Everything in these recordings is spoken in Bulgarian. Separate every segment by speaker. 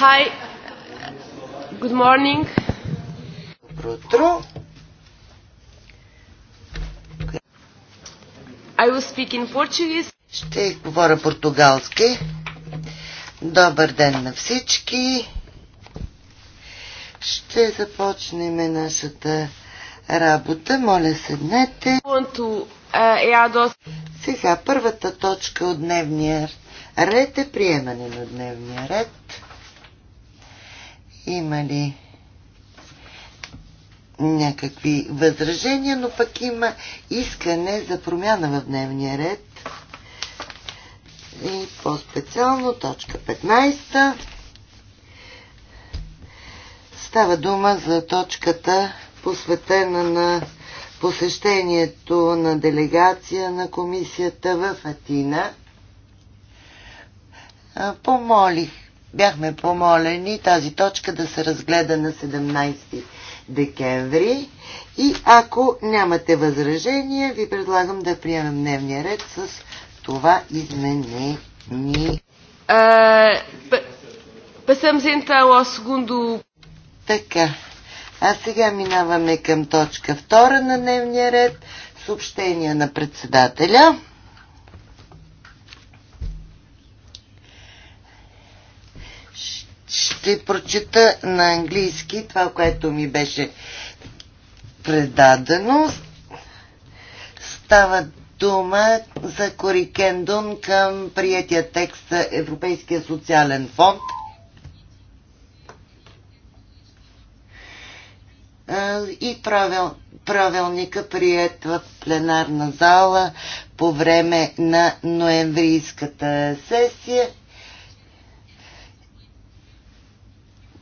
Speaker 1: Hi. Good morning. Добро утро. I will speak in Portuguese.
Speaker 2: Ще говоря португалски. Добър ден на всички. Ще започнем нашата работа. Моля, седнете. Uh, Сега първата точка от дневния ред е приемане на дневния ред. Има ли някакви възражения, но пък има искане за промяна в дневния ред. И по-специално точка 15. Става дума за точката посветена на посещението на делегация на комисията в Атина. Помолих бяхме помолени тази точка да се разгледа на 17 декември. И ако нямате възражения, ви предлагам да приемем дневния ред с това изменение. Uh, Passamos então Така. А сега минаваме към точка втора на дневния ред. Съобщение на председателя. ще прочита на английски това, което ми беше предадено. Става дума за Корикендун към приятия текст Европейския социален фонд. И правил, правилника прият в пленарна зала по време на ноемврийската сесия.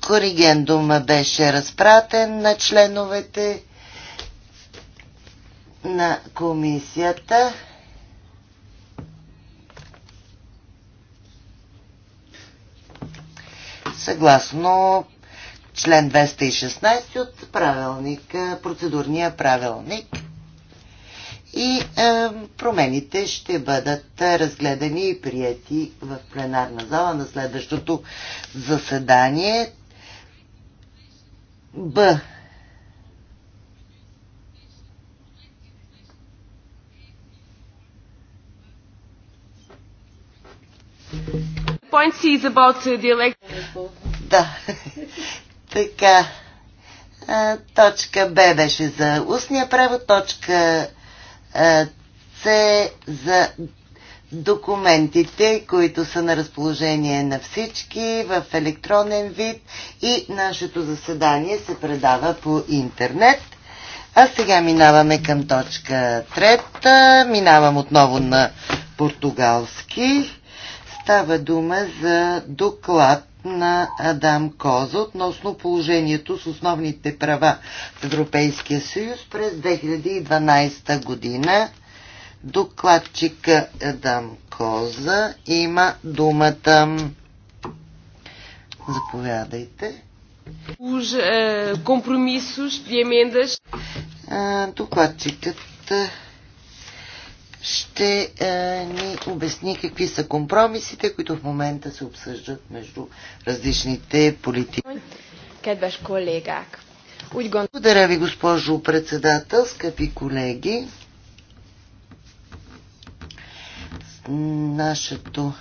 Speaker 2: Коригендума беше разпратен на членовете на комисията. Съгласно член 216 от правилника, процедурния правилник. И е, промените ще бъдат разгледани и прияти в пленарна зала на следващото заседание. Б.
Speaker 3: Point C is about uh, the electrical.
Speaker 2: Да. така. А, точка Б беше за устния превод, точка а, С за документите, които са на разположение на всички в електронен вид и нашето заседание се предава по интернет. А сега минаваме към точка трета. Минавам отново на португалски. Става дума за доклад на Адам Коза относно положението с основните права в Европейския съюз през 2012 година. Докладчика Адам Коза има думата. Заповядайте.
Speaker 3: Уж uh, compromissos
Speaker 2: докладчикът ще ни обясни какви са компромисите, които в момента се обсъждат между различните политики. Благодаря ви, госпожо председател, скъпи колеги. нашето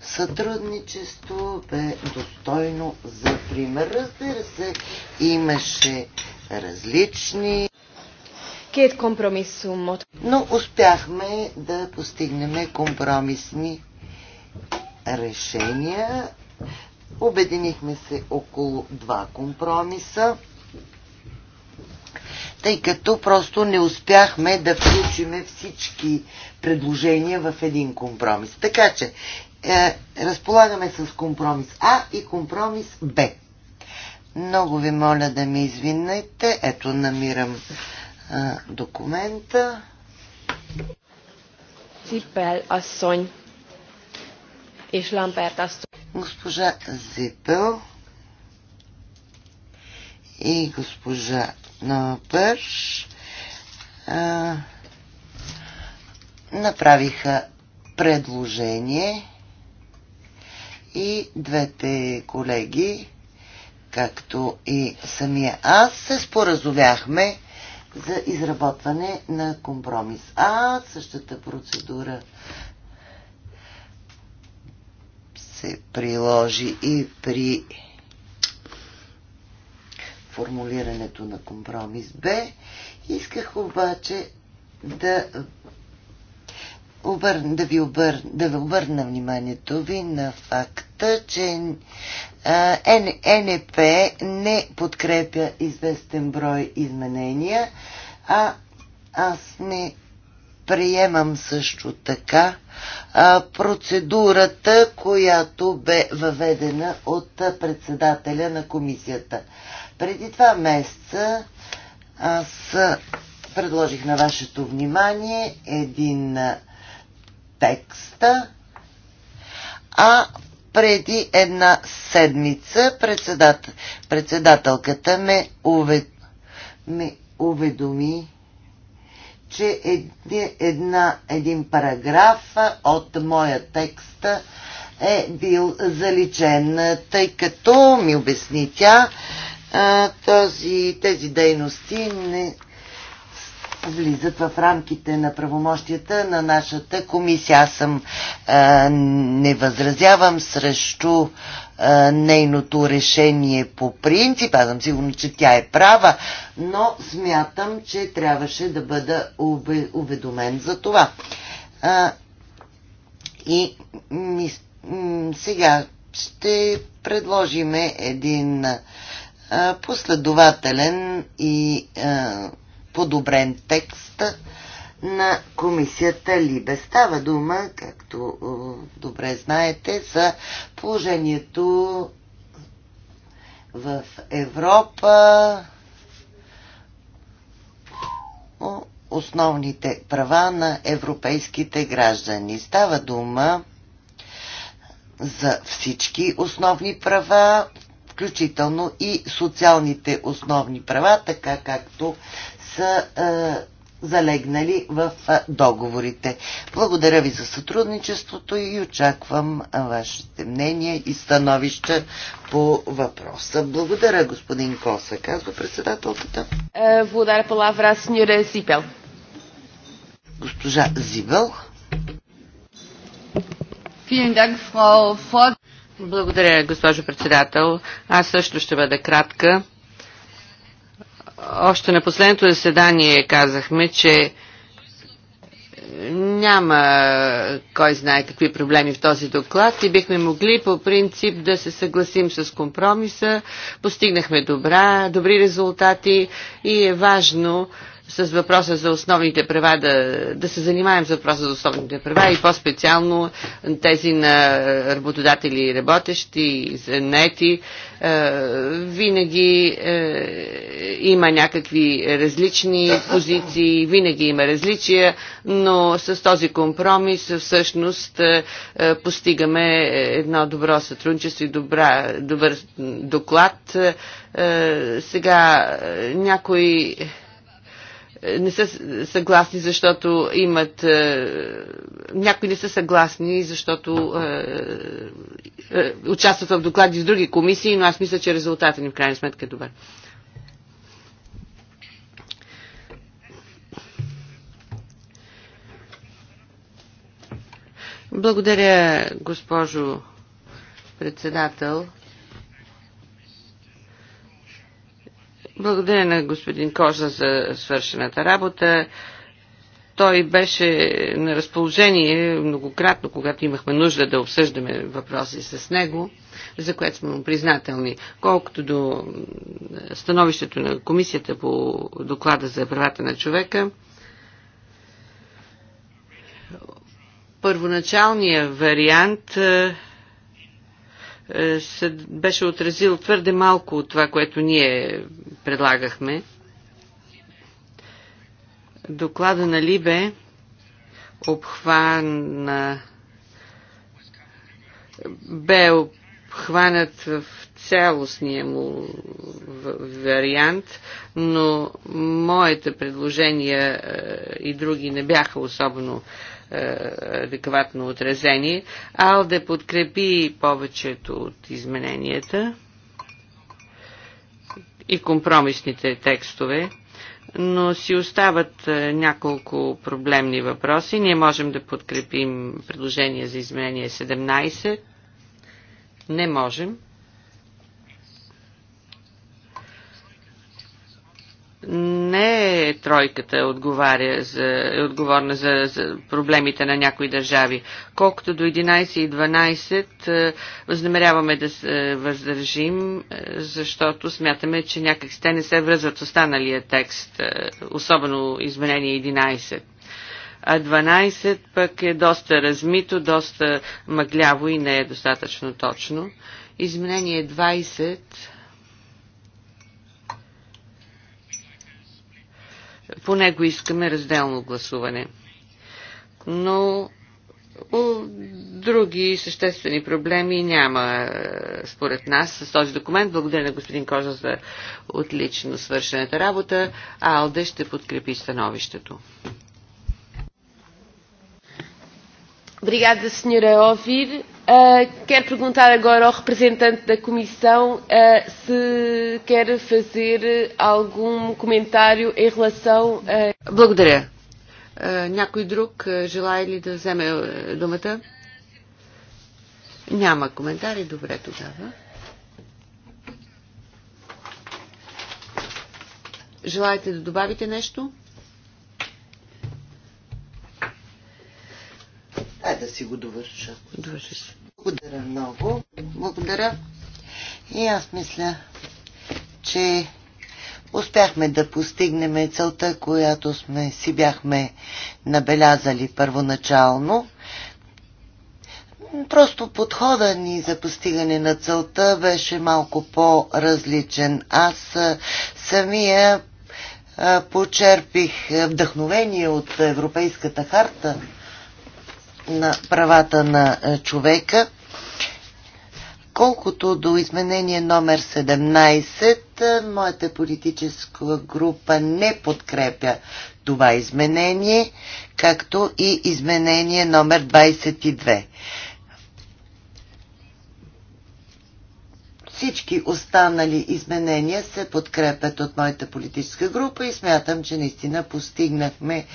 Speaker 2: сътрудничество бе достойно за пример. Разбира се, имаше различни но успяхме да постигнем компромисни решения. Обединихме се около два компромиса, тъй като просто не успяхме да включиме всички предложения в един компромис. Така че е, разполагаме с компромис А и компромис Б. Много ви моля да ми извинете. Ето намирам е, документа. Ципел Асонь и Шламперт Асонь. Госпожа Зипел и госпожа Напърш. Uh... Е, направиха предложение и двете колеги, както и самия аз, се споразовяхме за изработване на компромис. А същата процедура се приложи и при формулирането на компромис Б. Исках обаче да обър... да, ви обър... да ви обърна вниманието ви на факта, че а, НП не подкрепя известен брой изменения, а аз не приемам също така а, процедурата, която бе въведена от председателя на комисията. Преди два месеца аз предложих на вашето внимание един текста, а преди една седмица председател, председателката ме, увед, ме уведоми, че една, една, един параграф от моя текст е бил заличен, тъй като, ми обясни тя, този, тези дейности не влизат в рамките на правомощията на нашата комисия. Аз съм а, е, не възразявам срещу а, е, нейното решение по принцип. Аз съм сигурна, че тя е права, но смятам, че трябваше да бъда уведомен за това. А, и ми, сега ще предложиме един а, е, последователен и а, подобрен текст на комисията Либе. Става дума, както добре знаете, за положението в Европа, основните права на европейските граждани. Става дума за всички основни права, включително и социалните основни права, така както са е, залегнали в е, договорите. Благодаря ви за сътрудничеството и очаквам е, вашите мнения и становища по въпроса. Благодаря, господин Коса, казва председателката.
Speaker 1: Благодаря, палавра, сеньора Зибел.
Speaker 2: Госпожа Зибел.
Speaker 3: Благодаря, госпожо председател. Аз също ще бъда кратка. Още на последното заседание казахме, че няма кой знае какви проблеми в този доклад и бихме могли по принцип да се съгласим с компромиса. Постигнахме добра, добри резултати и е важно с въпроса за основните права, да, да се занимаем с въпроса за основните права и по-специално тези на работодатели работещи, занети е, Винаги е, има някакви различни позиции, винаги има различия, но с този компромис всъщност е, постигаме едно добро сътрудничество и добра, добър доклад. Сега някои не са съгласни, защото имат... Е, някои не са съгласни, защото е, е, участват в доклади с други комисии, но аз мисля, че резултатът ни в крайна сметка е добър. Благодаря, госпожо председател. Благодаря на господин Кожа за свършената работа. Той беше на разположение многократно, когато имахме нужда да обсъждаме въпроси с него, за което сме му признателни. Колкото до становището на Комисията по доклада за правата на човека, първоначалният вариант е, се беше отразил твърде малко от това, което ние предлагахме. Доклада на Либе обхвана бе обхванат в цялостния му вариант, но моите предложения е, и други не бяха особено е, адекватно отразени. Алде подкрепи повечето от измененията и компромисните текстове, но си остават е, няколко проблемни въпроси. Ние можем да подкрепим предложение за изменение 17. Не можем. не тройката отговаря за, е отговорна за, за проблемите на някои държави. Колкото до 11 и 12 е, възнамеряваме да се въздържим, е, защото смятаме, че някак те не се връзват с останалия текст, е, особено изменение 11 а 12 пък е доста размито, доста мъгляво и не е достатъчно точно. Изменение 20 По него искаме разделно гласуване. Но други съществени проблеми няма е, според нас с този документ. Благодаря на господин Кожа за отлично свършената работа. Алде ще подкрепи становището. Obrigada, Sra. Ovir quero perguntar agora ao representante da Comissão uh, se quer fazer algum comentário em relação a. Благодаря. някой друг uh, желая ли да вземе думата? Няма коментари. Добре тогава. Желаете да добавите нещо?
Speaker 2: Дай да си го довърша. Довърши се. Благодаря много. Благодаря. И аз мисля, че успяхме да постигнем целта, която сме си бяхме набелязали първоначално. Просто подхода ни за постигане на целта беше малко по-различен. Аз самия почерпих вдъхновение от Европейската харта на правата на е, човека. Колкото до изменение номер 17, е, моята политическа група не подкрепя това изменение, както и изменение номер 22. Всички останали изменения се подкрепят от моята политическа група и смятам, че наистина постигнахме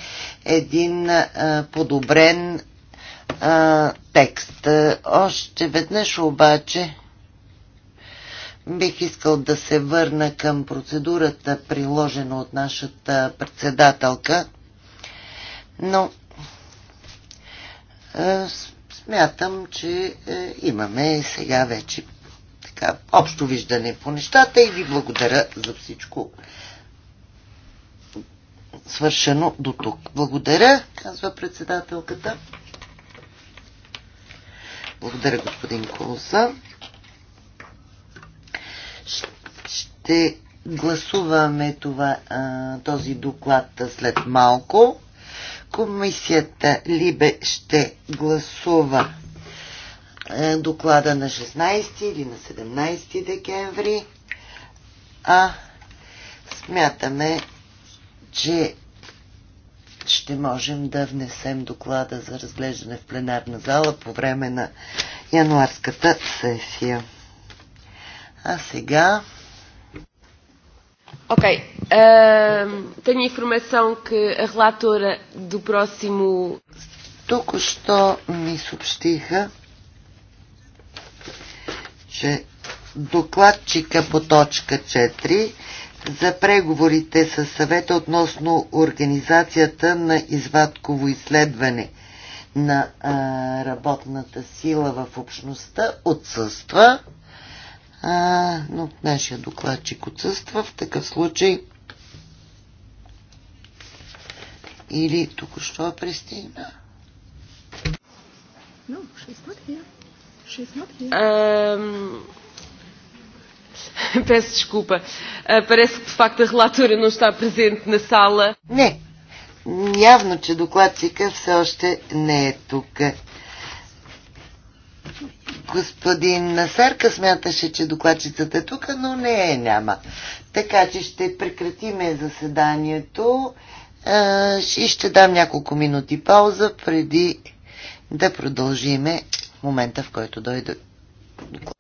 Speaker 2: един е, подобрен а, текст. Още веднъж обаче бих искал да се върна към процедурата, приложена от нашата председателка, но а, смятам, че а, е, имаме сега вече така, общо виждане по нещата и ви благодаря за всичко свършено до тук. Благодаря, казва председателката. Благодаря, господин Колоса. Ще гласуваме това, този доклад след малко. Комисията Либе ще гласува доклада на 16 или на 17 декември, а смятаме, че ще можем да внесем доклада за разглеждане в пленарна зала по време на януарската сесия. А сега...
Speaker 1: Ok, uh, tenho a informação que a relatora do próximo. Току-що
Speaker 2: ми съобщиха, че докладчика по точка 4 за преговорите с съвета относно организацията на извадково изследване на а, работната сила в общността отсъства, а, но нашия докладчик отсъства в такъв случай или тук що пристигна. No,
Speaker 4: she's not here. She's not here.
Speaker 2: Um...
Speaker 3: Peço desculpa. Ah, parece que de facto a relatora não está presente na sala. Не.
Speaker 2: Явно, че докладчика все още не е тук. Господин Насарка смяташе, че докладчицата е тук, но не е, няма. Така че ще прекратиме заседанието и ще дам няколко минути пауза преди да продължиме момента, в който дойде доклад.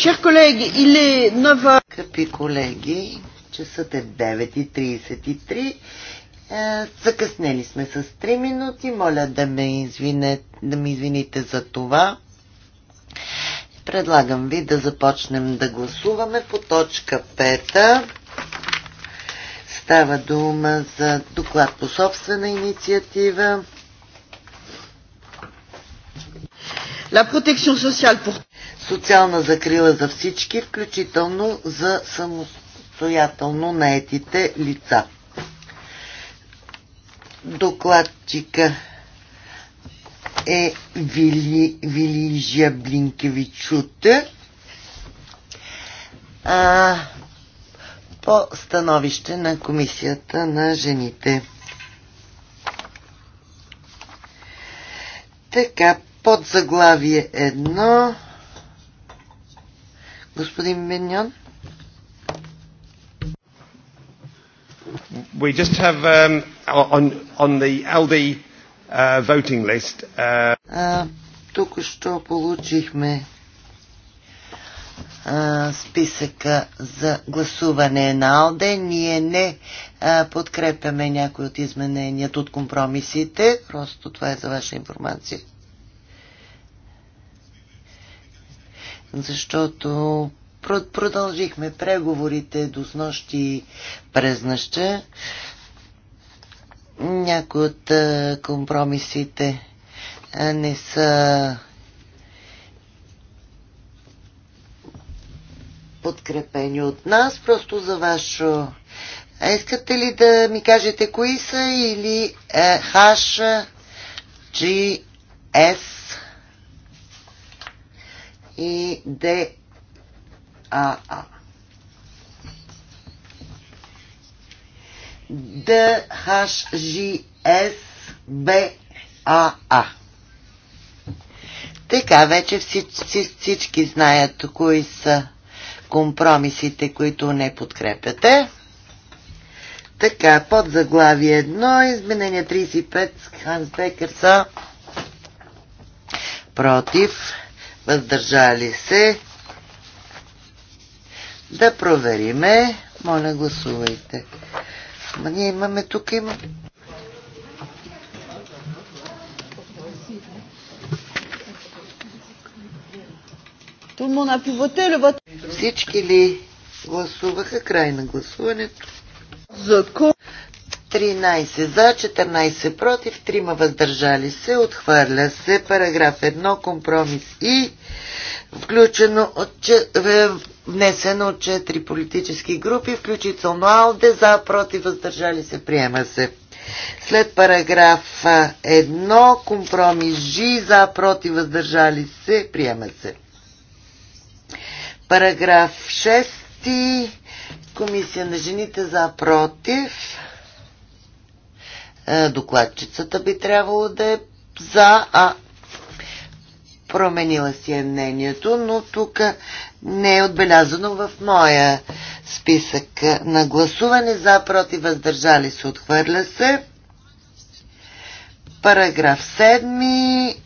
Speaker 2: Шер колеги, или нова... Скъпи колеги, часът е 9.33. Е, закъснели сме с 3 минути. Моля да ме, извине, да ме извините за това. Предлагам ви да започнем да гласуваме по точка 5. Става дума за доклад по собствена инициатива La protection sociale pour... Социална закрила за всички, включително за самостоятелно наетите лица. Докладчика е Вили, Вилижия Блинкевичута. А, по становище на Комисията на жените. Така, под заглавие едно. Господин Миньон. We just have um, on, on the LD uh, voting list. Uh... Uh, тук що получихме списъка за гласуване на АЛДЕ. Ние не подкрепяме някои от измененията от компромисите. Просто това е за ваша информация. защото продължихме преговорите до снощи през нощта. Някои от компромисите не са подкрепени от нас, просто за вашо... А искате ли да ми кажете кои са или е, H, G, S? и ДАА. ДХЖСБАА. Така вече всички, всички знаят кои са компромисите, които не подкрепяте. Така, под заглавие едно, изменение 35 с Ханс Бекер са против, въздържали се. Да провериме. Моля, гласувайте. Ма ние имаме тук има. Всички ли гласуваха край на гласуването? Закон. 13 за, 14 против, 3 въздържали се, отхвърля се параграф 1, компромис и включено от, внесено от 4 политически групи, включително АЛДЕ, за, против, въздържали се, приема се. След параграф 1, компромис ЖИ, за, против, въздържали се, приема се. Параграф 6, комисия на жените за, против, е, докладчицата би трябвало да е за, а променила си е мнението, но тук не е отбелязано в моя списък на гласуване за, против, въздържали се, отхвърля се. Параграф 7.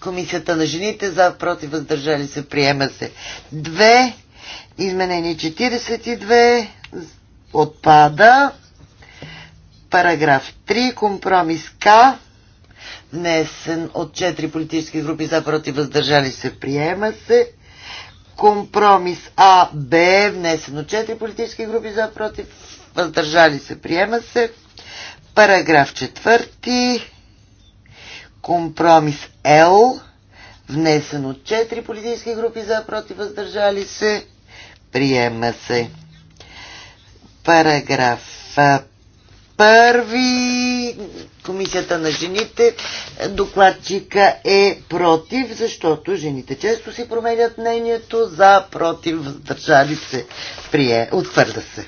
Speaker 2: Комисията на жените за, против, въздържали се, приема се 2. Изменение 42 отпада. Параграф 3. Компромис К. Внесен от 4 политически групи за против въздържали се. Приема се. Компромис А, Б. Внесен от 4 политически групи за против въздържали се. Приема се. Параграф 4. Компромис Л. Внесен от 4 политически групи за против въздържали се. Приема се. Параграф първи комисията на жените докладчика е против, защото жените често си променят мнението за против, въздържали се, прие, отвърда се.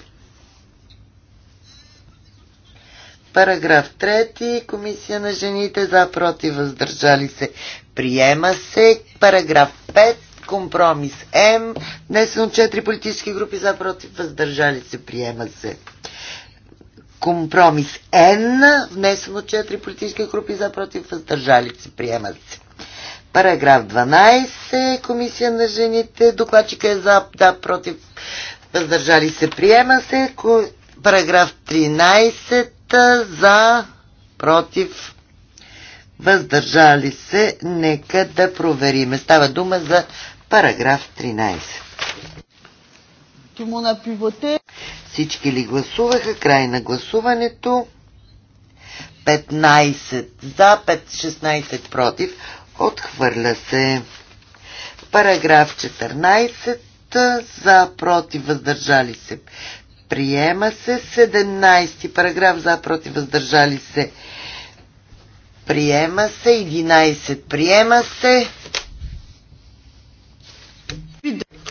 Speaker 2: Параграф 3. Комисия на жените за против въздържали се. Приема се. Параграф 5. Компромис М. Днес от 4 политически групи за против въздържали се. Приема се. Компромис Н, внесен от 4 политически групи за против, въздържали се, приемат се. Параграф 12, комисия на жените, докладчика е за, да, против, въздържали се, приема се. Параграф 13, за, против, въздържали се, нека да провериме. Става дума за параграф 13. Всички ли гласуваха? Край на гласуването. 15 за, 5, 16 против. Отхвърля се. Параграф 14 за, против, въздържали се. Приема се 17 параграф за, против, въздържали се. Приема се 11. Приема се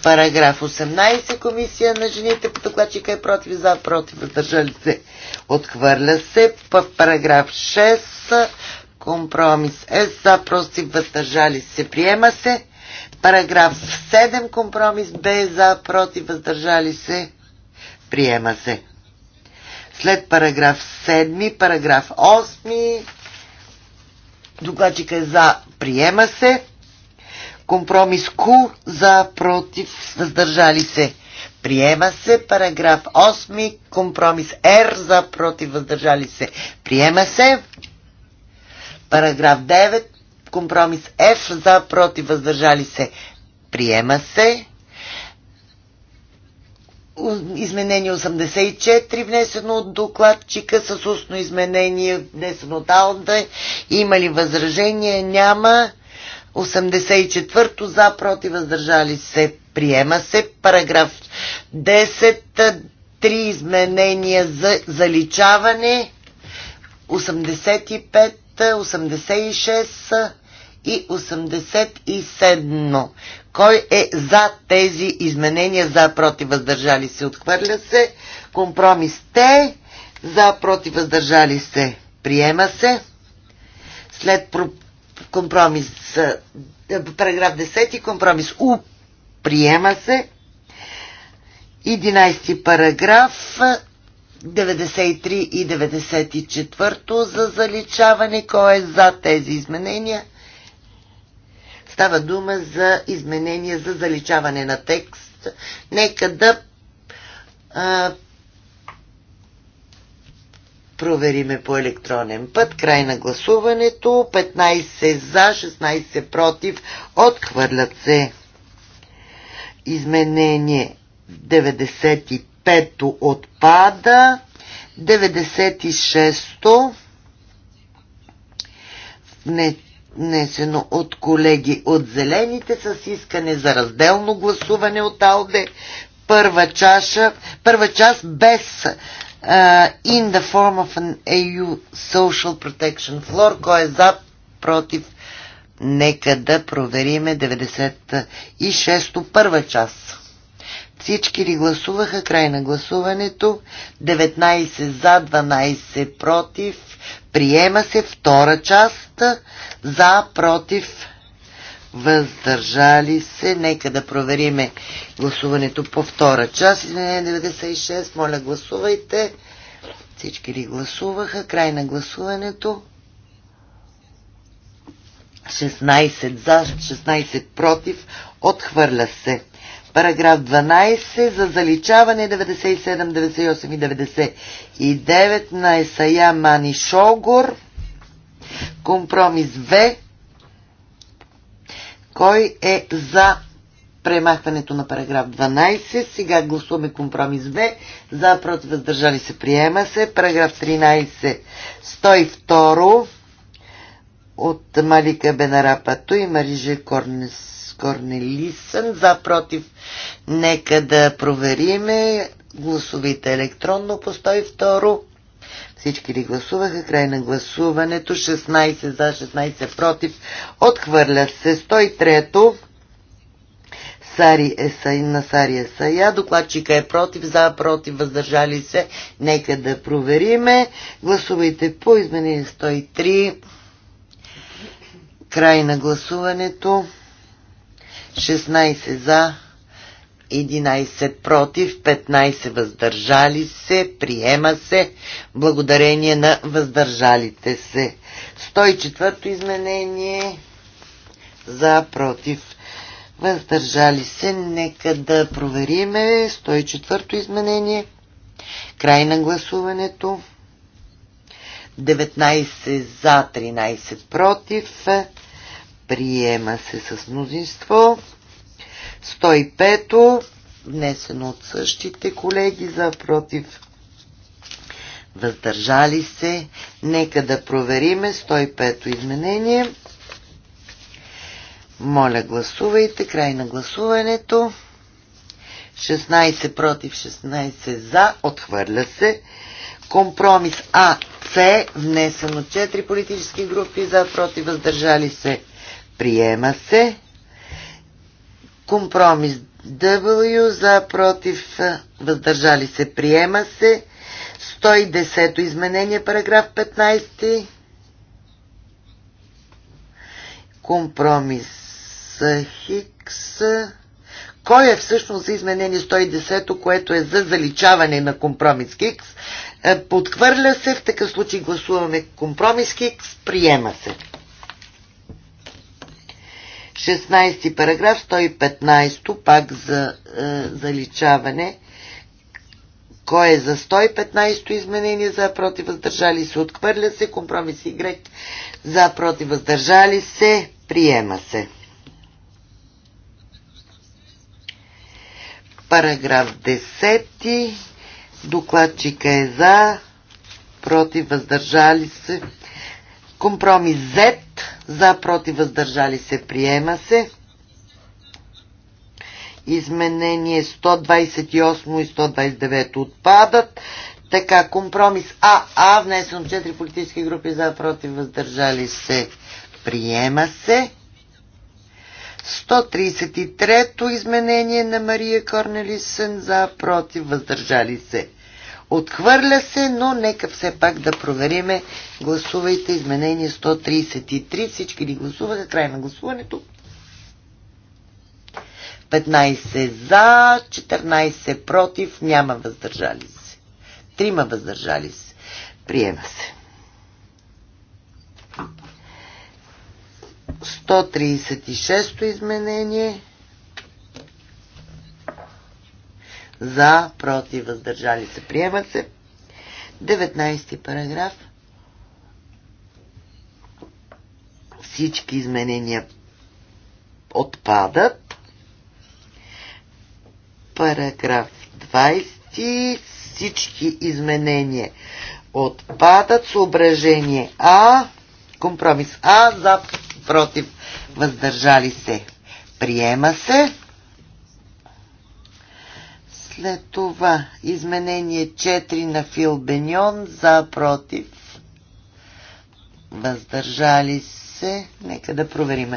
Speaker 2: Параграф 18. Комисия на жените по докладчика е против, за, против, въздържали се. Отхвърля се. Параграф 6. Компромис е за, против, въздържали се. Приема се. Параграф 7. Компромис Б за, против, въздържали се. Приема се. След параграф 7, параграф 8. Докладчика е за, приема се. Компромис КУ за против въздържали се. Приема се параграф 8. Компромис Р за против въздържали се. Приема се. Параграф 9. Компромис Ф, за против въздържали се. Приема се. Изменение 84, внесено от докладчика с устно изменение, внесено от Алда. Има ли възражение? Няма. 84-то за, против, въздържали се, приема се. Параграф 10, три изменения за заличаване. 85, 86 и 87. Кой е за тези изменения, за против въздържали се, отхвърля се. Компромис те, за против въздържали се, приема се. След компромис, е, параграф 10, компромис У приема се. 11 параграф, 93 и 94 за заличаване. Кой е за тези изменения? Става дума за изменения за заличаване на текст. Нека да а, провериме по електронен път. Край на гласуването. 15 за, 16 против. Отхвърлят се. Изменение 95-то отпада. 96-то внесено от колеги от Зелените с искане за разделно гласуване от Алде. Първа, чаша, първа част без uh, in the form of an EU social protection floor. Кой е за, против? Нека да провериме 96-то първа част. Всички ли гласуваха? Край на гласуването. 19 за, 12 против. Приема се втора част. За, против въздържали се. Нека да провериме гласуването по втора част. 96. Моля, гласувайте. Всички ли гласуваха? Край на гласуването. 16 за, 16 против. Отхвърля се. Параграф 12 за заличаване 97, 98 и 99 на Есая Мани Шогор. Компромис В кой е за премахването на параграф 12? Сега гласуваме компромис В. За, против, въздържали се, приема се. Параграф 13, 102 от Малика Бенарапато и Мариже Корнес, Корнелисън. За, против, нека да провериме. Гласовите електронно по 102. Всички ли гласуваха? Край на гласуването. 16 за, 16 против. Отхвърля се. 103-то. Сари Есай, на Сари Есая. Докладчика е против, за, против, въздържали се. Нека да провериме. Гласувайте по изменение 103. Край на гласуването. 16 за, 11 против, 15 въздържали се, приема се, благодарение на въздържалите се. 104-то изменение за против. Въздържали се, нека да провериме 104-то изменение. Край на гласуването. 19 за, 13 против. Приема се с мнозинство. 105-то, внесено от същите колеги за против. Въздържали се. Нека да провериме 105-то изменение. Моля, гласувайте. Край на гласуването. 16 против 16 за. Отхвърля се. Компромис А, С, внесено 4 политически групи за, против, въздържали се. Приема се. Компромис W за против въздържали се приема се. 110 изменение параграф 15. Компромис Хикс. Кой е всъщност за изменение 110, което е за заличаване на компромис Хикс? Е, подхвърля се, в такъв случай гласуваме компромис Хикс, приема се. 16 параграф, 115 пак за е, заличаване. Кой е за 115 изменение за против въздържали се? Отхвърля се. Компромис Y за против въздържали се. Приема се. Параграф 10. Докладчика е за, против въздържали се. Компромис Z. За, против, въздържали се, приема се. Изменение 128 и 129 отпадат. Така, компромис АА, внесен от 4 политически групи за, против, въздържали се, приема се. 133-то изменение на Мария Корнелисен за, против, въздържали се, Отхвърля се, но нека все пак да провериме. Гласувайте изменение 133. Всички ли гласуваха? Край на гласуването. 15 за, 14 против, няма въздържали се. Трима въздържали се. Приема се. 136-то изменение. за, против, въздържали се, приема се. 19 параграф. Всички изменения отпадат. Параграф 20. Всички изменения отпадат. Съображение А. Компромис А. За, против, въздържали се. Приема се. След това изменение 4 на Фил Беньон за против. Въздържали се. Нека да проверим.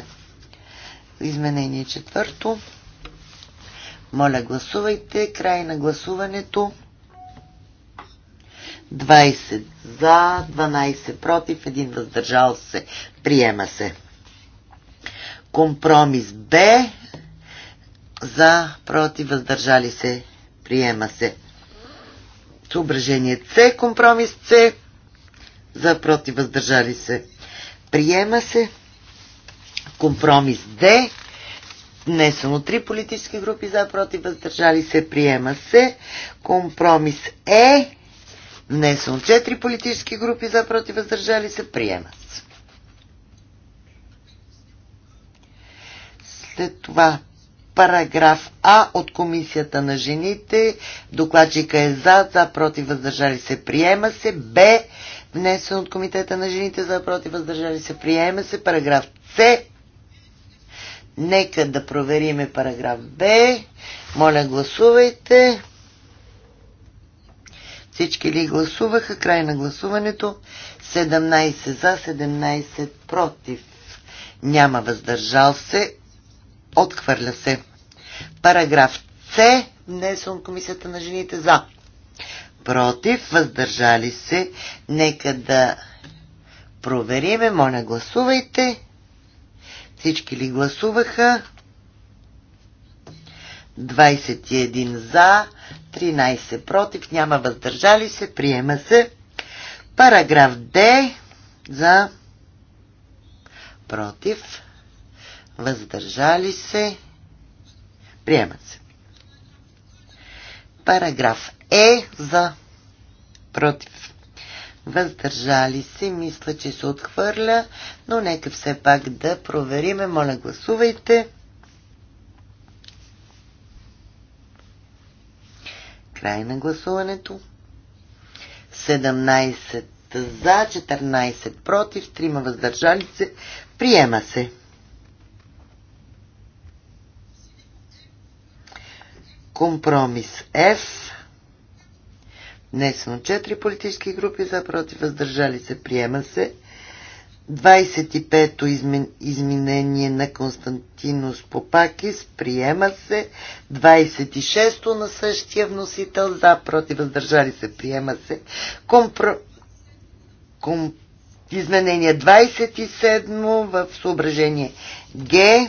Speaker 2: Изменение четвърто. Моля, гласувайте. Край на гласуването. 20 за, 12 против, 1 въздържал се. Приема се. Компромис Б за, против, въздържали се. Приема се. Съображение С. Компромис С. За против въздържали се. Приема се. Компромис Д. Внесено три политически групи за против въздържали се. Приема се. Компромис Е. Внесено четири политически групи за против въздържали се. Приема се. След това Параграф А от Комисията на жените. Докладчика е за, за, против, въздържали се, приема се. Б, внесен от Комитета на жените, за, против, въздържали се, приема се. Параграф С. Нека да провериме параграф Б. Моля, гласувайте. Всички ли гласуваха? Край на гласуването. 17 за, 17 против. Няма въздържал се. Отхвърля се. Параграф С. Внесен от Комисията на жените за. Против. Въздържали се. Нека да провериме. Моля, гласувайте. Всички ли гласуваха? 21 за, 13 против, няма въздържали се, приема се. Параграф Д за против въздържали се, приема се. Параграф Е за против. Въздържали се, мисля, че се отхвърля, но нека все пак да провериме. Моля, гласувайте. Край на гласуването. 17 за, 14 против, 3 въздържали се. Приема се. Компромис F. Внесено 4 политически групи за против въздържали се. Приема се. 25-то изменение на Константинус Попакис приема се. 26-то на същия вносител за против въздържали се приема се. Компро... Ком... Изменение 27 в съображение Г.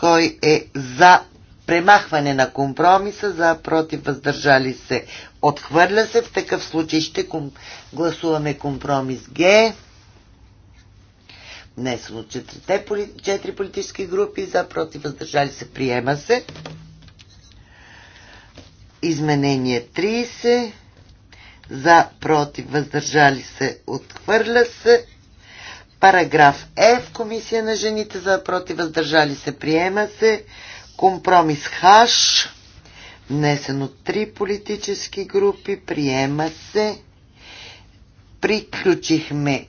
Speaker 2: Кой е за премахване на компромиса за против въздържали се. Отхвърля се. В такъв случай ще ком... гласуваме компромис Г. Внесено от четирите поли... четири политически групи за против въздържали се. Приема се. Изменение 30. За против въздържали се. Отхвърля се. Параграф Е в Комисия на жените за против въздържали се. Приема се. Компромис ХАШ, внесен от три политически групи, приема се. Приключихме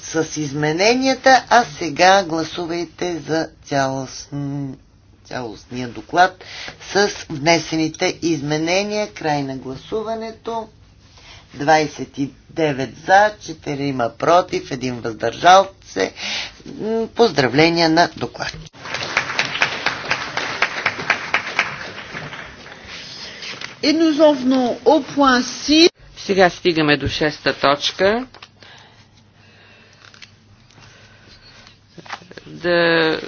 Speaker 2: с измененията, а сега гласувайте за цялостни, цялостния доклад с внесените изменения. Край на гласуването. 29 за, 4 има против, 1 въздържал се. Поздравления на доклад.
Speaker 4: И nous en venons au point 6.
Speaker 3: Сега стигаме до шеста точка. Да,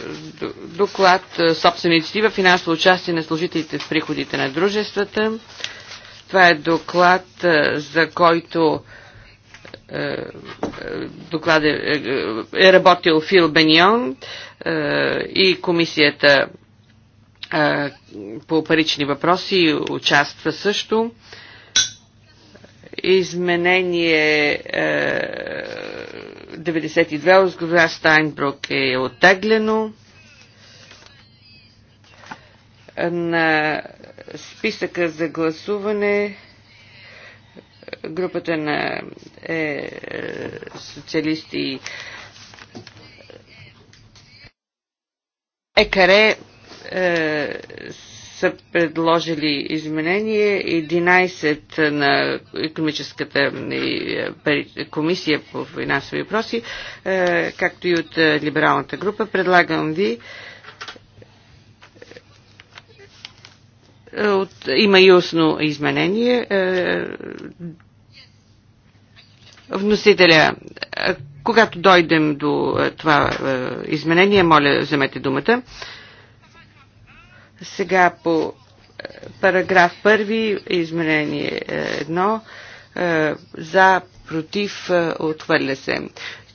Speaker 3: доклад е, собствениците в финансово участие на служителите в приходите на дружествата. Това е доклад, е, за който е, е доклад е, е работил Фил Беньон е, и комисията по парични въпроси участва също. Изменение 92 е, от госпожа Стайнбрук е оттеглено. На списъка за гласуване групата на е, социалисти Екаре е, са предложили изменение 11 на економическата е, комисия по финансови въпроси, е, както и от либералната група. Предлагам ви от, има и устно изменение. Вносителя, когато дойдем до това изменение, моля, вземете думата. Сега по е, параграф 1, изменение 1, е, е, за, против, отхвърля се.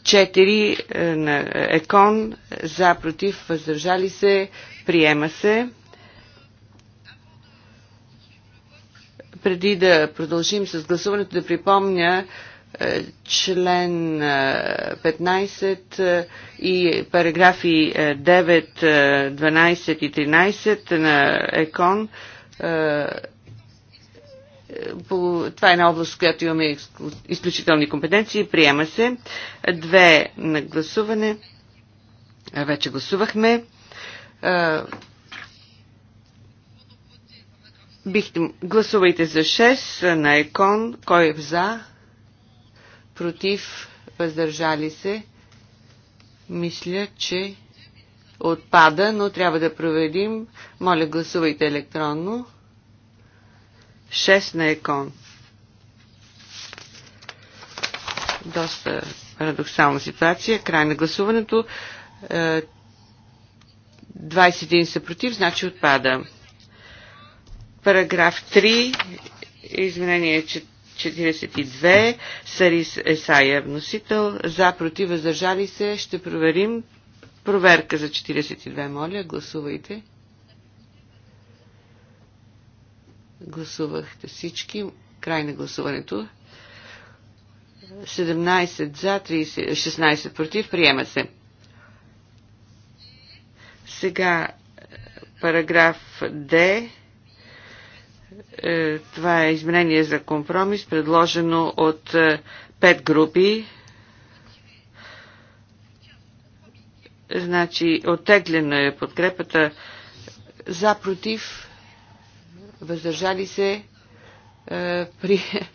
Speaker 3: 4 на Екон, за, против, въздържали се, приема се. Преди да продължим с гласуването, да припомня член 15 и параграфи 9, 12 и 13 на ЕКОН. Това е една област, в която имаме изключителни компетенции. Приема се. Две на гласуване. Вече гласувахме. Бихте, гласувайте за 6 на ЕКОН. Кой е за? против, въздържали се. Мисля, че отпада, но трябва да проверим. Моля, гласувайте електронно. 6 на екон. Доста парадоксална ситуация. Край на гласуването. 21 е, са против, значи отпада. Параграф 3, Извинение, че 42. Сарис Есая вносител. За, против, въздържали се. Ще проверим. Проверка за 42, моля. Гласувайте. Гласувахте всички. Край на гласуването. 17 за, 30, 16 против. Приема се. Сега е, параграф Д е, това е изменение за компромис, предложено от е, пет групи. Значи, оттеглена е подкрепата за против, въздържали се, е, при,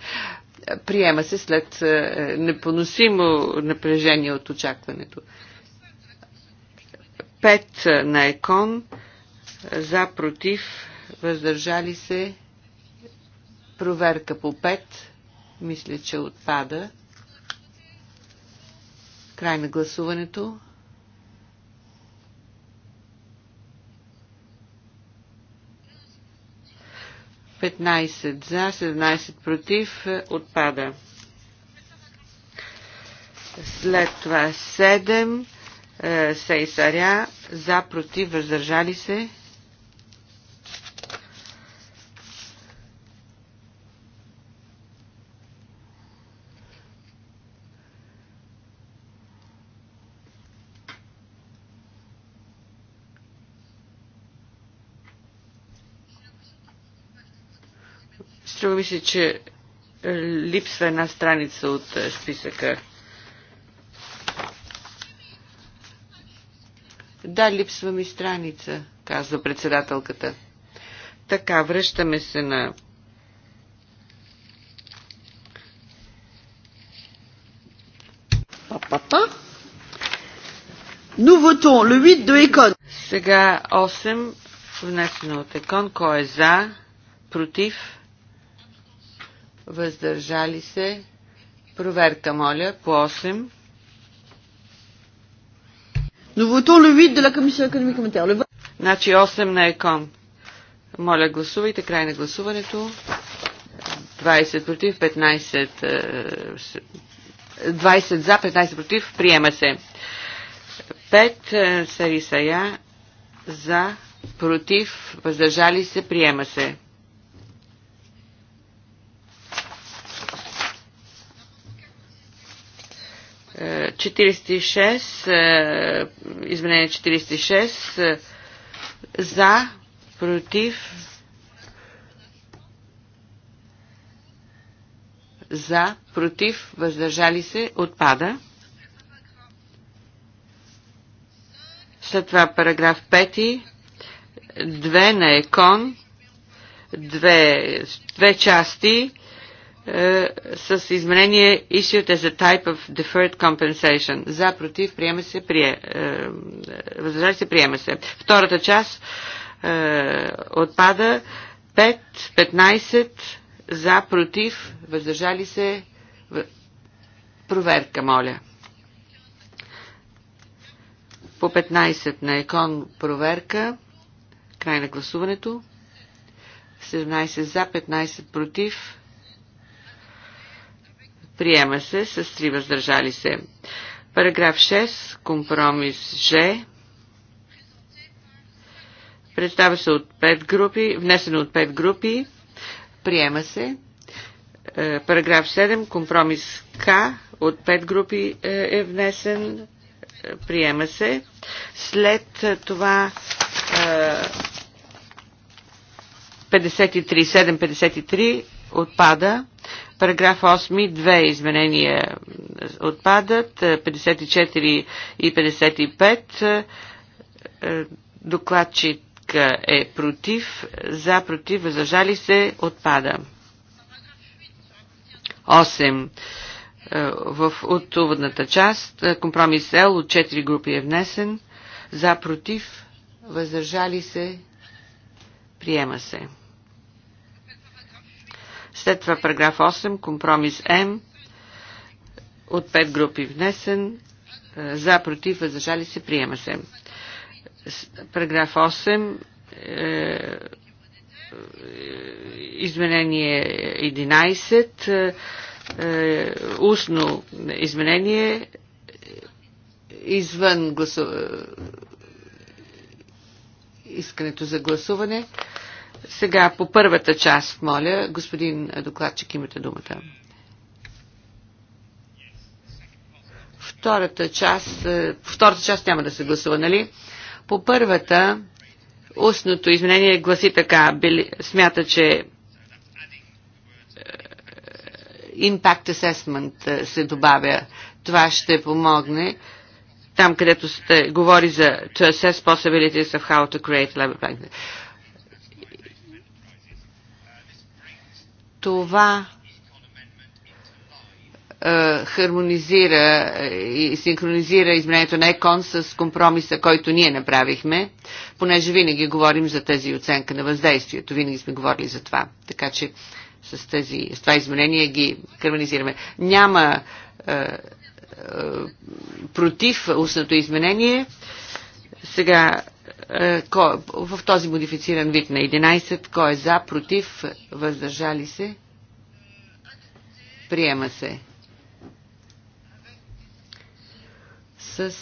Speaker 3: приема се след непоносимо напрежение от очакването. Пет на ЕКОН, за против, въздържали се, Проверка по 5. Мисля, че отпада. Край на гласуването. Петнайсет за, 17 против, отпада. След това 7 е, сейсаря за, против, въздържали се. мисля, че липсва една страница от е, списъка. Да, липсва ми страница, казва председателката. Така, връщаме се
Speaker 4: на Па-па-па. Nous до le
Speaker 3: Сега 8, внесено от Екон. Кой е за? Против? въздържали се. Проверка, моля, по 8. Значи 8 на ЕКОН. Моля, гласувайте. Край на гласуването. 20 против, 15... 20 е, за, 15 против. Приема се. 5 е, я за, против, въздържали се, приема се. 46, е, изменение 46, е, за, против, за, против, въздържали се, отпада. След това параграф 5, Две на Екон, две, две части, е, с изменение Issued as a type of deferred compensation. За, против, приема се, прие, е, възражава се, приема се. Втората част е, отпада 5, 15, за, против, въздържали се, в... проверка, моля. По 15 на екон проверка, край на гласуването, 17 за, 15 против, Приема се с три въздържали се. Параграф 6. Компромис Ж. Представя се от 5 групи, внесено от 5 групи. Приема се. Е, параграф 7. Компромис К от 5 групи е, е внесен. Е, приема се. След това 53, 753 отпада. Параграф 8, две изменения отпадат, 54 и 55. Докладчик е против, за, против, въздържали се, отпада. 8. В от уводната част компромис Л от 4 групи е внесен. За, против, въздържали се, приема се. След това параграф 8, компромис М, от пет групи внесен, е, за, против, въздържали се, приема се. Параграф 8, е, е, изменение 11, е, е, устно изменение извън гласу... искането за гласуване. Сега по първата част, моля, господин докладчик, имате думата. Втората част, е, втората част няма да се гласува, нали? По първата, устното изменение гласи така, смята, че е, Impact Assessment е, се добавя. Това ще помогне там, където сте говори за to assess possibilities of how to create labor practice. Това е, хармонизира и синхронизира изменението на ЕКОН с компромиса, който ние направихме, понеже винаги говорим за тази оценка на въздействието. Винаги сме говорили за това. Така че с, тези, с това изменение ги хармонизираме. Няма е, е, против устното изменение. Сега е, в този модифициран вид на 11, кой е за, против, въздържали се, приема се. С,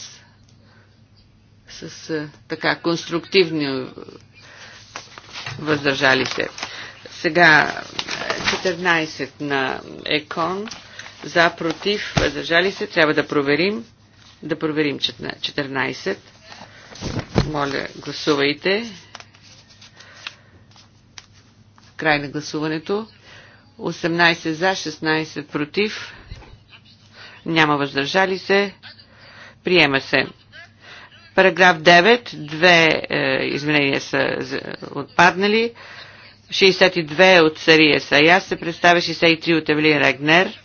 Speaker 3: с е, така конструктивни въздържали се. Сега 14 е, на ЕКОН, за, против, въздържали се, трябва да проверим, да проверим 14. Моля, гласувайте. Край на гласуването. 18 за, 16 против. Няма въздържали се. Приема се. Параграф 9. Две е, изменения са отпаднали. 62 от Сария Сая се представя 63 от Евлин Регнер,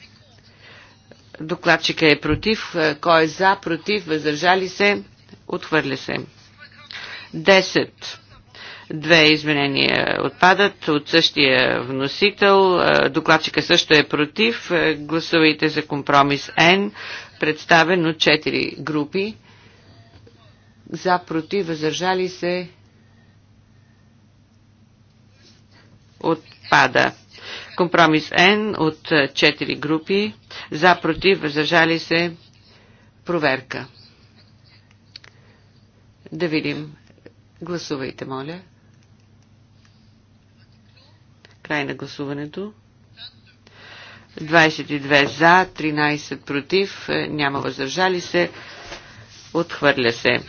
Speaker 3: Докладчика е против. Е, кой е за, против, въздържали се, отхвърля се. 10. Две изменения отпадат от същия вносител. Е, докладчика също е против. Е, гласувайте за компромис Н, представен от 4 групи. За, против, въздържали се. Отпада. Компромис Н от 4 групи. За, против, въздържали се. Проверка. Да видим Гласувайте, моля. Край на гласуването. 22 за, 13 против, е, няма въздържали се. Отхвърля се.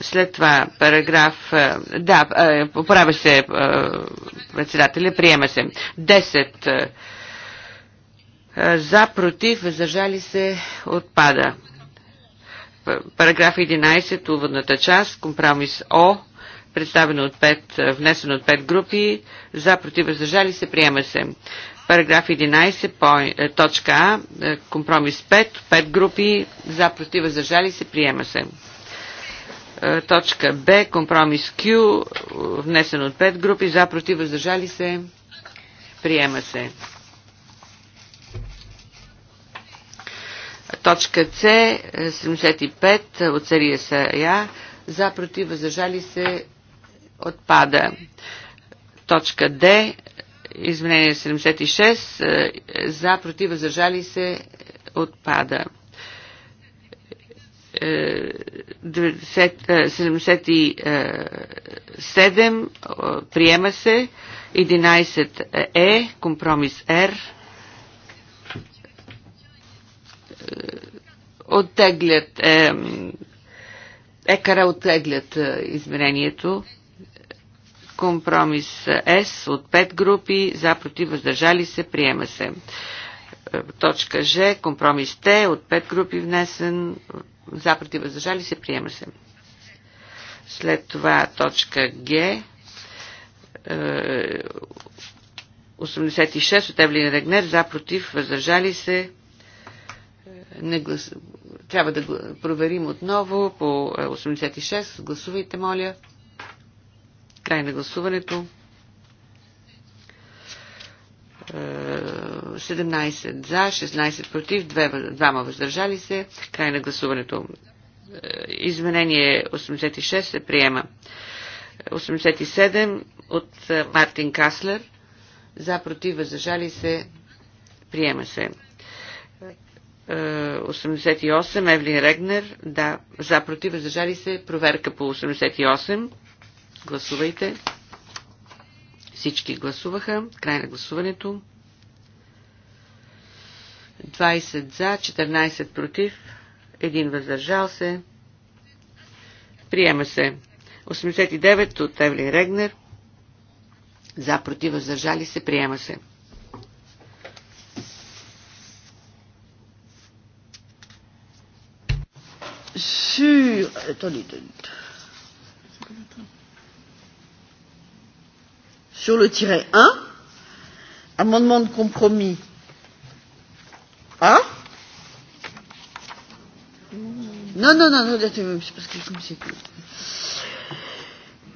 Speaker 3: След това параграф... Е, да, е, поправя се председателя, приема се. 10 за, против, въздържали се, отпада. Параграф 11, уводната част, компромис О, представено от пет, внесено от 5 групи, за против въздържали се, приема се. Параграф 11, по, е, точка А, е, компромис 5, 5 групи, за против въздържали се, приема се. Е, точка Б, компромис Q, внесен от 5 групи, за против въздържали се, приема се. Точка С, 75 от серия САЯ, за против въздържали се, Отпада. Точка Д. Изменение 76. Е, за, против, въздържали се. Отпада. 77 е, е, приема се, 11 е, компромис Р. Оттеглят, е, екара оттеглят изменението. Компромис С от 5 групи, за против въздържали се, приема се. Е, точка Ж, компромис Т от 5 групи внесен, за против въздържали се, приема се. След това точка Г, 86 е, от Евлина Регнер, за против въздържали се, е, не глас... трябва да проверим отново по 86. Гласувайте, моля. Край на гласуването. 17 е, за, 16 против, 2, ма въздържали се. Край на гласуването. Е, изменение 86 се приема. 87 от е, Мартин Каслер. За, против, въздържали се. Приема се. 88 Евлин Регнер. Да, за, против, въздържали се. Проверка по 88. Гласувайте. Всички гласуваха. Край на гласуването. 20 за, 14 против, 1 въздържал се. Приема се. 89 от Евлин Регнер. За, против, въздържали се. Приема
Speaker 2: се. Sur... Attendez,
Speaker 4: attendez sur le tiret 1, amendement de compromis A. Non, non, non, non, c'est parce que je me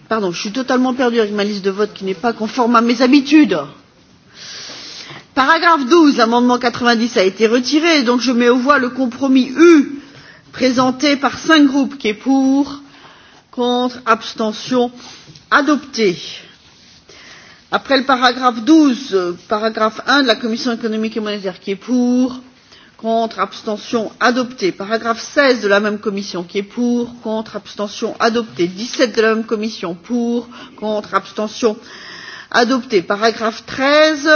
Speaker 4: Pardon, je suis totalement perdue avec ma liste de vote qui n'est pas conforme à mes habitudes. Paragraphe 12, amendement 90 a été retiré, donc je mets aux voix le compromis U présenté par cinq groupes qui est pour, contre, abstention, adopté. Après le paragraphe 12, paragraphe 1 de la Commission économique et monétaire qui est pour, contre, abstention, adopté. Paragraphe 16 de la même commission qui est pour, contre, abstention, adopté. 17 de la même commission pour, contre, abstention, adopté. Paragraphe 13,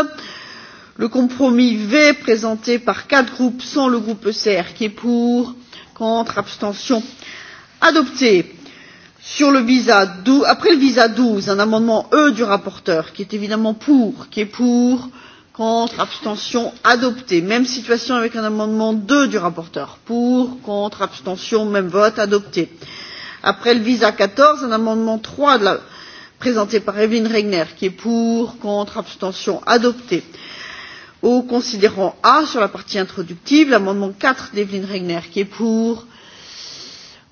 Speaker 4: le compromis V présenté par quatre groupes sans le groupe ECR qui est pour, contre, abstention, adopté sur le visa douze après le visa douze, un amendement E du rapporteur, qui est évidemment pour, qui est pour, contre, abstention, adopté. Même situation avec un amendement deux du rapporteur, pour, contre, abstention, même vote, adopté. Après le visa quatorze, un amendement trois de la, présenté par Evelyne Regner, qui est pour, contre, abstention, adopté. Au considérant A, sur la partie introductive, l'amendement 4 d'Evelyne Regner, qui est pour,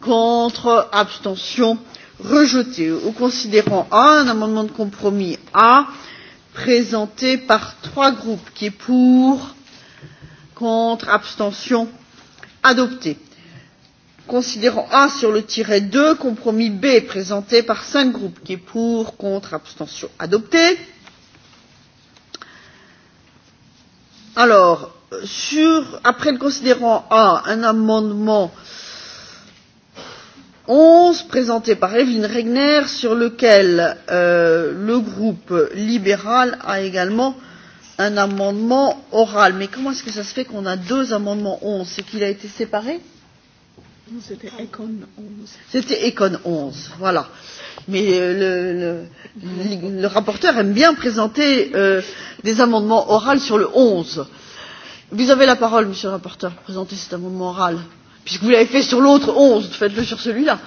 Speaker 4: contre, abstention rejeté. Au considérant A, un amendement de compromis A présenté par trois groupes qui est pour, contre, abstention adopté. Considérant A sur le tiret 2, compromis B présenté par cinq groupes qui est pour, contre, abstention adopté. Alors, sur, après le considérant A, un amendement euh, onze présenté par Evelyne Regner sur lequel le groupe libéral a également un amendement oral. Mais comment est-ce que ça se fait qu'on a deux amendements onze C'est qu'il a été séparé C'était Econ 11. C'était Econ 11, voilà. Mais le, le, le rapporteur aime bien présenter euh, des amendements oraux sur le 11. Vous avez la parole, monsieur le rapporteur, pour présenter cet amendement oral. Puisque vous l'avez fait sur l'autre 11, faites-le sur celui-là.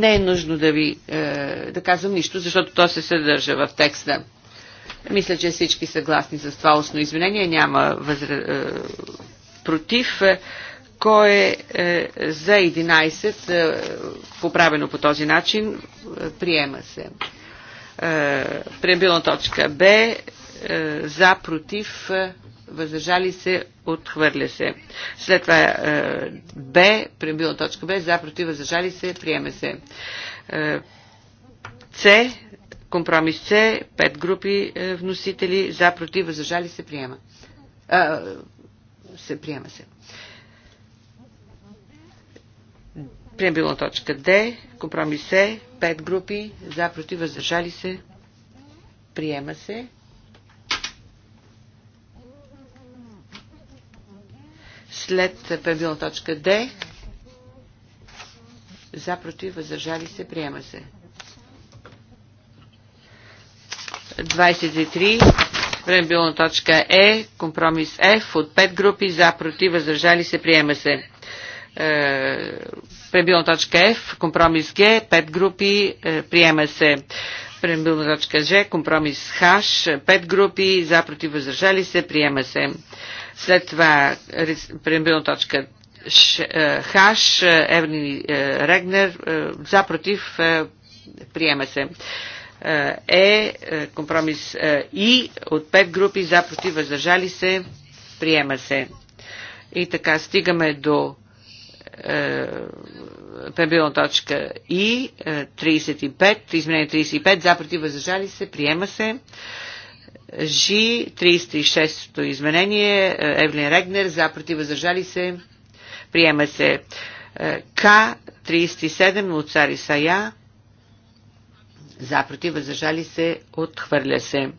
Speaker 4: Не е нужно да ви е, да
Speaker 3: казвам нищо, защото то се съдържа в текста. Мисля, че всички съгласни с това устно извинение. Няма възра... е, против. Кой е, е за 11, е, поправено по този начин, е, приема се. Е, пребилна точка Б. Е, за, против, е, въздържали се, отхвърля се. След това е, Б, пребила точка Б, за, против, въздържали се, приема се. Е, С, компромис С, пет групи е, вносители, за, против, въздържали се, приема. се приема се. Пребила точка Д, компромис С, пет групи, за, против, въздържали се, приема се. след правилна точка Д. За, против, въздържали се, приема се. 23. Правилна точка Е. Компромис Ф от 5 групи. За, против, въздържали се, приема се. Е, Пребилна точка F, компромис Г, 5 групи, е, приема се. Прембилна точка Ж, компромис ХАШ, пет групи, за против въздържали се, приема се. След това прембилна точка Хаш, е, Евни е, Регнер, е, за против, приема се. Е, компромис И, от пет групи, за против, въздържали се, приема се. И така стигаме до пребилна точка И, 35, е, изменение 35, за против въздържали се, приема се. Жи 36-то изменение, е, Евлин Регнер, за против въздържали се, приема се. Е, К, 37, от Цари Сая, за против въздържали се, отхвърля се.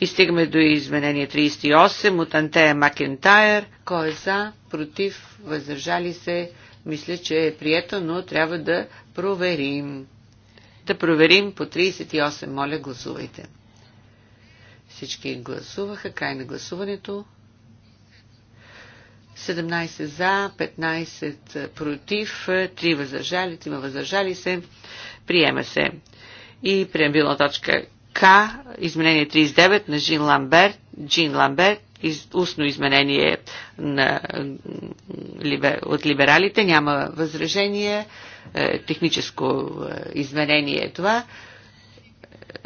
Speaker 3: И стигаме до изменение 38 от Антея Макентайр. Кой е за, против, въздържали се, мисля, че е прието, но трябва да проверим. Да проверим по 38. Моля, гласувайте. Всички гласуваха. Край на гласуването. 17 за, 15 против, 3 възражали, 3 възражали се. Приема се. И преамбилна точка К, изменение 39 на Жин Ламберт. Джин Ламберт из, устно изменение на, от либералите. Няма възражение. Е, техническо е, изменение е това.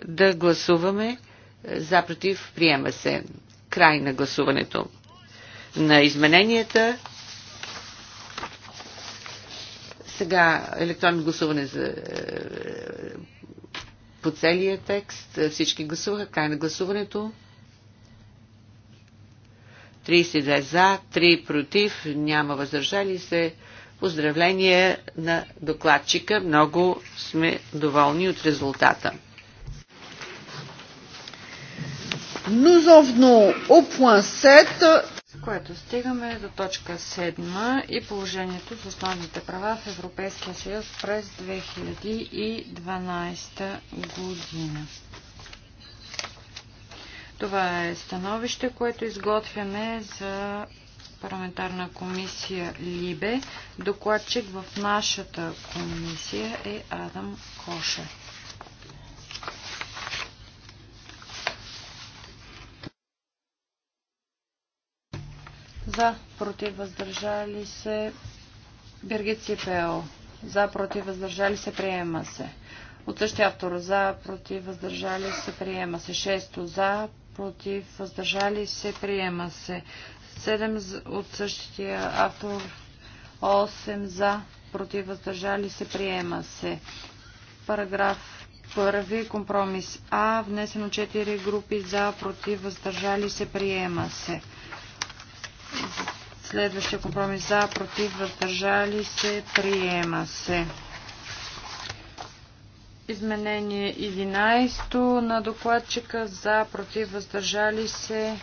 Speaker 3: Да гласуваме. За против приема се. Край на гласуването на измененията. Сега електронно гласуване за, е, по целия текст. Всички гласуваха. Край на гласуването. 32 за, 3 против, няма въздържали се. Поздравление на докладчика. Много сме доволни от резултата.
Speaker 4: Нузовно en 7.
Speaker 1: което стигаме до точка 7 и положението с основните права в Европейския съюз през 2012 година. Това е становище, което изготвяме за парламентарна комисия Либе. Докладчик в нашата комисия е Адам Коша. За против въздържали се Бергит Сипео. За против въздържали се приема се. От същия автор за против въздържали се приема се. Шесто за против, въздържали се, приема се. 7 от същия автор, 8 за, против, въздържали се, приема се. Параграф 1, компромис А, внесено 4 групи за, против, въздържали се, приема се. Следващия компромис за, против, въздържали се, приема се. Изменение 11 на докладчика за против въздържали се.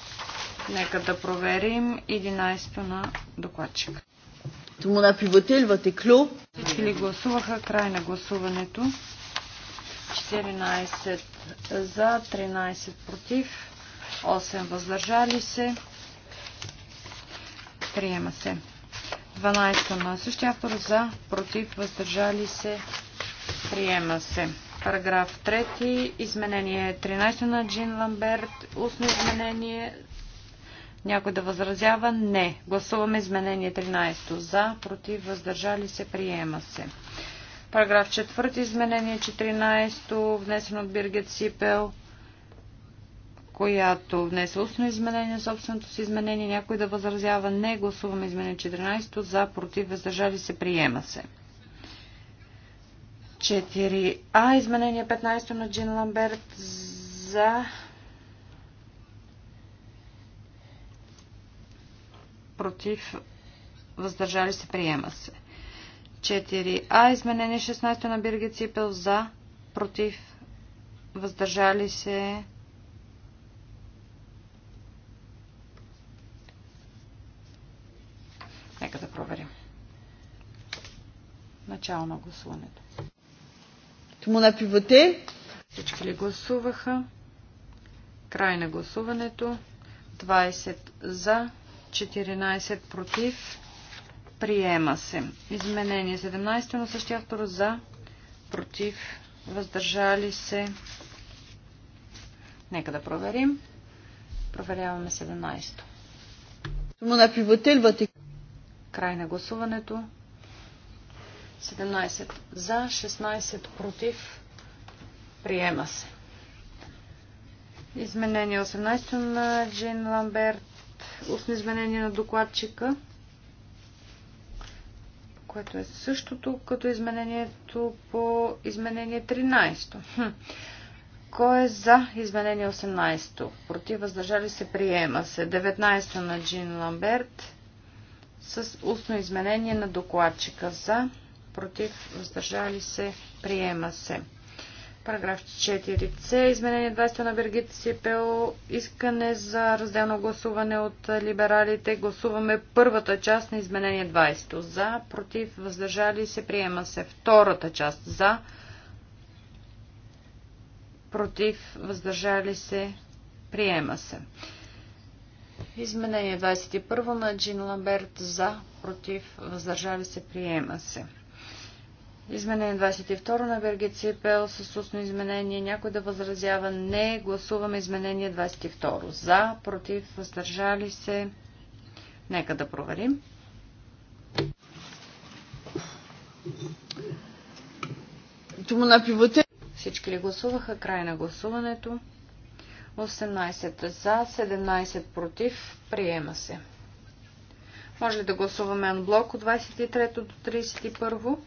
Speaker 1: Нека да проверим 11 на
Speaker 4: докладчика. Тому на
Speaker 1: пивотел Всички ли гласуваха? Край на гласуването. 14 за, 13 против, 8 въздържали се. Приема се. 12 на същия автор за, против, въздържали се. Приема се. Параграф 3. Изменение 13 на Джин Ламберт. Устно изменение. Някой да възразява? Не. Гласуваме изменение 13. За, против, въздържали се. Приема се. Параграф 4. Изменение 14. Внесено от Биргет Сипел която внесе устно изменение, собственото си изменение, някой да възразява не, гласуваме изменение 14, за, против, въздържали се, приема се. 4А, изменение 15 на Джин Ламберт за против въздържали се, приема се. 4А, изменение 16 на Бирги Ципел за против въздържали се.
Speaker 4: Нека да проверим. Начало на гласуването пивоте.
Speaker 1: Всички ли гласуваха? Край на гласуването. 20 за, 14 против. Приема се. Изменение 17 на същия автор за, против, въздържали се. Нека да проверим. Проверяваме 17.
Speaker 4: пивоте,
Speaker 1: Край на гласуването. 17 за, 16 против. Приема се. Изменение 18 на Джин Ламберт. Устно изменение на докладчика, което е същото като изменението по изменение 13. Кой е за изменение 18? Против въздържали се приема се. 19 на Джин Ламберт с устно изменение на докладчика за против, въздържали се, приема се. Параграф 4c. Изменение 20 на Бергит Сипел. Искане за разделно гласуване от либералите. Гласуваме първата част на изменение 20. За, против, въздържали се, приема се. Втората част. За, против, въздържали се, приема се. Изменение 21 на Джин Ламберт. За, против, въздържали се, приема се. Изменение 22 на Бергит Ципел с устно изменение. Някой да възразява? Не. Гласуваме изменение 22. За, против, въздържали се. Нека да проверим. Всички ли гласуваха? Край на гласуването. 18 за, 17 против. Приема се. Може ли да гласуваме анблок от 23 до 31?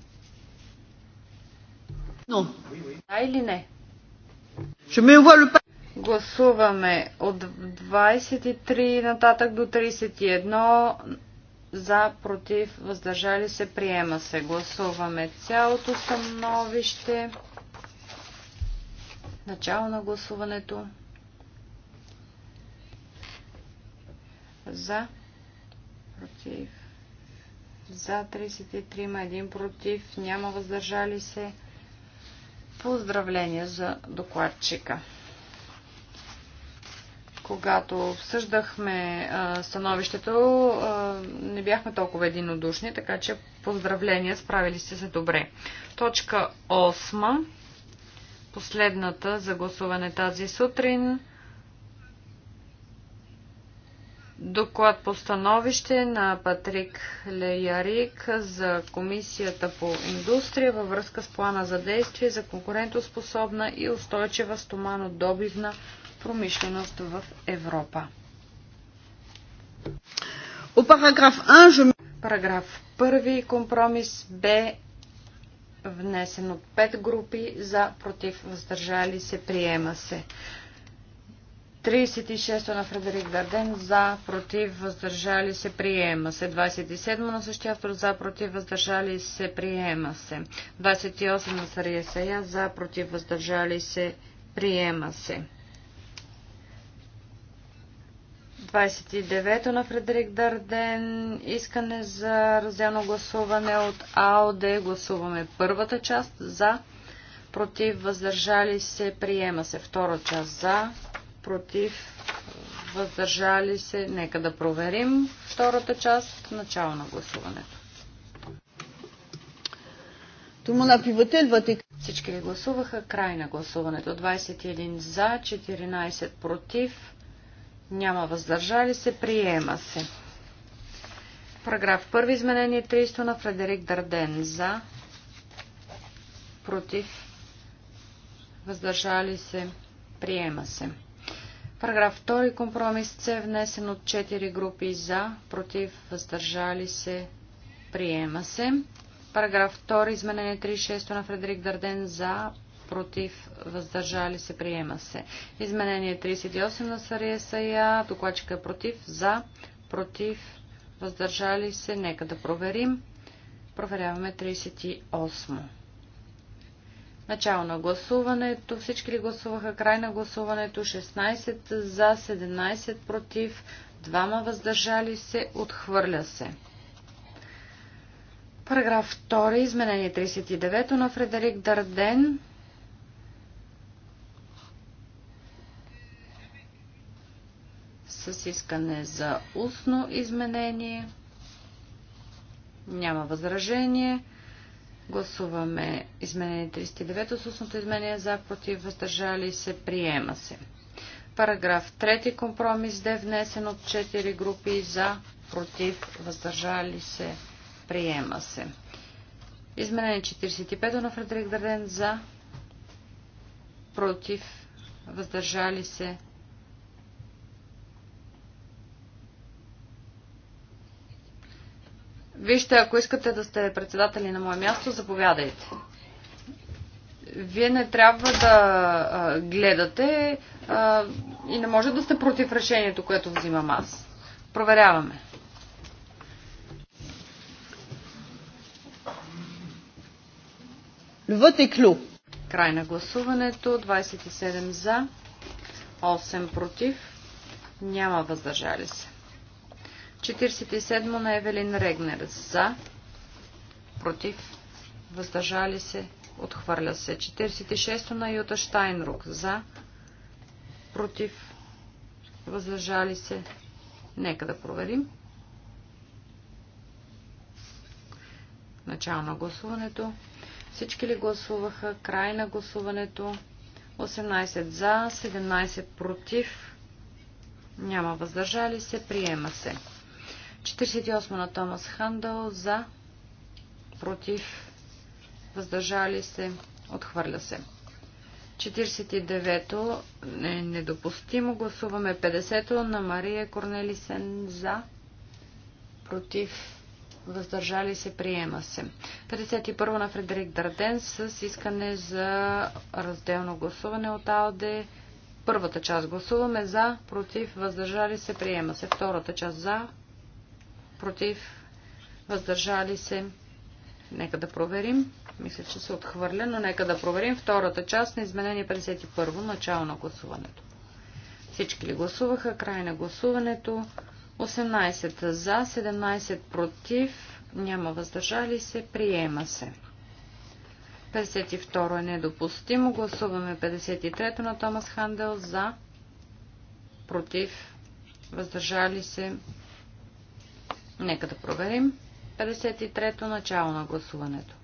Speaker 4: Но. Да
Speaker 1: или не? Гласуваме от 23 нататък до 31 за, против, въздържали се, приема се. Гласуваме цялото становище. Начало на гласуването. За, против, за 33, един против, няма въздържали се. Поздравления за докладчика. Когато обсъждахме становището, не бяхме толкова единодушни, така че поздравления, справили сте се добре. Точка 8, последната за гласуване тази сутрин. Доклад по становище на Патрик Леярик за Комисията по индустрия във връзка с плана за действие за конкурентоспособна и устойчива стоманодобивна промишленост в Европа. Параграф 1. Компромис Б внесен от 5 групи за против въздържали се приема се. 36 на Фредерик Дарден за, против, въздържали се, приема се. 27 на същия автор за, против, въздържали се, приема се. 28 на Сария Сая за, против, въздържали се, приема се. 29 на Фредерик Дарден. Искане за разделно гласуване от АОД. Гласуваме първата част за, против, въздържали се, приема се. Втора част за, против, въздържали се. Нека да проверим втората част, начало на гласуването. Всички ли гласуваха? Край на гласуването. 21 за, 14 против, няма въздържали се, приема се. Параграф 1. Изменение 300 на Фредерик Дарден. За. Против. Въздържали се. Приема се. Параграф 2. Компромис С, внесен от 4 групи за, против, въздържали се, приема се. Параграф 2. Изменение 36 на Фредерик Дарден за, против, въздържали се, приема се. Изменение 38 на Сария Сая, докладчика е против, за, против, въздържали се. Нека да проверим. Проверяваме 38. Начало на гласуването. Всички ли гласуваха? Край на гласуването. 16 за, 17 против, 2 въздържали се. Отхвърля се. Параграф 2. Изменение 39 на Фредерик Дарден. С искане за устно изменение. Няма възражение. Гласуваме изменение 39 с изменение за, против, въздържали се, приема се. Параграф 3. Компромис де внесен от 4 групи за, против, въздържали се, приема се. Изменение 45 на Фредерик Дарден за, против, въздържали се, Вижте, ако искате да сте председатели на мое място, заповядайте. Вие не трябва да гледате и не може да сте против решението, което взимам аз. Проверяваме. Вот е клю. Край на гласуването. 27 за, 8 против, няма въздържали се. 47 на Евелин Регнер. За. Против. Въздържали се. Отхвърля се. 46 на Юта Штайнрук. За. Против. Въздържали се. Нека да проверим. Начало на гласуването. Всички ли гласуваха? Край на гласуването. 18 за, 17 против. Няма въздържали се. Приема се. 48 на Томас Хандъл за, против, въздържали се, отхвърля се. 49-то е недопустимо. Гласуваме 50-то на Мария Корнелисен за, против, въздържали се, приема се. 51-во на Фредерик Дарден с искане за разделно гласуване от АОДЕ. Първата част гласуваме за, против, въздържали се, приема се. Втората част за, против, въздържали се. Нека да проверим. Мисля, че се отхвърля, но нека да проверим втората част на изменение 51, начало на гласуването. Всички ли гласуваха? Край на гласуването. 18 за, 17 против, няма въздържали се, приема се. 52 е недопустимо. Гласуваме 53 на Томас Хандел за, против, въздържали се, Нека да проверим. 53-то начало на гласуването.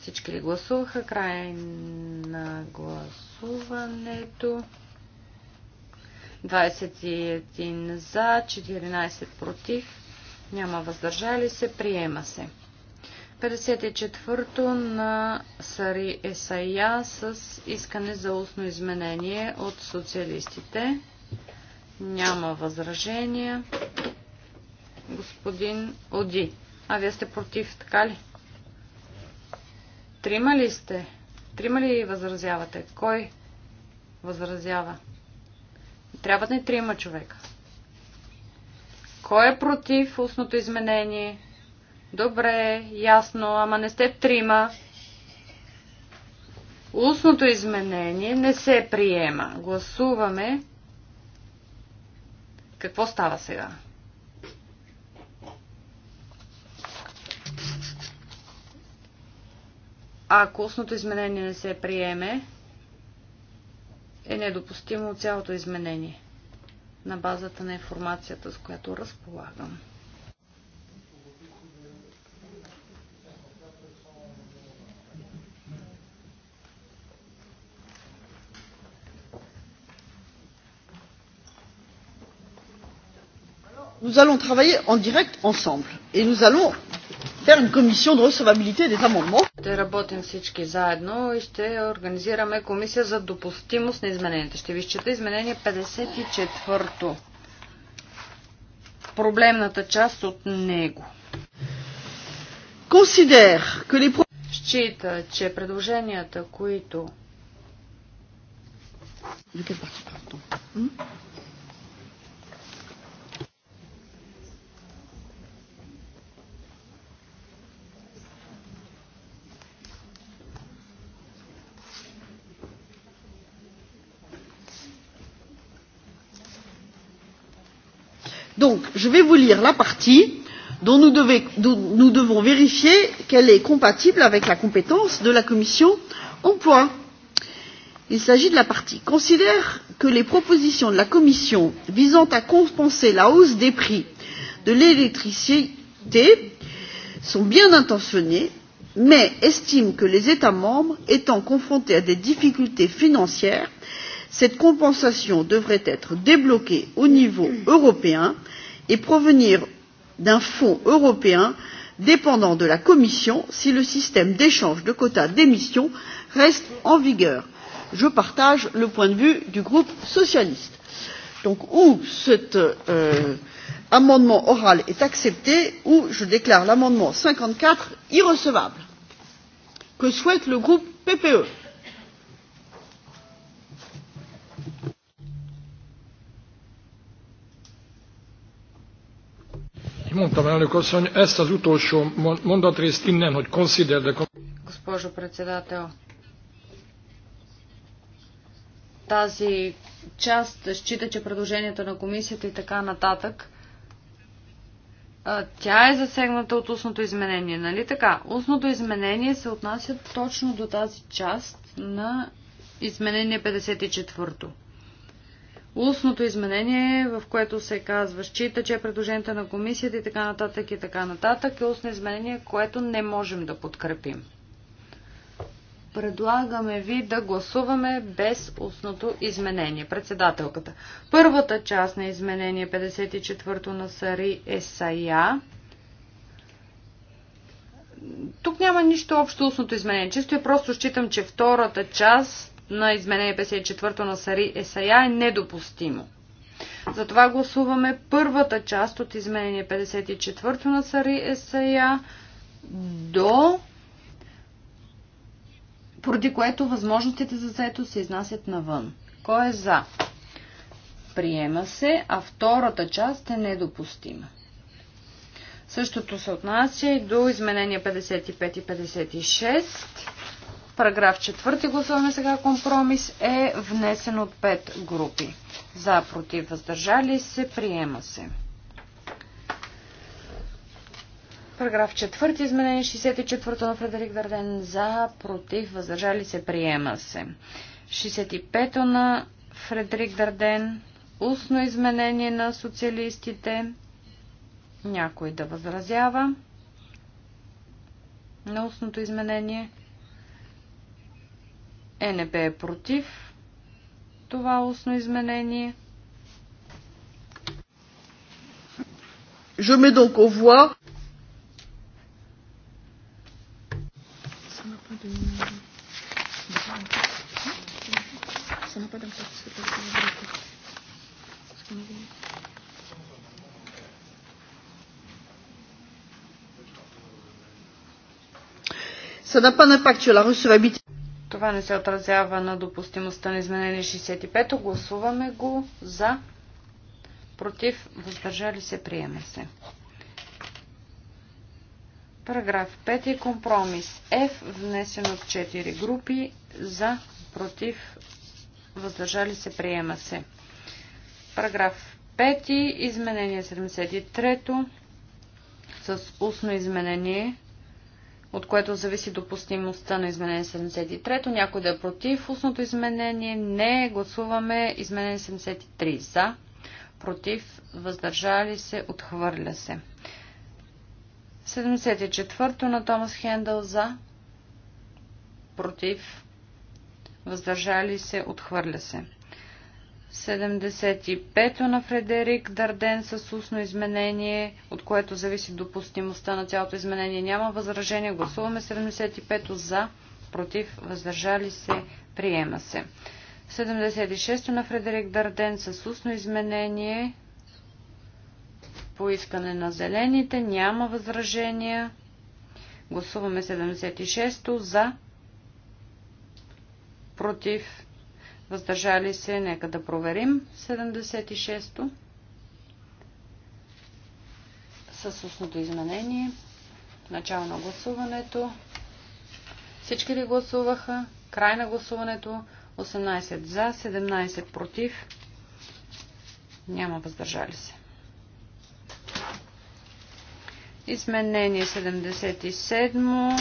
Speaker 1: Всички ли гласуваха? Край на гласуването. 21 за, 14 против, няма въздържали се, приема се. 54-то на Сари Есая с искане за устно изменение от социалистите. Няма възражения господин Оди. А вие сте против, така ли? Трима ли сте? Трима ли възразявате? Кой възразява? Трябват ни трима човека. Кой е против устното изменение? Добре, ясно, ама не сте трима. Устното изменение не се приема. Гласуваме. Какво става сега? Ако устното изменение не се приеме, е недопустимо цялото изменение на базата на информацията, с която разполагам.
Speaker 4: nous allons travailler en direct ensemble et nous allons парламентарна комисия на de и des amendements.
Speaker 1: Ще работим всички заедно и ще организираме комисия за допустимост на измененията. Ще ви изчета изменение 54-то. Проблемната част от него. Консидер, къде les... Счита, че предложенията, които...
Speaker 4: De donc je vais vous lire la partie dont nous, devez, dont nous devons vérifier qu'elle est compatible avec la compétence de la commission emploi. Il s'agit de la partie considère que les propositions de la Commission visant à compenser la hausse des prix de l'électricité sont bien intentionnées, mais estime que les États membres étant confrontés à des difficultés financières, cette compensation devrait être débloquée au niveau européen et provenir d'un fonds européen dépendant de la commission si le système d'échange de quotas d'émission reste en vigueur. je partage le point de vue du groupe socialiste. donc ou cet amendement oral est accepté ou je déclare l'amendement cinquante quatre irrecevable. que souhaite le groupe ppe?
Speaker 2: Mondtam, elnök asszony, ezt az utolsó mondatrészt innen, hogy consider the...
Speaker 1: Госпожо председател, тази част счита, че предложението на комисията и така нататък, тя е засегната от устното изменение, нали така? Устното изменение се отнася точно до тази част на изменение 54-то устното изменение, в което се казва, счита, че е предложението на комисията и така нататък и така нататък е устно изменение, което не можем да подкрепим. Предлагаме ви да гласуваме без устното изменение. Председателката. Първата част на изменение 54-то на Сари САЯ. Тук няма нищо общо устното изменение. Чисто и просто считам, че втората част на изменение 54 на Сари Есая е недопустимо. Затова гласуваме първата част от изменение 54 на Сари Есая до поради което възможностите за заето се изнасят навън. Кой е за? Приема се, а втората част е недопустима. Същото се отнася и до изменения 55 и 56. Параграф 4 гласуваме сега компромис е внесен от 5 групи. За, против, въздържали се, приема се. Параграф 4. Изменение 64 на Фредерик Дарден. За, против, въздържали се, приема се. 65 на Фредерик Дарден. Устно изменение на социалистите. Някой да възразява на устното изменение. ЕНП е против това устно изменение.
Speaker 4: Je mets donc au voix. Ça n'a pas d'impact sur la recevabilité.
Speaker 1: Това не се отразява на допустимостта на изменение 65-то. Гласуваме го за, против, въздържали се, приема се. Параграф 5 компромис F, внесен от 4 групи, за, против, въздържали се, приема се. Параграф 5, изменение 73 с устно изменение от което зависи допустимостта на изменение 73. Някой да е против устното изменение? Не. Гласуваме изменение 73. За. Против. Въздържали се. Отхвърля се. 74-то на Томас Хендъл за. Против. Въздържали се. Отхвърля се. 75-то на Фредерик Дарден с устно изменение, от което зависи допустимостта на цялото изменение. Няма възражение. Гласуваме 75-то за, против, въздържали се, приема се. 76-то на Фредерик Дарден с устно изменение по искане на зелените. Няма възражения. Гласуваме 76-то за, против, въздържали се, нека да проверим 76-то с устното изменение. Начало на гласуването. Всички ли гласуваха? Край на гласуването. 18 за, 17 против. Няма въздържали се. Изменение 77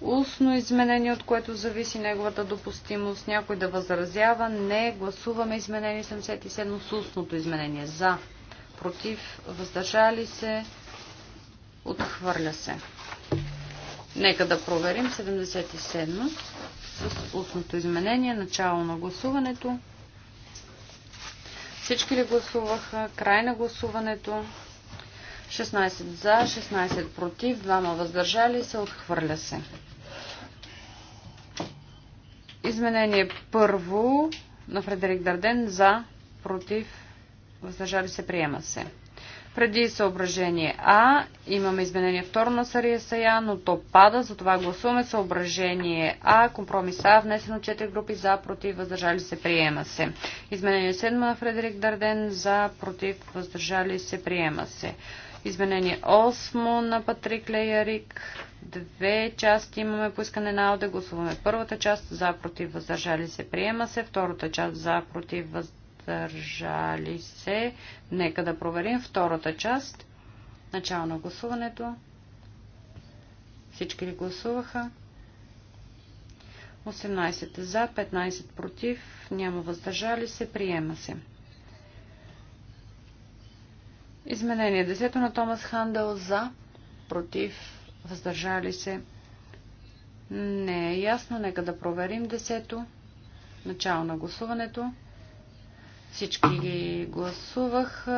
Speaker 1: устно изменение, от което зависи неговата допустимост. Някой да възразява. Не. Гласуваме изменение 77 с устното изменение. За. Против. Въздържали се. Отхвърля се. Нека да проверим 77 с устното изменение. Начало на гласуването. Всички ли гласуваха? Край на гласуването. 16 за, 16 против, 2 въздържали се, отхвърля се. Изменение първо на Фредерик Дарден за, против, въздържали се, приема се. Преди съображение А имаме изменение второ на Сария Сая, но то пада, затова гласуваме съображение А, компромис А, внесено 4 групи за, против, въздържали се, приема се. Изменение 7 на Фредерик Дарден за, против, въздържали се, приема се. Изменение 8 на Патрик Леярик. Две части имаме поискане на Ауде. Гласуваме първата част за против въздържали се. Приема се. Втората част за против въздържали се. Нека да проверим втората част. Начало на гласуването. Всички ли гласуваха? 18 за, 15 против, няма въздържали се, приема се. Изменение 10 на Томас Хандъл за, против, въздържали се. Не е ясно, нека да проверим 10 Начало на гласуването. Всички ги гласуваха.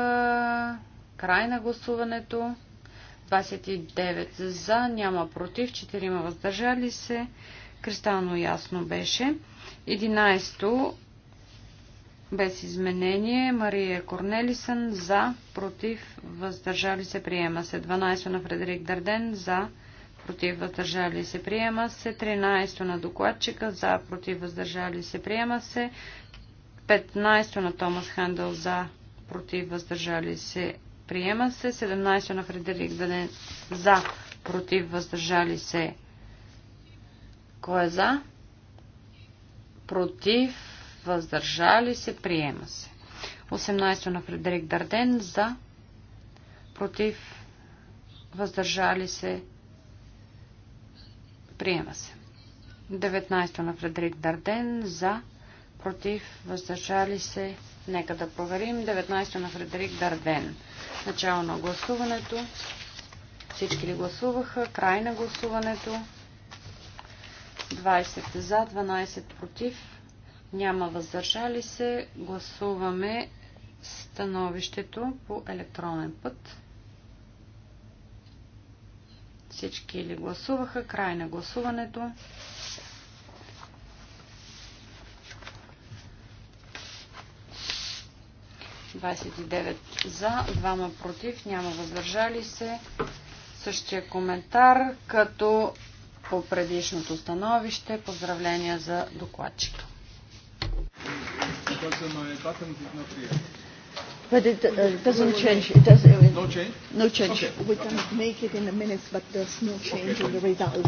Speaker 1: Край на гласуването. 29 за, няма против, 4 въздържали се. Кристално ясно беше. 11 без изменение. Мария Корнелисън за, против, въздържали се, приема се. 12 на Фредерик Дарден за, против, въздържали се, приема се. 13 на докладчика за, против, въздържали се, приема се. 15 на Томас Хандъл за, против, въздържали се, приема се. 17 на Фредерик Дарден за, против, въздържали се. Кой е за? Против, въздържали се, приема се. 18 на Фредерик Дарден за, против, въздържали се, приема се. 19 на Фредерик Дарден за, против, въздържали се, нека да проверим. 19 на Фредерик Дарден. Начало на гласуването. Всички ли гласуваха? Край на гласуването. 20 за, 12 против няма въздържали се. Гласуваме становището по електронен път. Всички ли гласуваха? Край на гласуването. за, двама против, няма въздържали се. Същия коментар, като по предишното становище. Поздравления за докладчика
Speaker 4: because my button did not react. But it uh, doesn't change. It doesn't. No change. No change. Okay. We can make it in the minutes, but there's no change in the result.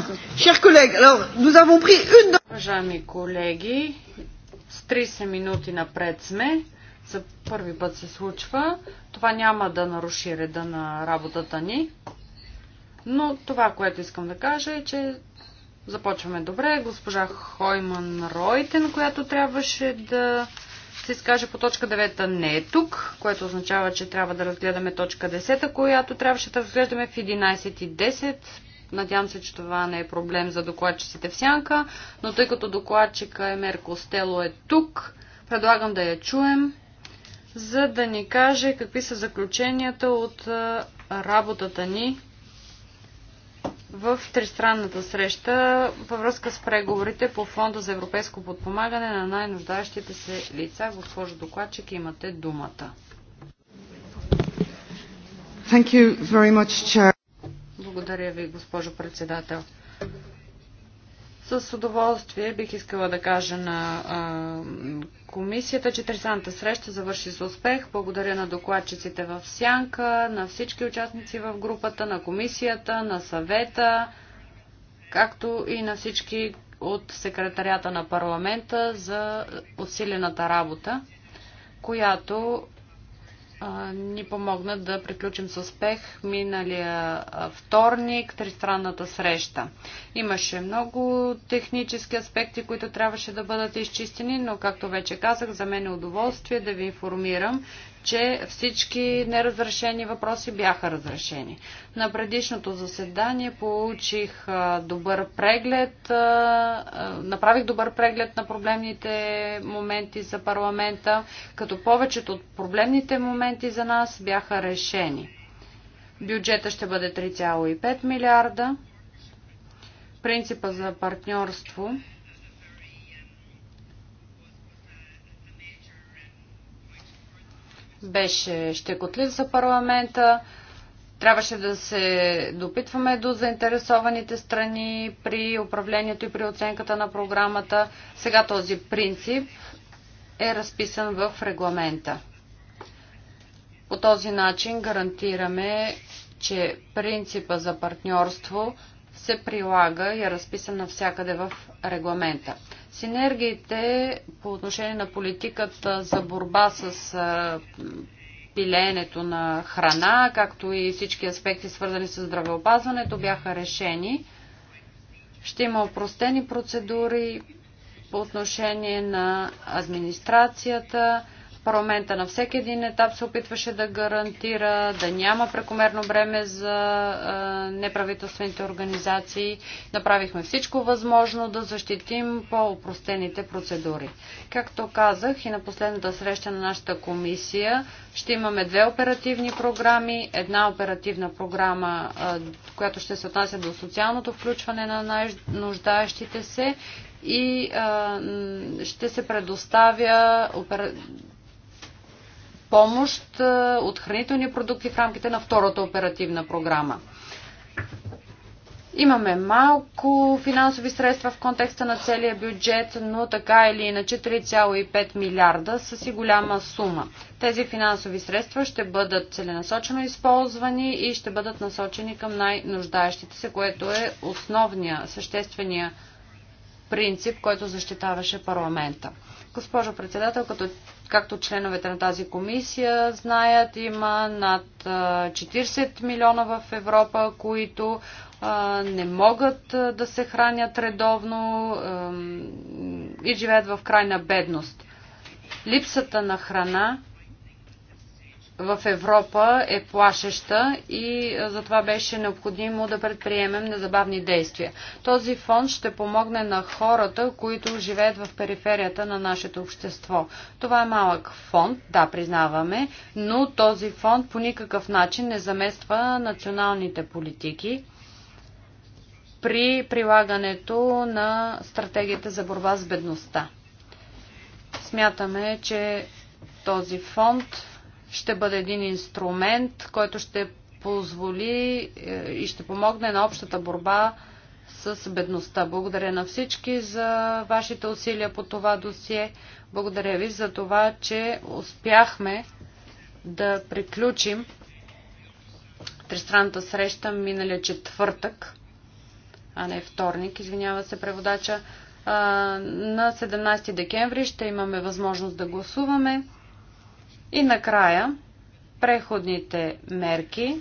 Speaker 4: bien. Chers collègues, alors nous avons pris une... Уважаеми колеги,
Speaker 1: с 30 минути напред сме. За първи път се случва. Това няма да наруши реда на работата ни. Но това, което искам да кажа е, че започваме добре. Госпожа Хойман Ройтен, която трябваше да се изкаже по точка 9 не е тук, което означава, че трябва да разгледаме точка 10, която трябваше да разгледаме в 11.10. Надявам се, че това не е проблем за докладчиците в сянка, но тъй като докладчика Емер Костело е тук, предлагам да я чуем, за да ни каже какви са заключенията от работата ни в тристранната среща във връзка с преговорите по Фонда за европейско подпомагане на най-нуждаещите се лица. Госпожо докладчик, имате думата.
Speaker 2: Much,
Speaker 1: благодаря ви, госпожо председател. С удоволствие бих искала да кажа на а, комисията, че Трисаната среща завърши с успех. Благодаря на докладчиците в Сянка, на всички участници в групата, на комисията, на съвета, както и на всички от секретарята на парламента за усилената работа, която ни помогна да приключим с успех миналия вторник, тристранната среща. Имаше много технически аспекти, които трябваше да бъдат изчистени, но както вече казах, за мен е удоволствие да ви информирам, че всички неразрешени въпроси бяха разрешени. На предишното заседание получих добър преглед, направих добър преглед на проблемните моменти за парламента, като повечето от проблемните моменти за нас бяха решени. Бюджета ще бъде 3,5 милиарда. Принципа за партньорство беше щекотлив за парламента. Трябваше да се допитваме до заинтересованите страни при управлението и при оценката на програмата. Сега този принцип е разписан в регламента. По този начин гарантираме, че принципа за партньорство се прилага и е разписан навсякъде в регламента. Синергиите по отношение на политиката за борба с пилеенето на храна, както и всички аспекти свързани с здравеопазването, бяха решени. Ще има опростени процедури по отношение на администрацията, Парламента на всеки един етап се опитваше да гарантира да няма прекомерно бреме за неправителствените организации. Направихме всичко възможно да защитим по-опростените процедури. Както казах и на последната среща на нашата комисия, ще имаме две оперативни програми. Една оперативна програма, която ще се отнася до социалното включване на нуждаещите се и ще се предоставя помощ е, от хранителни продукти в рамките на втората оперативна програма. Имаме малко финансови средства в контекста на целия бюджет, но така или иначе 3,5 милиарда са си голяма сума. Тези финансови средства ще бъдат целенасочено използвани и ще бъдат насочени към най-нуждаещите се, което е основния, съществения принцип, който защитаваше парламента. Госпожо председател, като, както членовете на тази комисия знаят, има над 40 милиона в Европа, които а, не могат да се хранят редовно а, и живеят в крайна бедност. Липсата на храна в Европа е плашеща и затова беше необходимо да предприемем незабавни действия. Този фонд ще помогне на хората, които живеят в периферията на нашето общество. Това е малък фонд, да, признаваме, но този фонд по никакъв начин не замества националните политики при прилагането на стратегията за борба с бедността. Смятаме, че този фонд ще бъде един инструмент, който ще позволи е, и ще помогне на общата борба с бедността. Благодаря на всички за вашите усилия по това досие. Благодаря ви за това, че успяхме да приключим тристранната среща миналия четвъртък, а не вторник, извинява се преводача. На 17 декември ще имаме възможност да гласуваме. И накрая, преходните мерки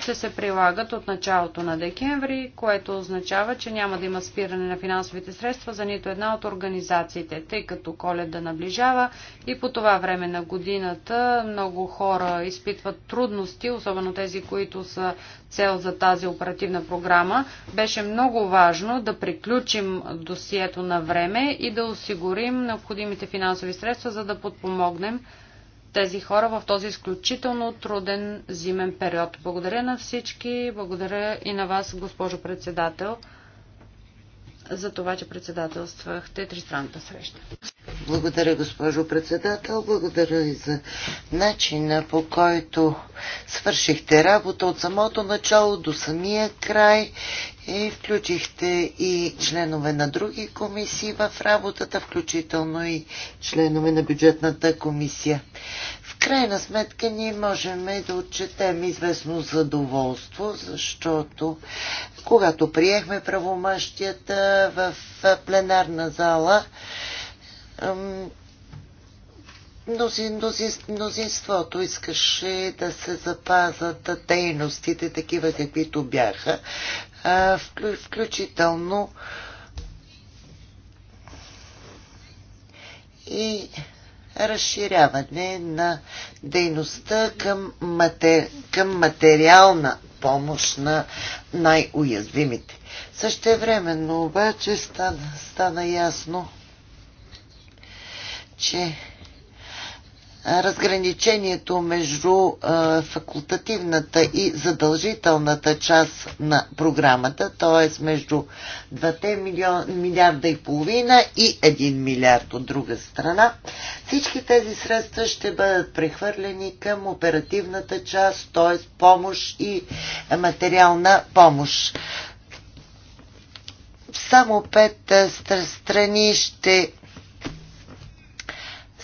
Speaker 1: ще се прилагат от началото на декември, което означава, че няма да има спиране на финансовите средства за нито една от организациите, тъй като Колед да наближава и по това време на годината много хора изпитват трудности, особено тези, които са цел за тази оперативна програма. Беше много важно да приключим досието на време и да осигурим необходимите финансови средства, за да подпомогнем тези хора в този изключително труден зимен период. Благодаря на всички, благодаря и на вас, госпожо председател, за това, че председателствахте тристранната среща.
Speaker 2: Благодаря, госпожо председател. Благодаря и за начина по който свършихте работа от самото начало до самия край и включихте и членове на други комисии в работата, включително и членове на бюджетната комисия. В крайна сметка ние можем да отчетем известно задоволство, защото когато приехме правомащията в пленарна зала, мнозинството искаше да се запазат дейностите такива каквито бяха, включително и разширяване на дейността към, матер... към материална помощ на най-уязвимите. Същевременно обаче стана, стана ясно, че разграничението между факултативната и задължителната част на програмата, т.е. между 2 милион, милиарда и половина и 1 милиард от друга страна. Всички тези средства ще бъдат прехвърлени към оперативната част, т.е. помощ и материална помощ. Само пет страни ще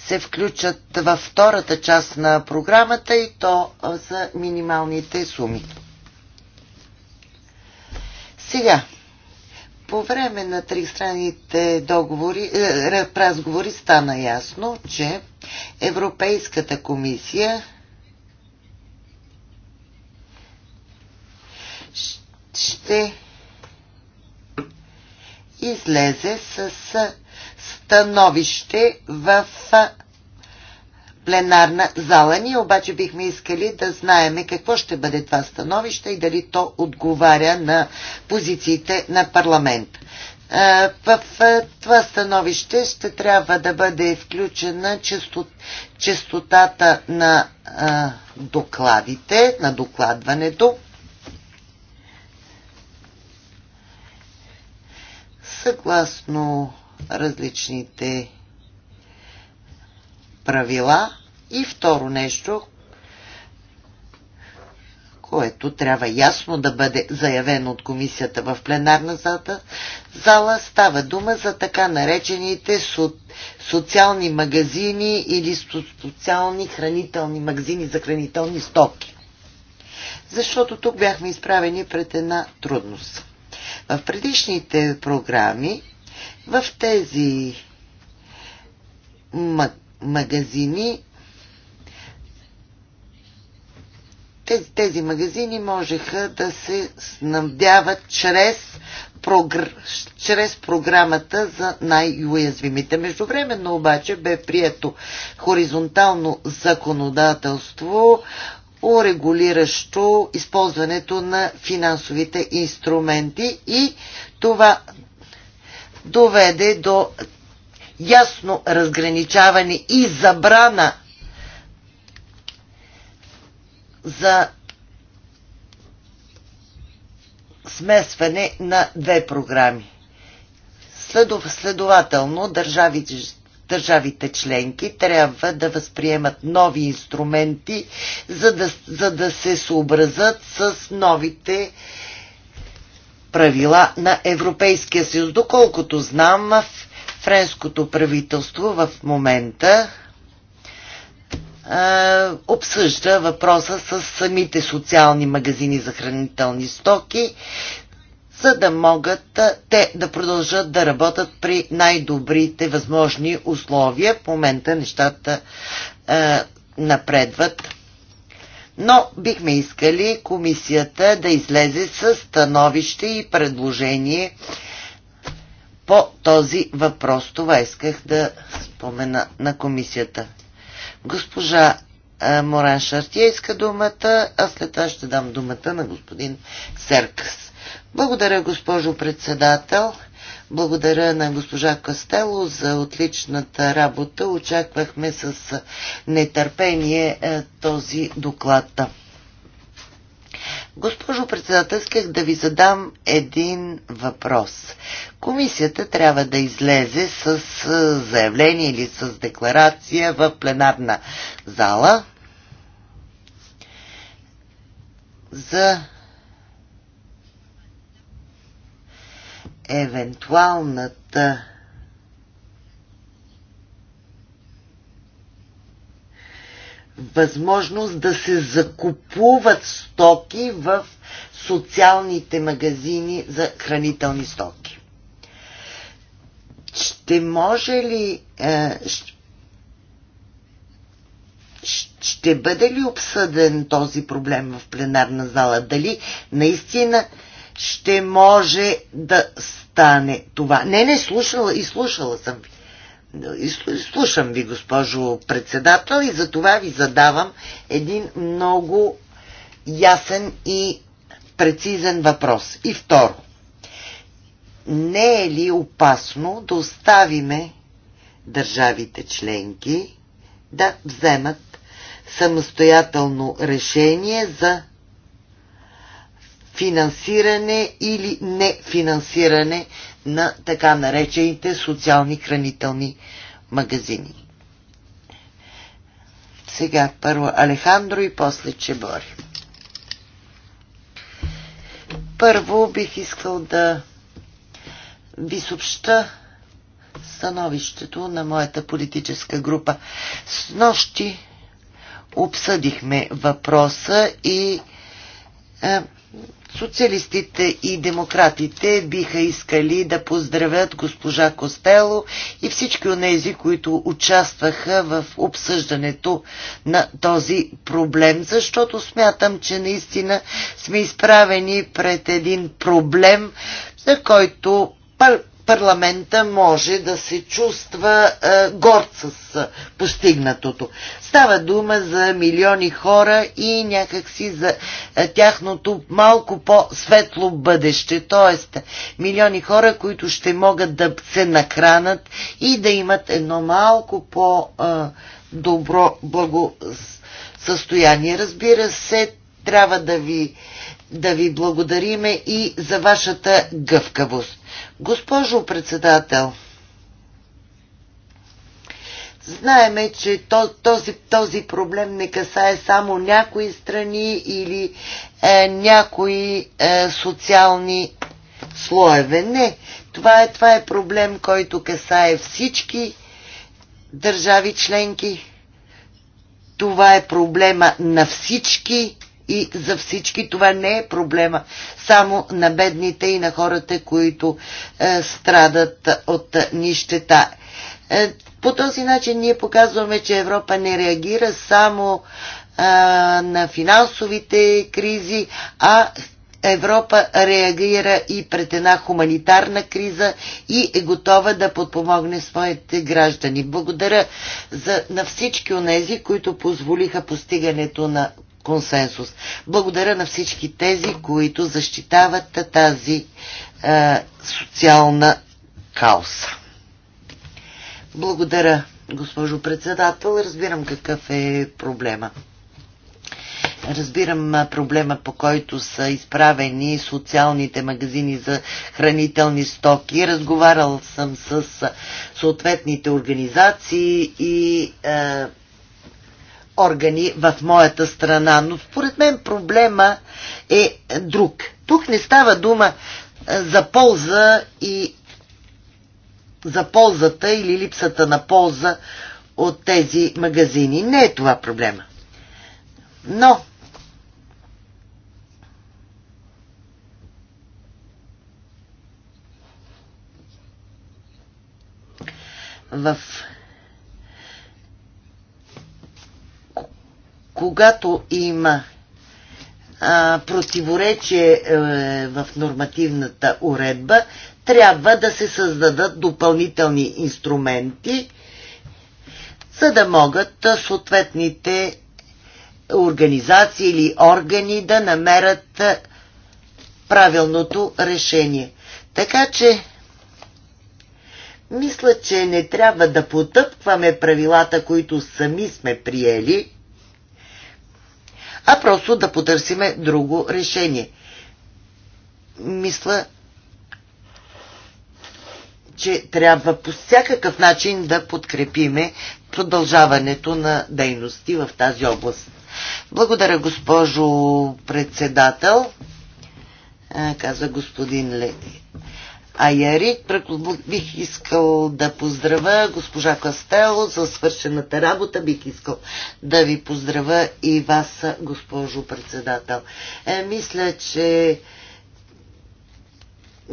Speaker 2: се включат във втората част на програмата и то за минималните суми. Сега, по време на тристранните договори, е, разговори стана ясно, че Европейската комисия ще излезе с становище в пленарна зала. Ние обаче бихме искали да знаеме какво ще бъде това становище и дали то отговаря на позициите на парламент. В това становище ще трябва да бъде включена честотата на докладите, на докладването. Съгласно различните правила. И второ нещо, което трябва ясно да бъде заявено от комисията в пленарна зата, зала, става дума за така наречените со, социални магазини или социални хранителни магазини за хранителни стоки. Защото тук бяхме изправени пред една трудност. В предишните програми в тези магазини тези, тези магазини можеха да се снабдяват чрез, прогр... чрез програмата за най-уязвимите. Междувременно обаче бе прието хоризонтално законодателство, урегулиращо използването на финансовите инструменти и това доведе до ясно разграничаване и забрана за смесване на две програми. Следов, следователно, държавите, държавите членки трябва да възприемат нови инструменти, за да, за да се съобразят с новите правила на Европейския съюз. Доколкото знам, френското правителство в момента обсъжда въпроса с самите социални магазини за хранителни стоки, за да могат те да продължат да работят при най-добрите възможни условия. В момента нещата е, напредват но бихме искали комисията да излезе с становище и предложение по този въпрос. Това исках да спомена на комисията. Госпожа Моран Шартия иска думата, а след това ще дам думата на господин Серкс. Благодаря, госпожо председател. Благодаря на госпожа Кастело за отличната работа. Очаквахме с нетърпение е, този доклад. Госпожо председател, исках да ви задам един въпрос. Комисията трябва да излезе с е, заявление или с декларация в пленарна зала за евентуалната възможност да се закупуват стоки в социалните магазини за хранителни стоки. Ще може ли. Е, ще бъде ли обсъден този проблем в пленарна зала? Дали наистина ще може да стане това. Не, не, слушала и слушала съм ви. Слушам ви, госпожо председател, и за това ви задавам един много ясен и прецизен въпрос. И второ, не е ли опасно да оставиме държавите членки да вземат самостоятелно решение за финансиране или нефинансиране на така наречените социални хранителни магазини. Сега първо Алехандро и после Чебори. Първо бих искал да ви съобща становището на моята политическа група. С нощи обсъдихме въпроса и е, Социалистите и демократите биха искали да поздравят госпожа Костело и всички тези, които участваха в обсъждането на този проблем, защото смятам, че наистина сме изправени пред един проблем, за който парламента може да се чувства е, горд с е, постигнатото. Става дума за милиони хора и някакси за е, тяхното малко по-светло бъдеще, т.е. милиони хора, които ще могат да се нахранат и да имат едно малко по-добро благосъстояние. Разбира се, трябва да ви, да ви благодариме и за вашата гъвкавост Госпожо председател, Знаеме, че този, този проблем не касае само някои страни или е, някои е, социални слоеве. Не, това е, това е проблем, който касае всички държави членки. Това е проблема на всички и за всички. Това не е проблема само на бедните и на хората, които е, страдат от нищета. Е, по този начин ние показваме, че Европа не реагира само е, на финансовите кризи, а Европа реагира и пред една хуманитарна криза и е готова да подпомогне своите граждани. Благодаря за, на всички онези, които позволиха постигането на консенсус. Благодаря на всички тези, които защитават тази е, социална кауза. Благодаря, госпожо председател. Разбирам какъв е проблема. Разбирам проблема, по който са изправени социалните магазини за хранителни стоки. Разговарял съм с съответните организации и е, органи в моята страна. Но според мен проблема е друг. Тук не става дума е, за полза и за ползата или липсата на полза от тези магазини. Не е това проблема. Но в когато има а, противоречие а, е, в нормативната уредба, трябва да се създадат допълнителни инструменти, за да могат съответните организации или органи да намерят правилното решение. Така че, мисля, че не трябва да потъпкваме правилата, които сами сме приели а просто да потърсиме друго решение. Мисля, че трябва по всякакъв начин да подкрепиме продължаването на дейности в тази област. Благодаря, госпожо председател, каза господин Леди. Аяри. Бих искал да поздравя госпожа Кастело за свършената работа. Бих искал да ви поздравя и вас, госпожо председател. Е, мисля, че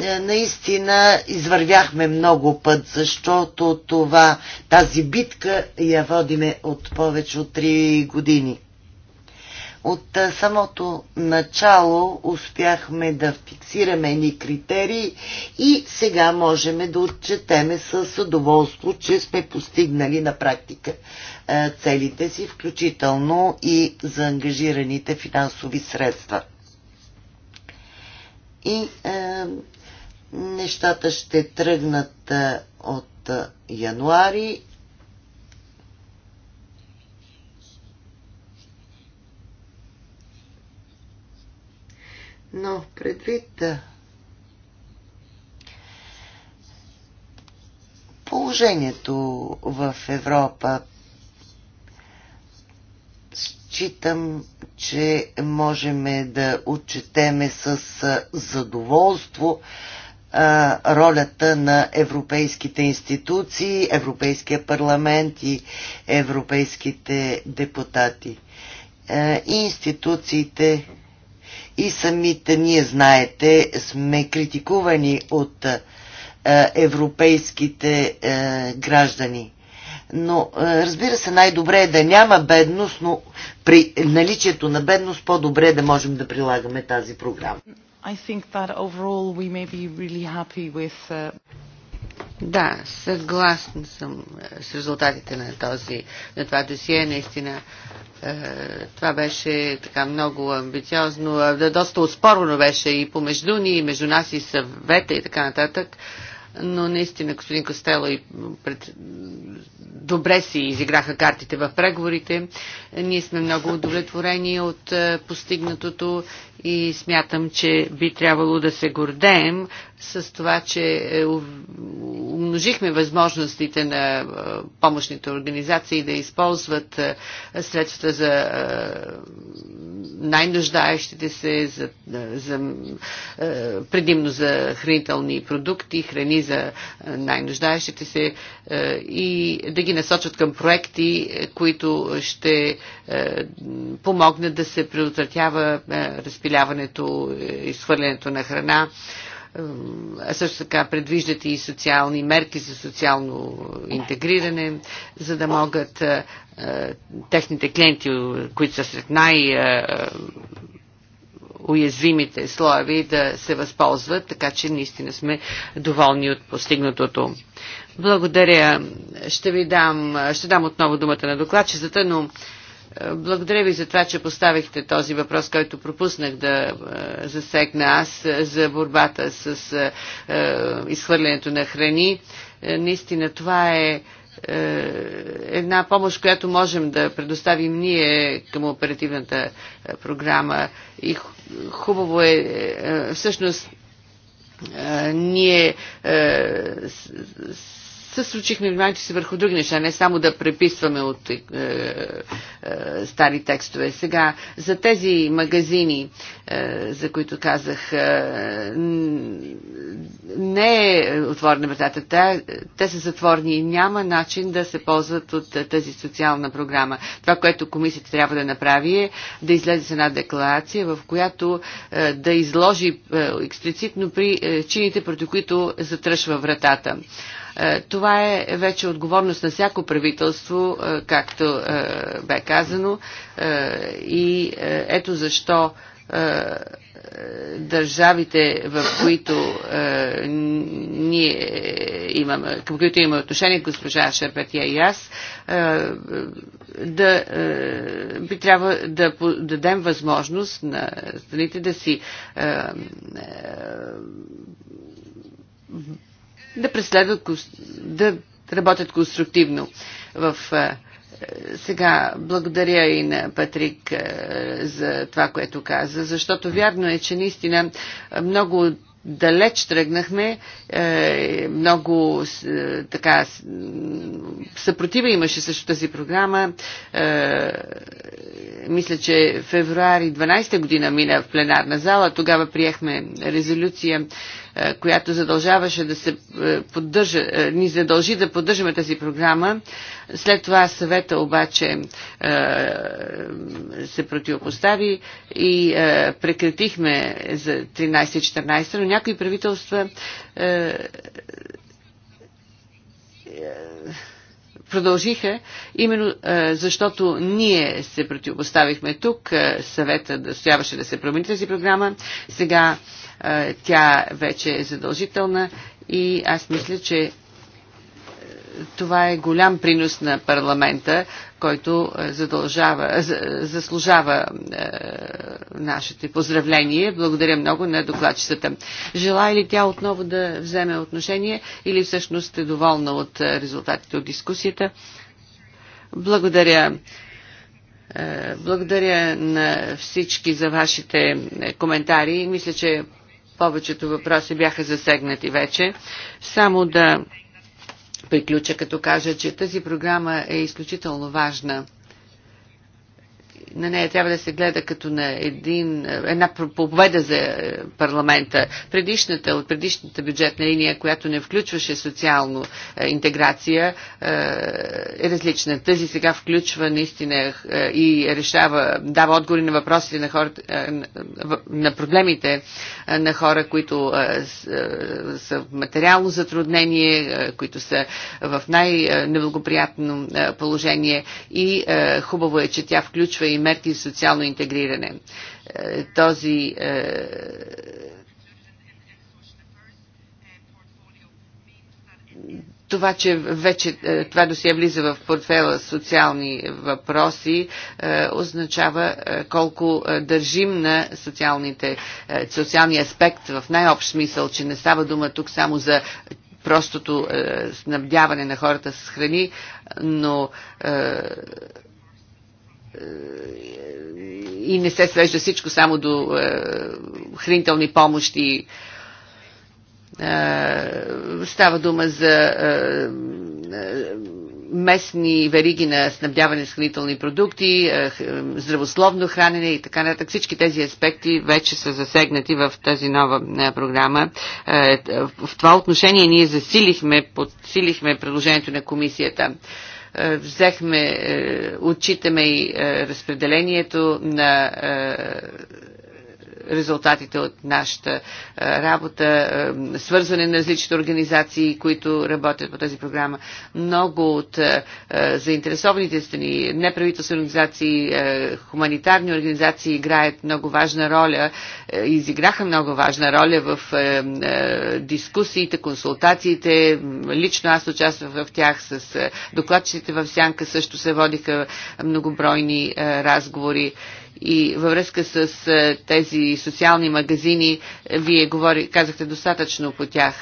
Speaker 2: е, наистина извървяхме много път, защото това, тази битка я водиме от повече от 3 години. От самото начало успяхме да фиксираме ни критерии и сега можем да отчетеме с удоволство, че сме постигнали на практика целите си, включително и за ангажираните финансови средства. И е, нещата ще тръгнат от януари Но предвид положението в Европа, считам, че можем да отчетеме с задоволство ролята на европейските институции, Европейския парламент и европейските депутати. Институциите и самите ние, знаете, сме критикувани от е, европейските е, граждани. Но е, разбира се, най-добре е да няма бедност, но при наличието на бедност по-добре е да можем да прилагаме тази програма. I think that overall we may be
Speaker 3: really happy with uh... Да, съгласен съм е, с резултатите на, този, на това досие. Наистина, е, това беше така много амбициозно, доста успорно беше и помежду ни, и между нас, и съвета, и така нататък. Но наистина, господин Костело, и пред... добре си изиграха картите в преговорите. Ние сме много удовлетворени от е, постигнатото и смятам, че би трябвало да се гордеем с това, че е, умножихме възможностите на е, помощните организации да използват е, средства за най-нуждаещите се, за, за, предимно за хранителни продукти, храни за най-нуждаещите се и да ги насочат към проекти, които ще помогнат да се предотвратява разпиляването, изхвърлянето на храна а Също така предвиждате и социални мерки за социално интегриране, за да могат е, е, техните клиенти, които са сред най- е, уязвимите слоеви да се възползват, така че наистина сме доволни от постигнатото. Благодаря. Ще ви дам, ще дам отново думата на докладчицата, но благодаря ви за това, че поставихте този въпрос, който пропуснах да е, засегна аз е, за борбата с е, изхвърлянето на храни. Наистина това е една помощ, която можем да предоставим ние към оперативната програма. И хубаво е, всъщност, ние съсручихме вниманието си върху други неща, не само да преписваме от е, е, стари текстове. Сега, за тези магазини, е, за които казах, е, не е отворена вратата. Те, те са затворни и няма начин да се ползват от тази социална програма. Това, което комисията трябва да направи е да излезе с една декларация, в която е, да изложи е, експлицитно при е, чините, против които затръшва вратата. Е, това е вече отговорност на всяко правителство, е, както е, бе казано. И ето защо държавите, в които е, ние имаме, към които имаме отношение, госпожа Шерпетия и аз, е, да, е, би трябва да дадем възможност на страните да си е, е да преследват, да работят конструктивно в е, е, сега благодаря и на Патрик е, за това, което каза, защото вярно е, че наистина много далеч тръгнахме, много така съпротива имаше също тази програма. Мисля, че февруари 12 та година мина в пленарна зала, тогава приехме резолюция е, която задължаваше да се е, поддържа, е, ни задължи да поддържаме тази програма. След това съвета обаче се противопостави и прекратихме за 13-14, но някои правителства продължиха, именно защото ние се противопоставихме тук, съвета да стояваше да се промени тази програма. Сега тя вече е задължителна и аз мисля, че е, това е голям принос на парламента, който е, задължава, е, заслужава е, нашите поздравление. Благодаря много на докладчицата. Желая ли тя отново да вземе отношение или всъщност сте доволна от резултатите от дискусията? Благодаря. Благодаря на всички за вашите коментари. Мисля, че повечето въпроси бяха засегнати вече. Само да приключа, като кажа, че тази програма е изключително важна на нея трябва да се гледа като на един, една победа за е, парламента. Предишната, от предишната бюджетна линия, която не включваше социално е, интеграция, е, е различна. Тази сега включва наистина и решава, дава отговори на въпросите на хората, на проблемите на хора, които са в материално затруднение, които са в най-неблагоприятно положение и хубаво е, че тя включва и мерки за социално интегриране. Е, този е, това, че вече е, това досие влиза в портфела социални въпроси, означава колко държим на социалните, социалния аспект в най-общ смисъл, че не става дума тук само за простото снабдяване на хората с храни, но и не се свежда всичко само до е, хранителни помощи. Е, става дума за е, е местни вериги на снабдяване с хранителни продукти, е, е, здравословно хранене и така нататък. Всички тези аспекти вече са засегнати в тази нова е, програма. Е, в това отношение ние засилихме, подсилихме предложението на комисията. Е, е, взехме, е, отчитаме и е, разпределението на резултатите от нашата е, работа, е, свързване на различните организации, които работят по тази програма. Много от е, заинтересованите страни, неправителствени организации, хуманитарни организации играят много важна роля, изиграха много важна роля в дискусиите, консултациите. Лично аз участвах в тях с докладчиците в Сянка, също се водиха многобройни разговори и във връзка с е, тези социални магазини, вие говори, казахте достатъчно по тях.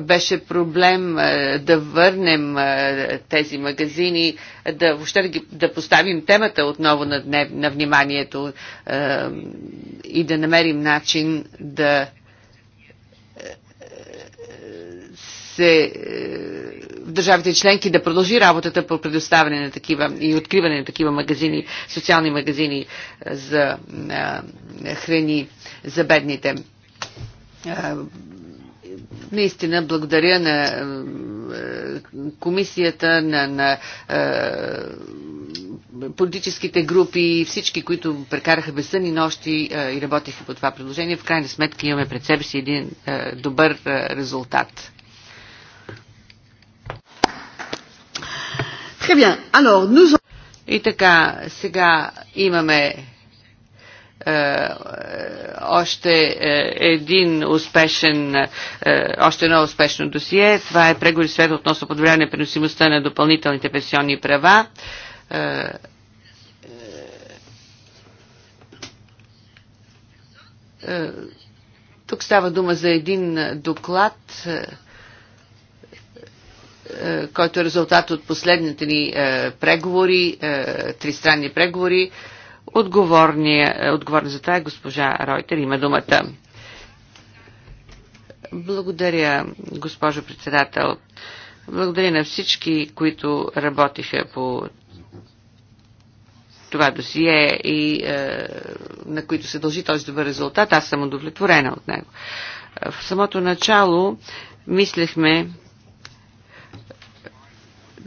Speaker 3: Беше проблем е, да върнем е, тези магазини, да въобще да, ги, да поставим темата отново на, на вниманието и да намерим начин да се е, в държавите членки да продължи работата по предоставяне на такива и откриване на такива магазини, социални магазини е, за е, храни за бедните. Наистина благодаря на комисията, на, на политическите групи, всички, които прекараха безсънни нощи и работеха по това предложение. В крайна сметка имаме пред себе си един добър резултат. Très bien. Alors, nous... И така, сега имаме е, е, още е, един успешен, още едно успешно досие. Това е преговори света относно подобряване на приносимостта на допълнителните пенсионни права. Тук става дума за един доклад, е, който е резултат от последните ни е, преговори, е, тристранни преговори. отговорни за това е госпожа Ройтер. Има думата. Благодаря, госпожо председател. Благодаря на всички, които работиха по това досие и е, на които се дължи този добър резултат. Аз съм удовлетворена от него. В самото начало мислехме,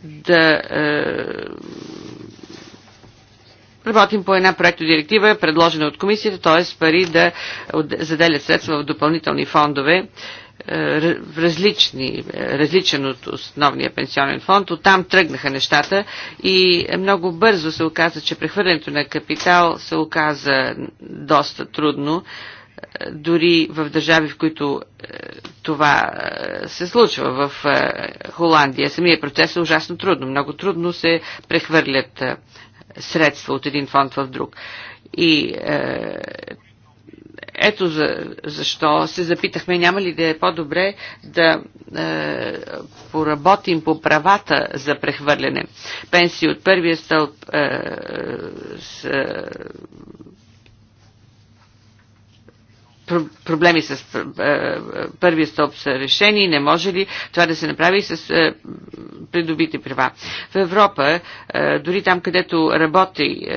Speaker 3: да е, Работим по една директива, предложена от комисията, т.е. пари да заделят средства в допълнителни фондове, е, различни, е, различен от основния пенсионен фонд. Оттам тръгнаха нещата и много бързо се оказа, че прехвърлянето на капитал се оказа доста трудно дори в държави, в които е, това е, се случва. В е, Холандия самия процес е ужасно трудно. Много трудно се прехвърлят средства от един фонд в друг. И ето за, защо се запитахме, няма ли да е по-добре да е, поработим по правата за прехвърляне. Пенсии от първия стълб е, с, е, проблеми с е, е, първия стоп са решени, не може ли това да се направи с е, придобити права. В Европа, дори там, където работи,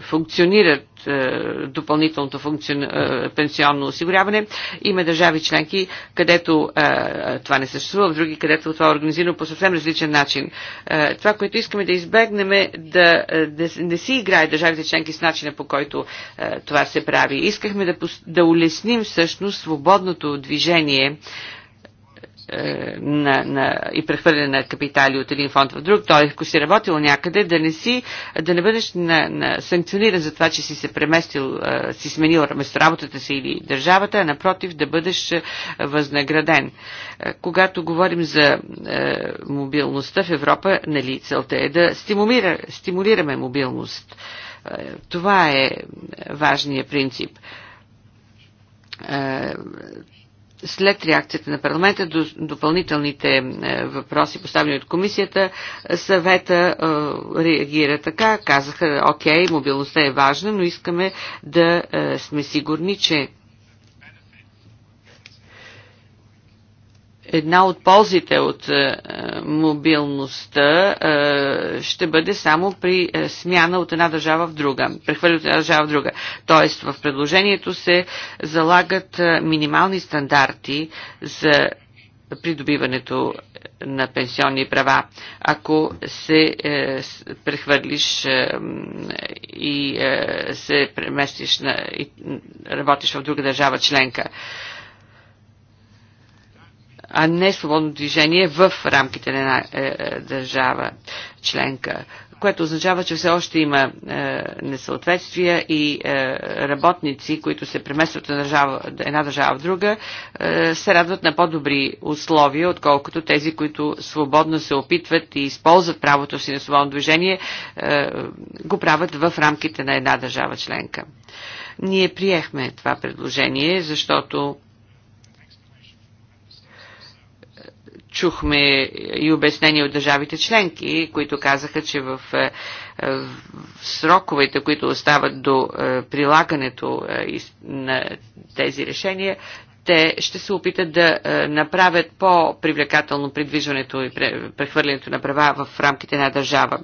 Speaker 3: функционират от е, допълнителното функцион... Е, пенсионно осигуряване. Има държави членки, където е, това не съществува, в други, където това е организирано по съвсем различен начин. Това, което искаме да избегнем е да не си играе държавите членки с начина по който това се прави. Искахме да, да улесним всъщност свободното движение е, на, на, и прехвърляне на капитали от един фонд в друг, т.е. ако си работил някъде, да не, си, да не бъдеш на, на, санкциониран за това, че си се преместил, е, си сменил работата си или държавата, а напротив да бъдеш е, възнаграден. Когато говорим за мобилността в Европа, нали, целта е да стимулира, стимулираме мобилност. Това е важният принцип след реакцията на парламента, допълнителните е, въпроси, поставени от комисията, съвета е, реагира така, казаха, окей, мобилността е важна, но искаме да е, сме сигурни, че една от ползите от е, мобилността е, ще бъде само при е, смяна от една държава в друга, прехвърля от една държава в друга. Тоест в предложението се залагат минимални стандарти за придобиването на пенсионни права, ако се е, прехвърлиш е, и е, се преместиш на, и работиш в друга държава членка. Е, а не свободно движение в рамките на една е, е, държава членка което означава, че все още има е, несъответствия и е, работници, които се преместват на държава, една държава в друга, е, се радват на по-добри условия, отколкото тези, които свободно се опитват и използват правото си на свободно движение, е, го правят в рамките на една държава членка. Ние приехме това предложение, защото чухме и обяснения от държавите членки, които казаха, че в, е, е, в сроковете, които остават до е, прилагането на тези решения, те ще се опитат да направят по-привлекателно придвижването и прехвърлянето на права в рамките на държава.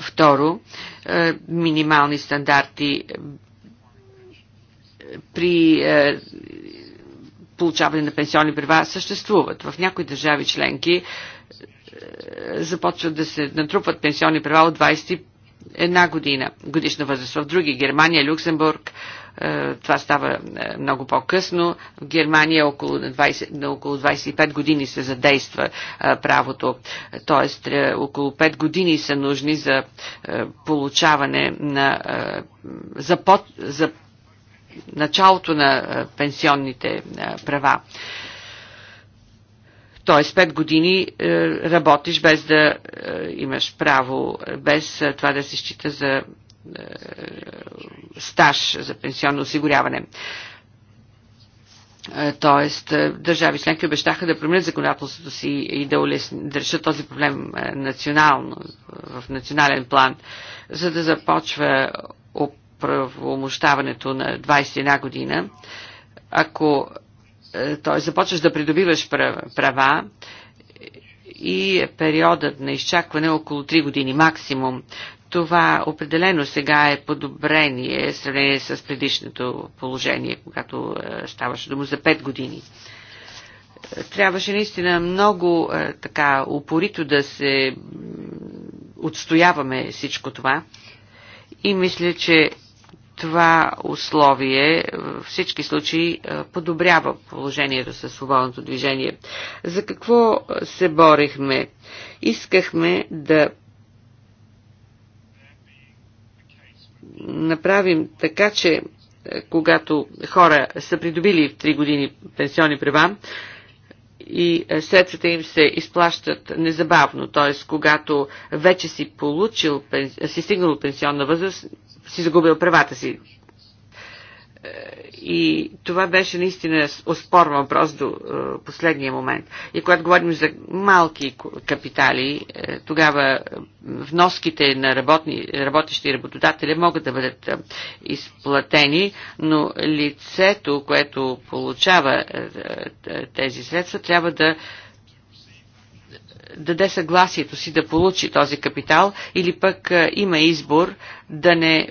Speaker 3: Второ, минимални стандарти при получаване на пенсионни права съществуват. В някои държави членки е, започват да се натрупват пенсионни права от 21 година годишна възраст. В други Германия, Люксембург, е, това става е, много по-късно. В Германия около 20, на около 25 години се задейства правото, т.е. около 5 години са нужни за получаване на за, под, за началото на пенсионните права. Тоест, 5 години е, работиш без да е, имаш право, без е, това да се счита за стаж за пенсионно осигуряване. Тоест, държави членки обещаха да променят законодателството си и да, улесни, да решат този проблем национално, в национален план, за да започва правомощаването на 21 година, ако е, т.е. започваш да придобиваш права и периодът на изчакване е около 3 години максимум. Това определено сега е подобрение в сравнение с предишното положение, когато е, ставаше дума за 5 години трябваше наистина много е, така упорито да се отстояваме всичко това. И мисля, че това условие в всички случаи подобрява положението със свободното движение. За какво се борихме? Искахме да направим така, че когато хора са придобили в 3 години пенсионни права, и средствата им се изплащат незабавно, т.е. когато вече си получил, си стигнал пенсионна възраст, си загубил правата си. И това беше наистина оспор въпрос до е, последния момент. И когато говорим за малки капитали, е, тогава вноските на работни, работещи и работодатели могат да бъдат е, изплатени, но лицето, което получава тези средства, трябва да даде съгласието си да получи този капитал или пък е, има избор да не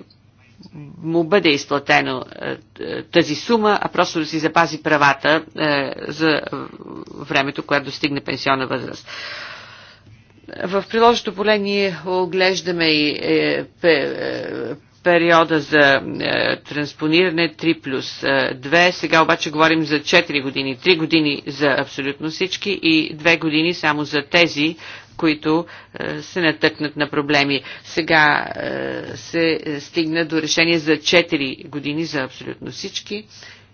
Speaker 3: му бъде изплатено е, тази сума, а просто да си запази правата е, за времето, което достигне пенсионна възраст. В приложното поле ние оглеждаме и периода за е, транспониране 3 плюс 2. Е, Сега обаче говорим за 4 години. 3 години за абсолютно всички и 2 години само за тези, които е, се натъкнат на проблеми. Сега е, се стигна до решение за 4 години за абсолютно всички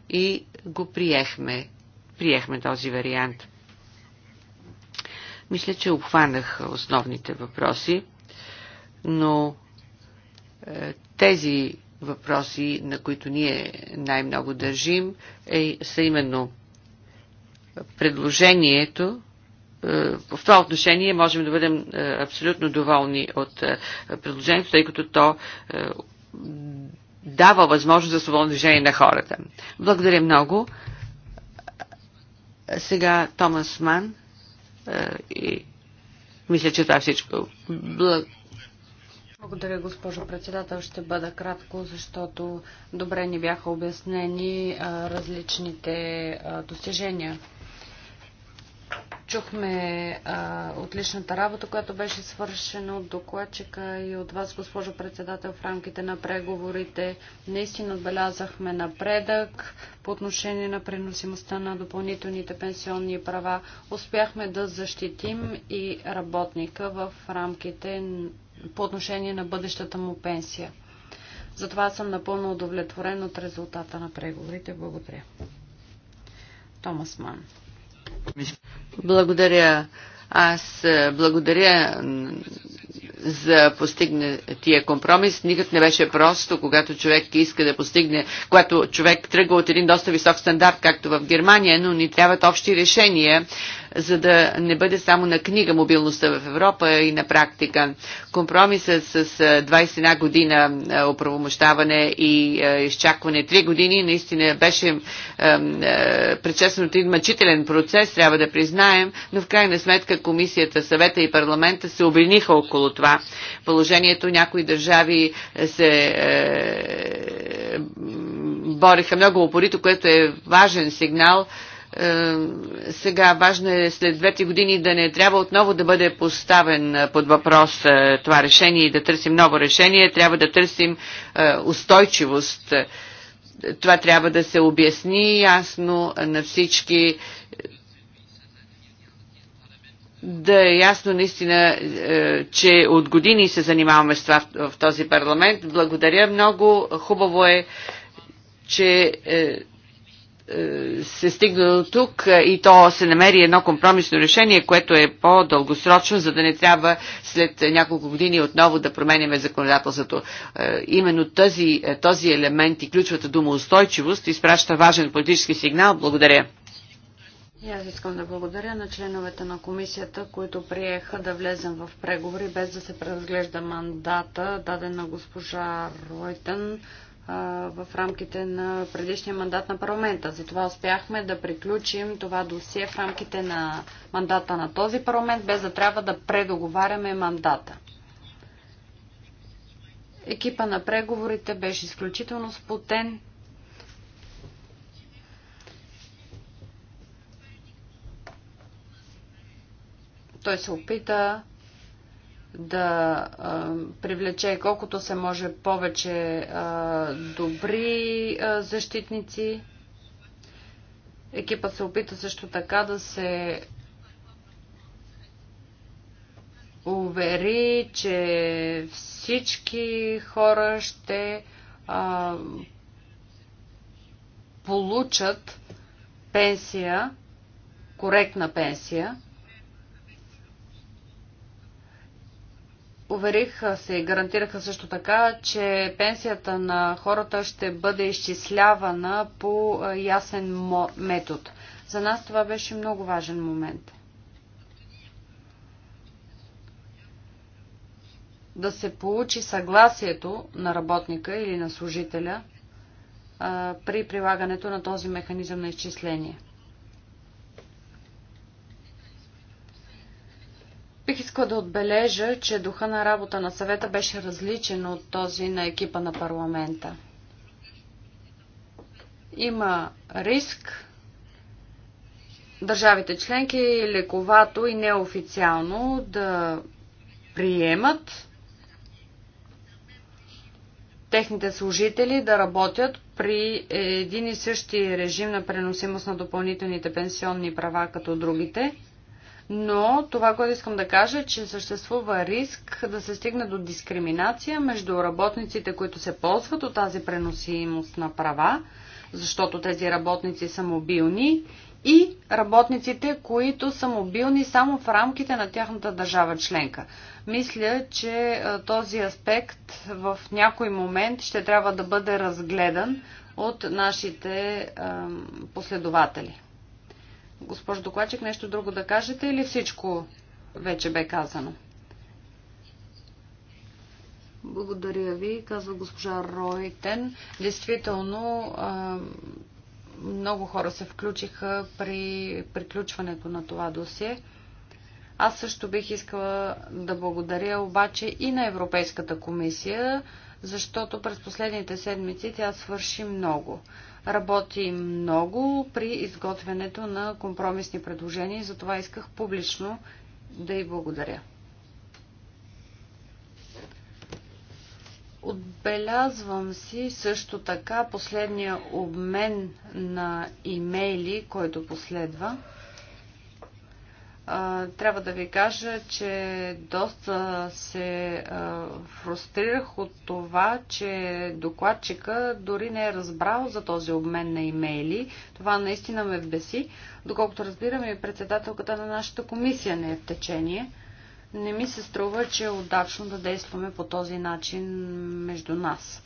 Speaker 3: и го приехме. Приехме този вариант. Мисля, че обхванах основните въпроси, но е, тези въпроси, на които ние най-много държим, е, са именно предложението. Е, в това отношение можем да бъдем е, абсолютно доволни от предложението, тъй като то дава възможност за свободно движение на хората. Благодаря много. Сега Томас Ман и мисля, че това е всичко. Благ...
Speaker 1: Благодаря, госпожо председател. Ще бъда кратко, защото добре ни бяха обяснени различните достижения. Чухме а, отличната работа, която беше свършена от докладчика и от вас, госпожо председател, в рамките на преговорите. Наистина отбелязахме напредък по отношение на преносимостта на допълнителните пенсионни права. Успяхме да защитим и работника в рамките по отношение на бъдещата му пенсия. Затова съм напълно удовлетворен от резултата на преговорите. Благодаря. Томас Ман.
Speaker 3: Благодаря. Аз е, благодаря за постигне тия компромис. Никак не беше просто, когато човек иска да постигне, когато човек тръгва от един доста висок стандарт, както в Германия, но ни трябват общи решения за да не бъде само на книга мобилността в Европа и на практика. Компромисът с 21 година оправомощаване и изчакване 3 години наистина беше предшествен от един мъчителен процес, трябва да признаем, но в крайна сметка комисията, съвета и парламента се обвиниха около това. Положението някои държави се е, бореха много опорито, което е важен сигнал е, сега важно е след двете години да не трябва отново да бъде поставен е, под въпрос е, това решение и да търсим ново решение. Трябва да търсим устойчивост. Това трябва да се обясни ясно на всички. Да е ясно наистина, че от години се занимаваме с това в този парламент. Благодаря много. Хубаво е, че е, се стигна до тук е, и то се намери едно компромисно решение, което е по-дългосрочно, за да не трябва след няколко години отново да променяме законодателството. Е, именно този, този елемент и ключовата дума устойчивост изпраща важен политически сигнал. Благодаря.
Speaker 1: И аз искам да благодаря на членовете на комисията, които приеха да влезем в преговори, без да се преразглежда мандата, даден на госпожа Ройтен в рамките на предишния мандат на парламента. Затова успяхме да приключим това досие в рамките на мандата на този парламент, без да трябва да предоговаряме мандата. Екипа на преговорите беше изключително спутен. Той се опита да а, привлече колкото се може повече а, добри а, защитници. Екипът се опита също така да се увери, че всички хора ще а, получат пенсия, коректна пенсия. Увериха се и гарантираха също така, че пенсията на хората ще бъде изчислявана по е, ясен метод. За нас това беше много важен момент. Да се получи съгласието на работника или на служителя е, при прилагането на този механизъм на изчисление. Бих искала да отбележа, че духа на работа на съвета беше различен от този на екипа на парламента. Има риск държавите членки лековато и неофициално да приемат техните служители да работят при един и същи режим на преносимост на допълнителните пенсионни права като другите – но това, което искам да кажа, е, че съществува риск да се стигне до дискриминация между работниците, които се ползват от тази преносимост на права, защото тези работници са мобилни, и работниците, които са мобилни само в рамките на тяхната държава членка. Мисля, че този аспект в някой момент ще трябва да бъде разгледан от нашите последователи. Госпожо докладчик, нещо друго да кажете или всичко вече бе казано? Благодаря ви, казва госпожа Ройтен. Действително, много хора се включиха при приключването на това досие. Аз също бих искала да благодаря обаче и на Европейската комисия, защото през последните седмици тя свърши много работи много при изготвянето на компромисни предложения и затова исках публично да й благодаря. Отбелязвам си също така последния обмен на имейли, който последва трябва да ви кажа, че доста се фрустрирах от това, че докладчика дори не е разбрал за този обмен на имейли. Това наистина ме вбеси. Доколкото разбирам и председателката на нашата комисия не е в течение. Не ми се струва, че е удачно да действаме по този начин между нас.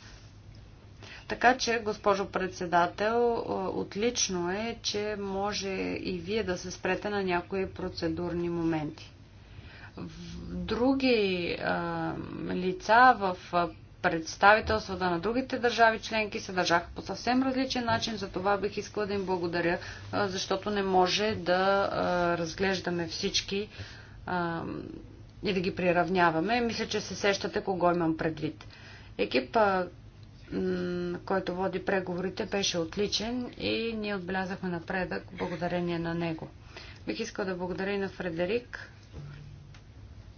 Speaker 1: Така че, госпожо председател, отлично е, че може и вие да се спрете на някои процедурни моменти. Други а, лица в представителствата на другите държави членки се държаха по съвсем различен начин. За това бих искала да им благодаря, защото не може да разглеждаме всички и да ги приравняваме. Мисля, че се сещате кого имам предвид. Екипа, който води преговорите, беше отличен и ние отбелязахме напредък благодарение на него. Бих искал да благодаря и на Фредерик,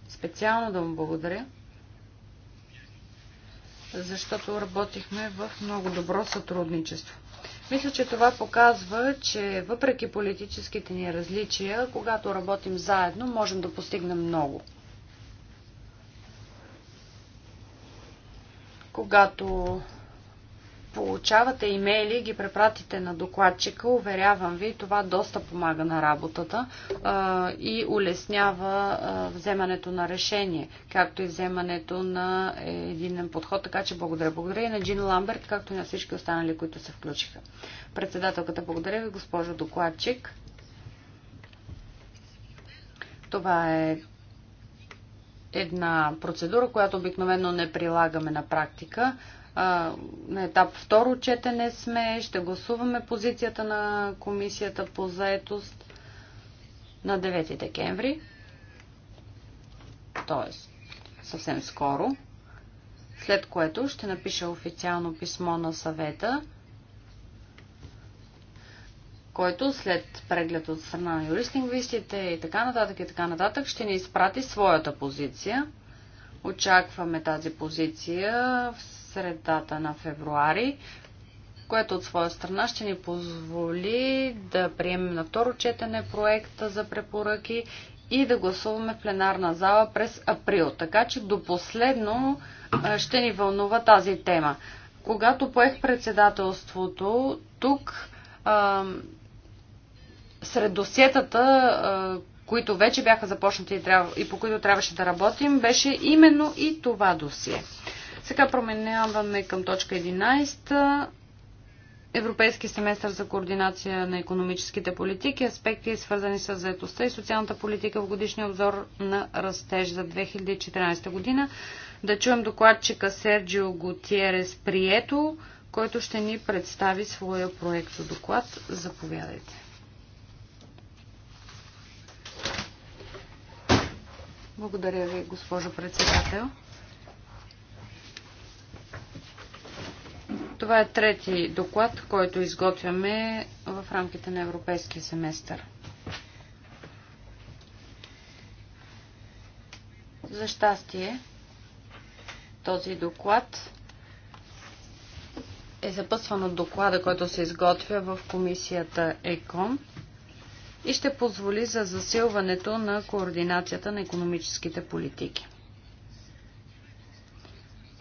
Speaker 1: специално да му благодаря, защото работихме в много добро сътрудничество. Мисля, че това показва, че въпреки политическите ни различия, когато работим заедно, можем да постигнем много. Когато получавате имейли, ги препратите на докладчика, уверявам ви, това доста помага на работата а, и улеснява а, вземането на решение, както и вземането на е, един подход. Така че благодаря. Благодаря и на Джин Ламберт, както и на всички останали, които се включиха. Председателката, благодаря ви, госпожо докладчик. Това е една процедура, която обикновено не прилагаме на практика на етап второ четене сме, ще гласуваме позицията на комисията по заетост на 9 декември, т.е. съвсем скоро, след което ще напиша официално писмо на съвета, който след преглед от страна на юрист-лингвистите и така нататък и така нататък ще ни изпрати своята позиция. Очакваме тази позиция в средата на февруари, което от своя страна ще ни позволи да приемем на второ четене проекта за препоръки и да гласуваме в пленарна зала през април. Така че до последно ще ни вълнува тази тема. Когато поех председателството, тук сред досетата, които вече бяха започнати и, и по които трябваше да работим, беше именно и това досие. Сега променяваме към точка 11. Европейски семестър за координация на економическите политики, аспекти свързани с заетостта и социалната политика в годишния обзор на растеж за 2014 година. Да чуем докладчика Серджио Готиерес Прието, който ще ни представи своя проект доклад. Заповядайте. Благодаря ви, госпожо председател. Това е трети доклад, който изготвяме в рамките на европейския семестър. За щастие, този доклад е запъсван от доклада, който се изготвя в комисията ЕКОН и ще позволи за засилването на координацията на економическите политики.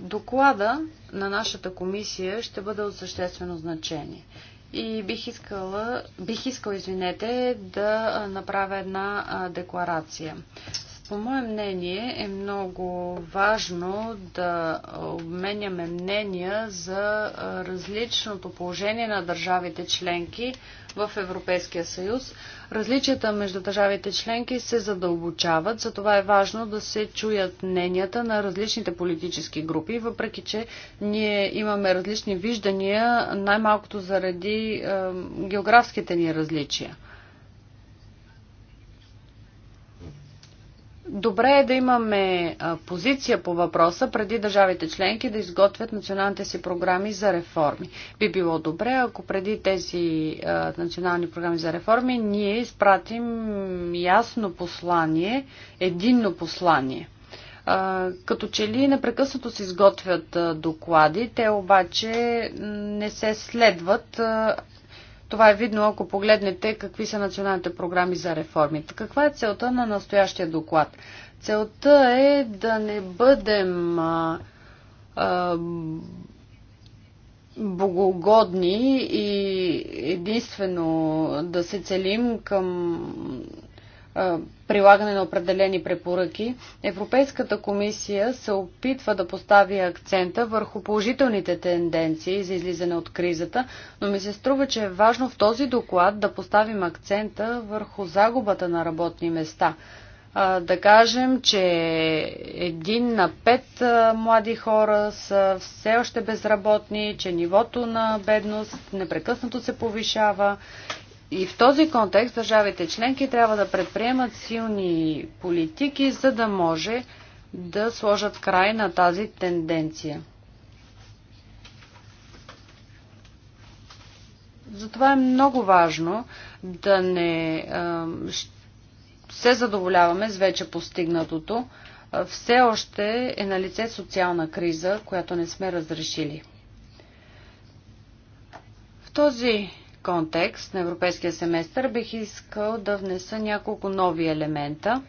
Speaker 1: Доклада на нашата комисия ще бъде от съществено значение. И бих искала, бих искала извинете, да направя една декларация. По мое мнение е много важно да обменяме мнения за различното положение на държавите членки в Европейския съюз. Различията между държавите членки се задълбочават, затова е важно да се чуят мненията на различните политически групи, въпреки че ние имаме различни виждания, най-малкото заради географските ни различия. добре е да имаме позиция по въпроса преди държавите членки да изготвят националните си програми за реформи. Би било добре, ако преди тези национални програми за реформи ние изпратим ясно послание, единно послание като че ли непрекъснато се изготвят доклади, те обаче не се следват, това е видно, ако погледнете какви са националните програми за реформите. Каква е целта на настоящия доклад? Целта е да не бъдем а, а, богогодни и единствено да се целим към прилагане на определени препоръки, Европейската комисия се опитва да постави акцента върху положителните тенденции за излизане от кризата, но ми се струва, че е важно в този доклад да поставим акцента върху загубата на работни места. Да кажем, че един на пет млади хора са все още безработни, че нивото на бедност непрекъснато се повишава и в този контекст държавите членки трябва да предприемат силни политики, за да може да сложат край на тази тенденция. Затова е много важно да не се задоволяваме с вече постигнатото. Все още е на лице социална криза, която не сме разрешили. В този контекст на европейския семестър бих искал да внеса няколко нови елемента.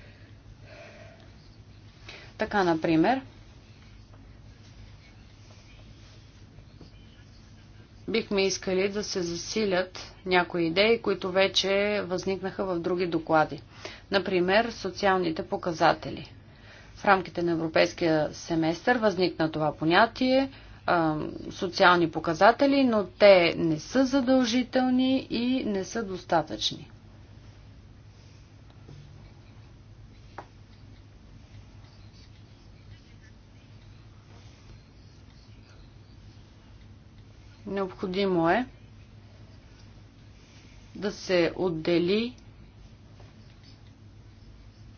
Speaker 1: Така, например, бихме искали да се засилят някои идеи, които вече възникнаха в други доклади. Например, социалните показатели. В рамките на европейския семестър възникна това понятие – а, социални показатели, но те не са задължителни и не са достатъчни. Необходимо е да се отдели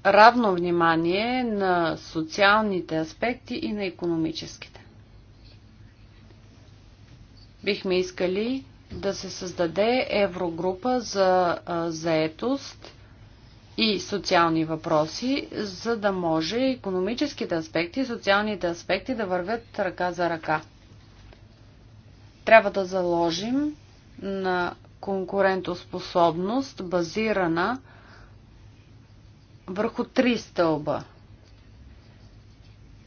Speaker 1: равно внимание на социалните аспекти и на економическите. Бихме искали да се създаде еврогрупа за заетост и социални въпроси, за да може економическите аспекти и социалните аспекти да вървят ръка за ръка. Трябва да заложим на конкурентоспособност, базирана върху три стълба.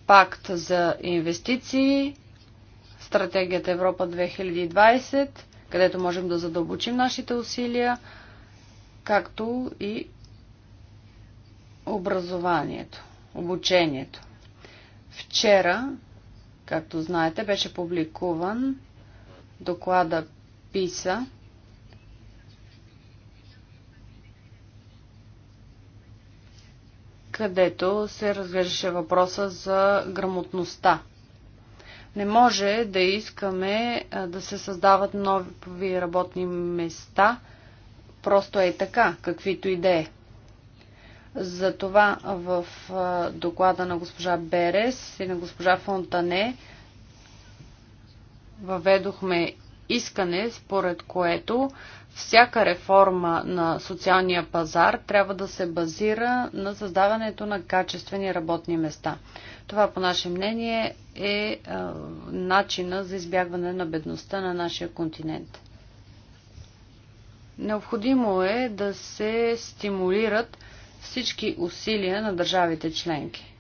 Speaker 1: Пакт за инвестиции, стратегията Европа 2020, където можем да задълбочим нашите усилия, както и образованието, обучението. Вчера, както знаете, беше публикуван доклада ПИСА, където се разглеждаше въпроса за грамотността не може да искаме да се създават нови работни места, просто е така, каквито идеи. Е. Затова в доклада на госпожа Берес и на госпожа Фонтане въведохме искане, според което всяка реформа на социалния пазар трябва да се базира на създаването на качествени работни места. Това, по наше мнение, е, е начина за избягване на бедността на нашия континент. Необходимо е да се стимулират всички усилия на държавите членки.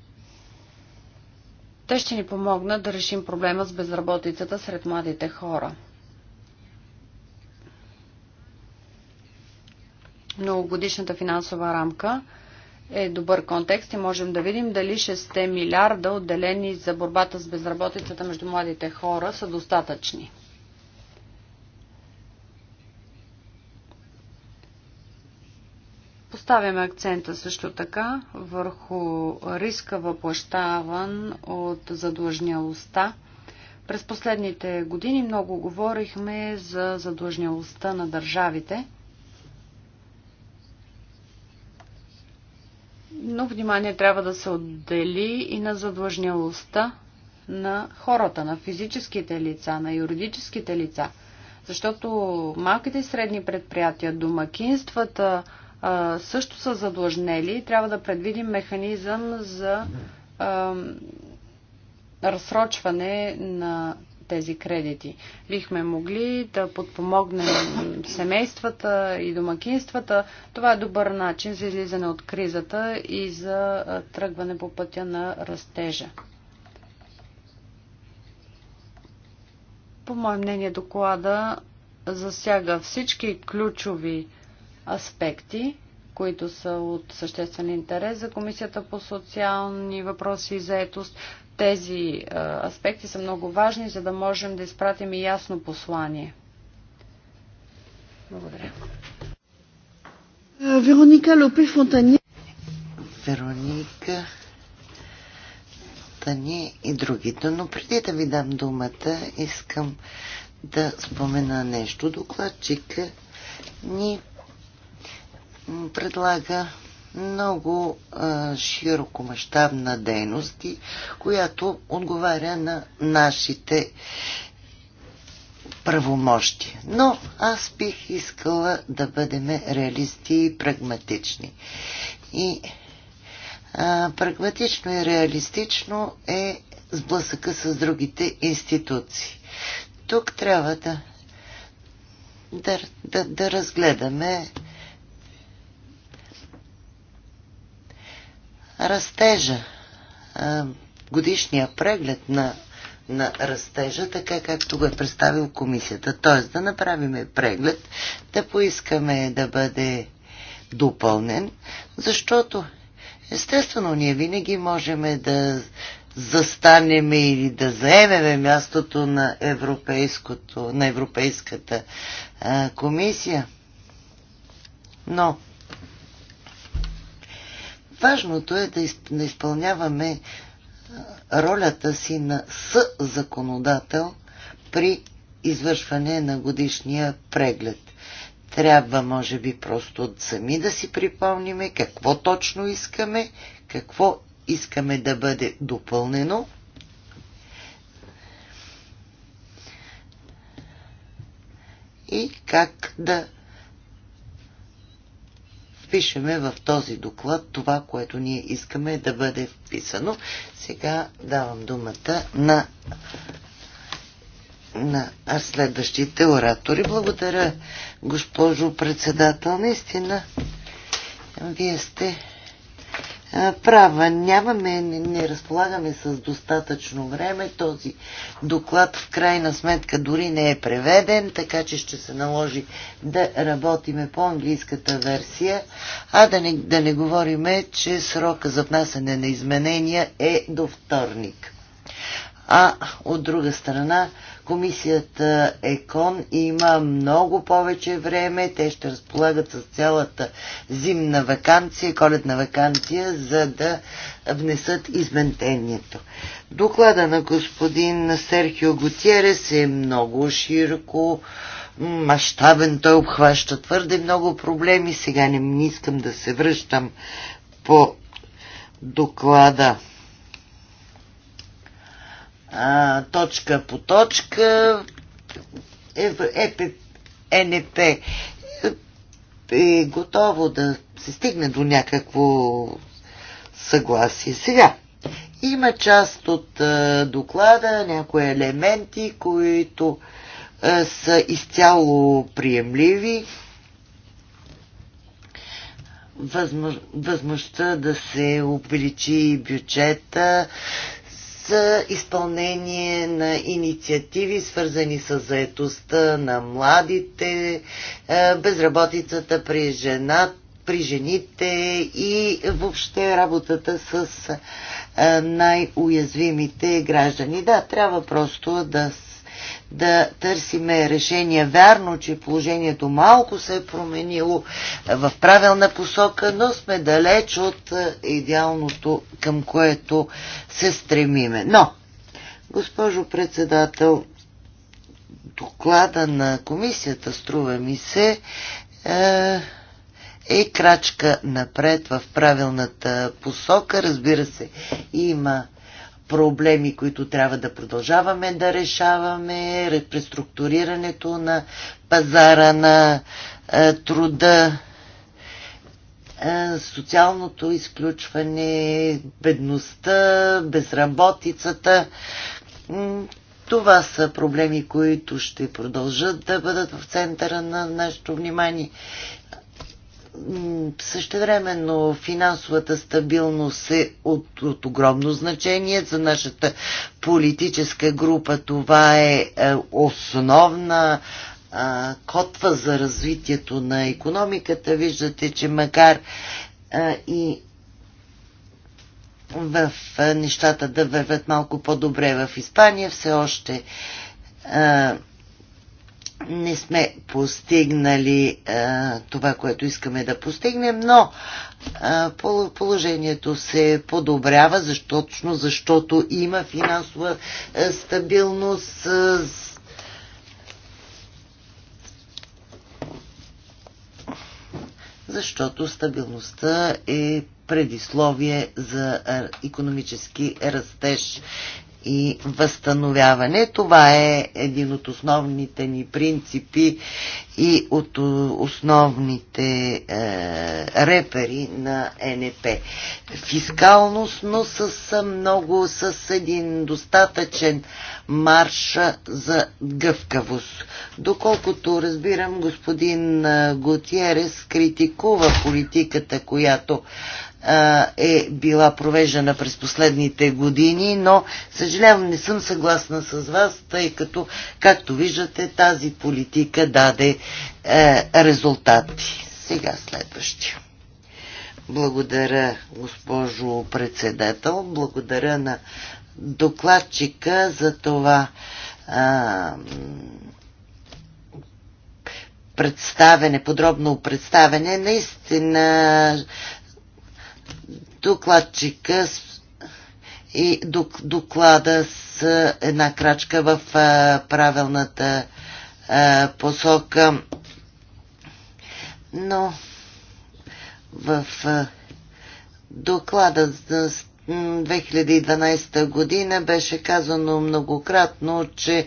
Speaker 1: Те ще ни помогнат да решим проблема с безработицата сред младите хора. многогодишната финансова рамка е добър контекст и можем да видим дали 6 милиарда отделени за борбата с безработицата между младите хора са достатъчни. Поставяме акцента също така върху риска въплащаван от задлъжнялостта. През последните години много говорихме за задлъжнялостта на държавите – Но внимание трябва да се отдели и на задлъжнялостта на хората, на физическите лица, на юридическите лица. Защото малките и средни предприятия, домакинствата също са задлъжнели и трябва да предвидим механизъм за разсрочване на тези кредити. Бихме могли да подпомогнем семействата и домакинствата. Това е добър начин за излизане от кризата и за тръгване по пътя на растежа. По мое мнение доклада засяга всички ключови аспекти, които са от съществен интерес за Комисията по социални въпроси и заетост. Тези аспекти са много важни, за да можем да изпратим и ясно
Speaker 4: послание. Благодаря. Вероника Лопе Фонтани.
Speaker 2: Вероника Тани и другите. Но преди да ви дам думата, искам да спомена нещо. Докладчик ни предлага много широкомащабна дейност, която отговаря на нашите правомощия. Но аз бих искала да бъдем реалисти и прагматични. И а, прагматично и реалистично е сблъсъка с другите институции. Тук трябва да, да, да, да разгледаме растежа, годишния преглед на, на растежа, така както го е представил комисията. Т.е. да направим преглед, да поискаме да бъде допълнен, защото естествено ние винаги можем да застанеме или да заемеме мястото на, европейското, на Европейската а, комисия. Но Важното е да изпълняваме ролята си на съзаконодател при извършване на годишния преглед. Трябва, може би, просто сами да си припомниме какво точно искаме, какво искаме да бъде допълнено. И как да впишеме в този доклад това, което ние искаме да бъде вписано. Сега давам думата на, на следващите оратори. Благодаря, госпожо председател. Наистина, вие сте права. Нямаме, не, не разполагаме с достатъчно време. Този доклад в крайна сметка дори не е преведен, така че ще се наложи да работиме по английската версия, а да не, да не говориме, че срока за внасяне на изменения е до вторник а от друга страна комисията ЕКОН има много повече време. Те ще разполагат с цялата зимна вакансия, коледна вакансия, за да внесат изментението. Доклада на господин Серхио Готиерес е много широко мащабен, той обхваща твърде много проблеми. Сега не искам да се връщам по доклада а, точка по точка. ЕП, ЕНП е готово да се стигне до някакво съгласие. Сега, има част от а, доклада, някои елементи, които а, са изцяло приемливи. Възможността да се увеличи бюджета, за изпълнение на инициативи, свързани с заетостта на младите, е, безработицата при женат, при жените и въобще работата с е, най-уязвимите граждани. Да, трябва просто да да търсиме решения. Вярно, че положението малко се е променило в правилна посока, но сме далеч от е, идеалното, към което се стремиме. Но, госпожо председател, доклада на комисията, струва ми се, е, е крачка напред в правилната посока. Разбира се, има проблеми, които трябва да продължаваме да решаваме, преструктурирането на пазара на е, труда, е, социалното изключване, бедността, безработицата. Това са проблеми, които ще продължат да бъдат в центъра на нашето внимание. Същевременно финансовата стабилност е от, от огромно значение за нашата политическа група. Това е, е основна а, котва за развитието на економиката. Виждате, че макар а, и в нещата да вървят малко по-добре в Испания, все още а, не сме постигнали а, е, това, което искаме да постигнем, но а, е, положението се подобрява, защото, защото има финансова а, е, стабилност. А, защото стабилността е предисловие за економически растеж и възстановяване. Това е един от основните ни принципи и от основните е, репери на НП. Фискалност, но с много, с един достатъчен марш за гъвкавост. Доколкото разбирам, господин е, Готиерес критикува политиката, която е била провеждана през последните години, но съжалявам, не съм съгласна с вас, тъй като, както виждате, тази политика даде е, резултати. Сега следващия. Благодаря, госпожо председател. Благодаря на докладчика за това е, представене, подробно представене. Наистина докладчика и доклада с една крачка в правилната посока. Но в доклада за 2012 година беше казано многократно, че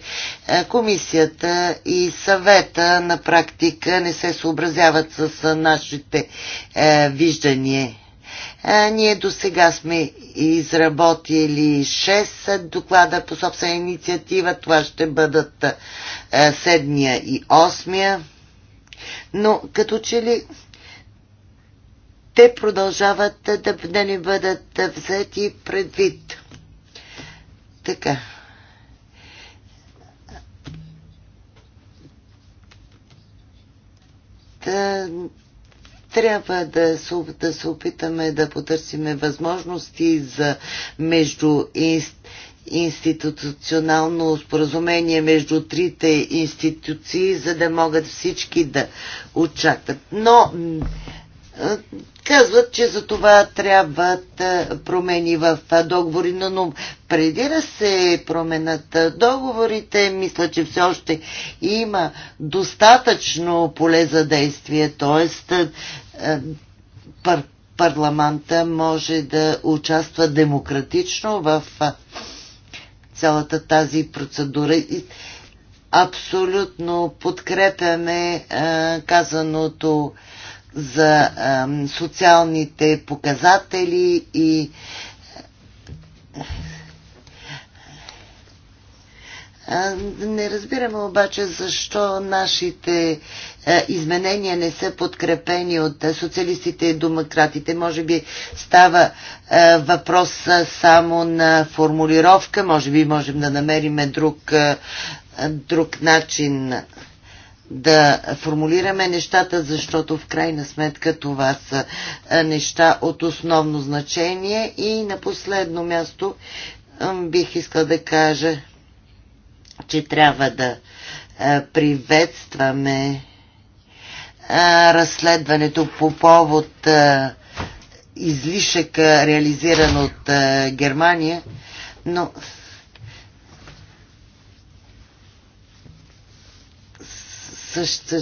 Speaker 2: комисията и съвета на практика не се съобразяват с нашите виждания. А, ние до сега сме изработили 6 доклада по собствена инициатива. Това ще бъдат 7 седмия и осмия. Но като че ли те продължават да, да не бъдат взети предвид. Така. Та, трябва да се, да се опитаме да потърсиме възможности за между институционално споразумение между трите институции, за да могат всички да очакват. Но казват, че за това трябват да промени в договори, но преди да се променят договорите, мисля, че все още има достатъчно поле за действие, т.е. Е, пар, парламента може да участва демократично в цялата тази процедура. И абсолютно подкрепяме е, казаното за е, социалните показатели и не разбираме обаче защо нашите изменения не са подкрепени от социалистите и демократите. Може би става въпрос само на формулировка, може би можем да намерим друг, друг начин да формулираме нещата, защото в крайна сметка това са неща от основно значение. И на последно място бих искал да кажа, че трябва да е, приветстваме е, разследването по повод е, излишък, реализиран от Германия, но също,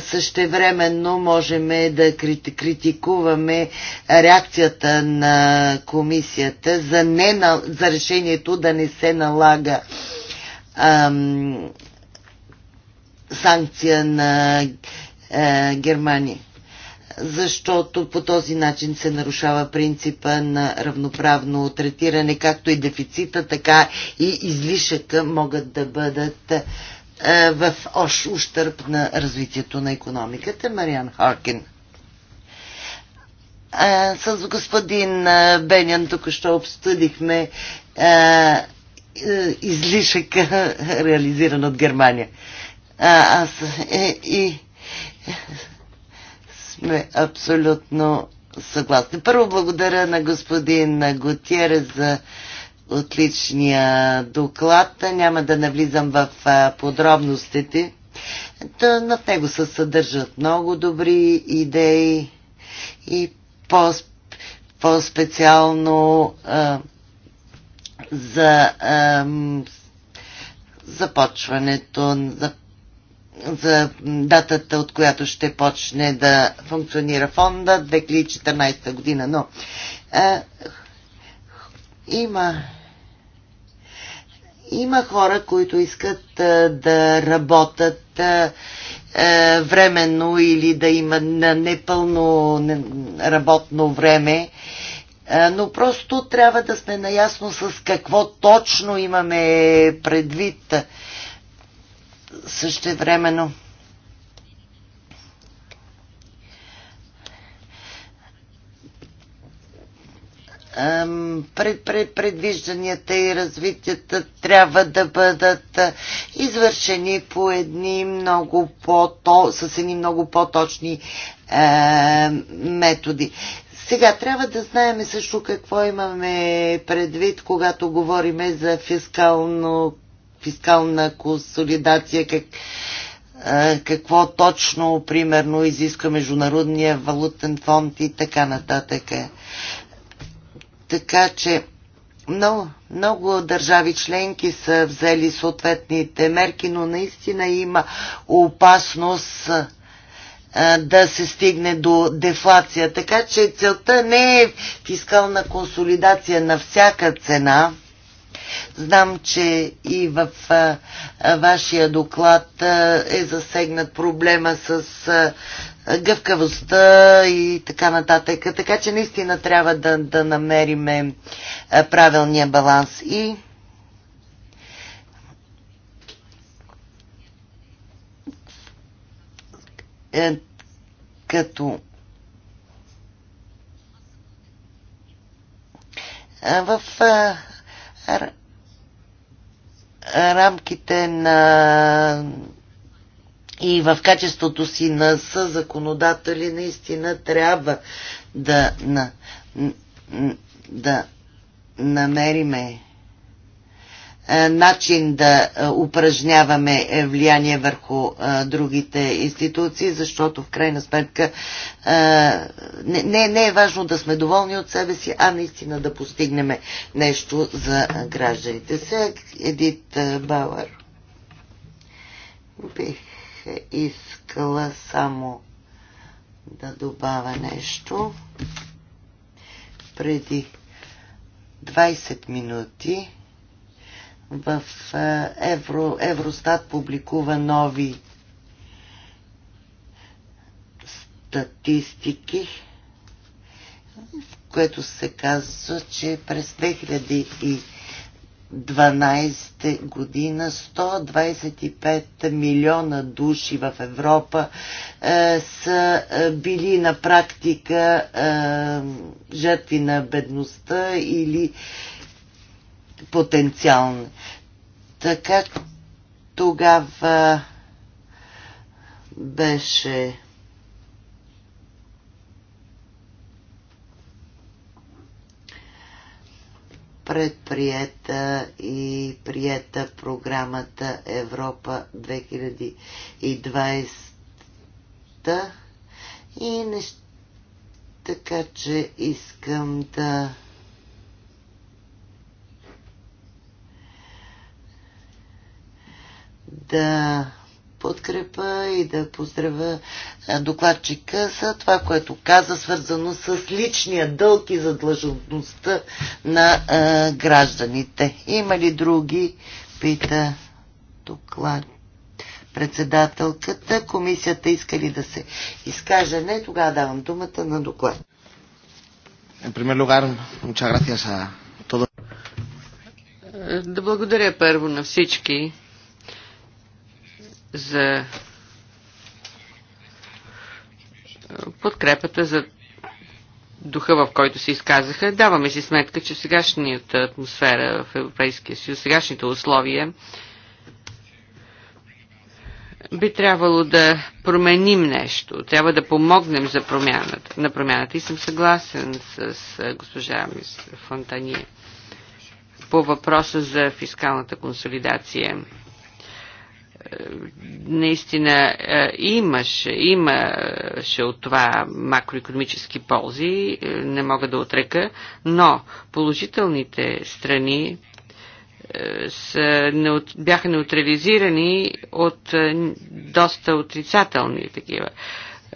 Speaker 2: същевременно можем да критикуваме реакцията на комисията за, не, за решението да не се налага ам, санкция на е, Германия. Защото по този начин се нарушава принципа на равноправно третиране, както и дефицита, така и излишъка могат да бъдат е, в ош ущърп на развитието на економиката. Мариан Харкин. Е, с господин е, Бенян тук ще обсъдихме е, е, Излишък, реализиран от Германия. А, аз е, и е, сме абсолютно съгласни. Първо благодаря на господин Готиере за отличния доклад. Няма да навлизам в подробностите. Та, на него се съдържат много добри идеи и по-специално по за е, започването, за, за датата, от която ще почне да функционира фонда 2014 година, но е, има има хора, които искат е, да работят е, временно или да има непълно работно време е, но просто трябва да сме наясно с какво точно имаме предвид същевременно. пред, пред предвижданията и развитията трябва да бъдат извършени по едни много по с едни много по-точни е, методи. Сега трябва да знаем също какво имаме предвид, когато говориме за фискално, фискална консолидация, как, какво точно, примерно, изиска Международния валутен фонд и така нататък. Така че много, много държави членки са взели съответните мерки, но наистина има опасност да се стигне до дефлация. Така че целта не е фискална консолидация на всяка цена. Знам, че и в а, вашия доклад а, е засегнат проблема с а, гъвкавостта и така нататък. Така че наистина трябва да, да намериме правилния баланс. И е, като е, в а, е, р, рамките на и в качеството си на съзаконодатели наистина трябва да, на, да намериме е, начин да е, упражняваме е, влияние върху другите институции, защото в крайна сметка не, не, не е важно да сме доволни от себе си, а наистина да постигнем нещо за гражданите. Сега Едит Бауър. Бих искала само да добавя нещо. Преди 20 минути в е, Евро, Евростат публикува нови статистики, в което се казва, че през 2012 година 125 милиона души в Европа е, са е, били на практика е, жертви на бедността или е, потенциални. Така тогава беше предприета и приета програмата Европа 2020 и не... така че искам да да подкрепа и да поздравя докладчика за това, което каза, свързано с личния дълг и задлъжността на а, гражданите. Има ли други? Пита доклад председателката. Комисията иска ли да се изкаже? Не, тогава давам думата на доклад. En primer lugar, muchas gracias a todos.
Speaker 3: Е, да благодаря първо на всички, за подкрепата за духа, в който се изказаха. Даваме си сметка, че в сегашната атмосфера в Европейския съюз, сегашните условия, би трябвало да променим нещо. Трябва да помогнем за промяната, на промяната. И съм съгласен с госпожа Мис Фонтани по въпроса за фискалната консолидация наистина е, имаше, имаше от това макроекономически ползи, е, не мога да отрека, но положителните страни е, са, бяха неутрализирани от доста отрицателни такива.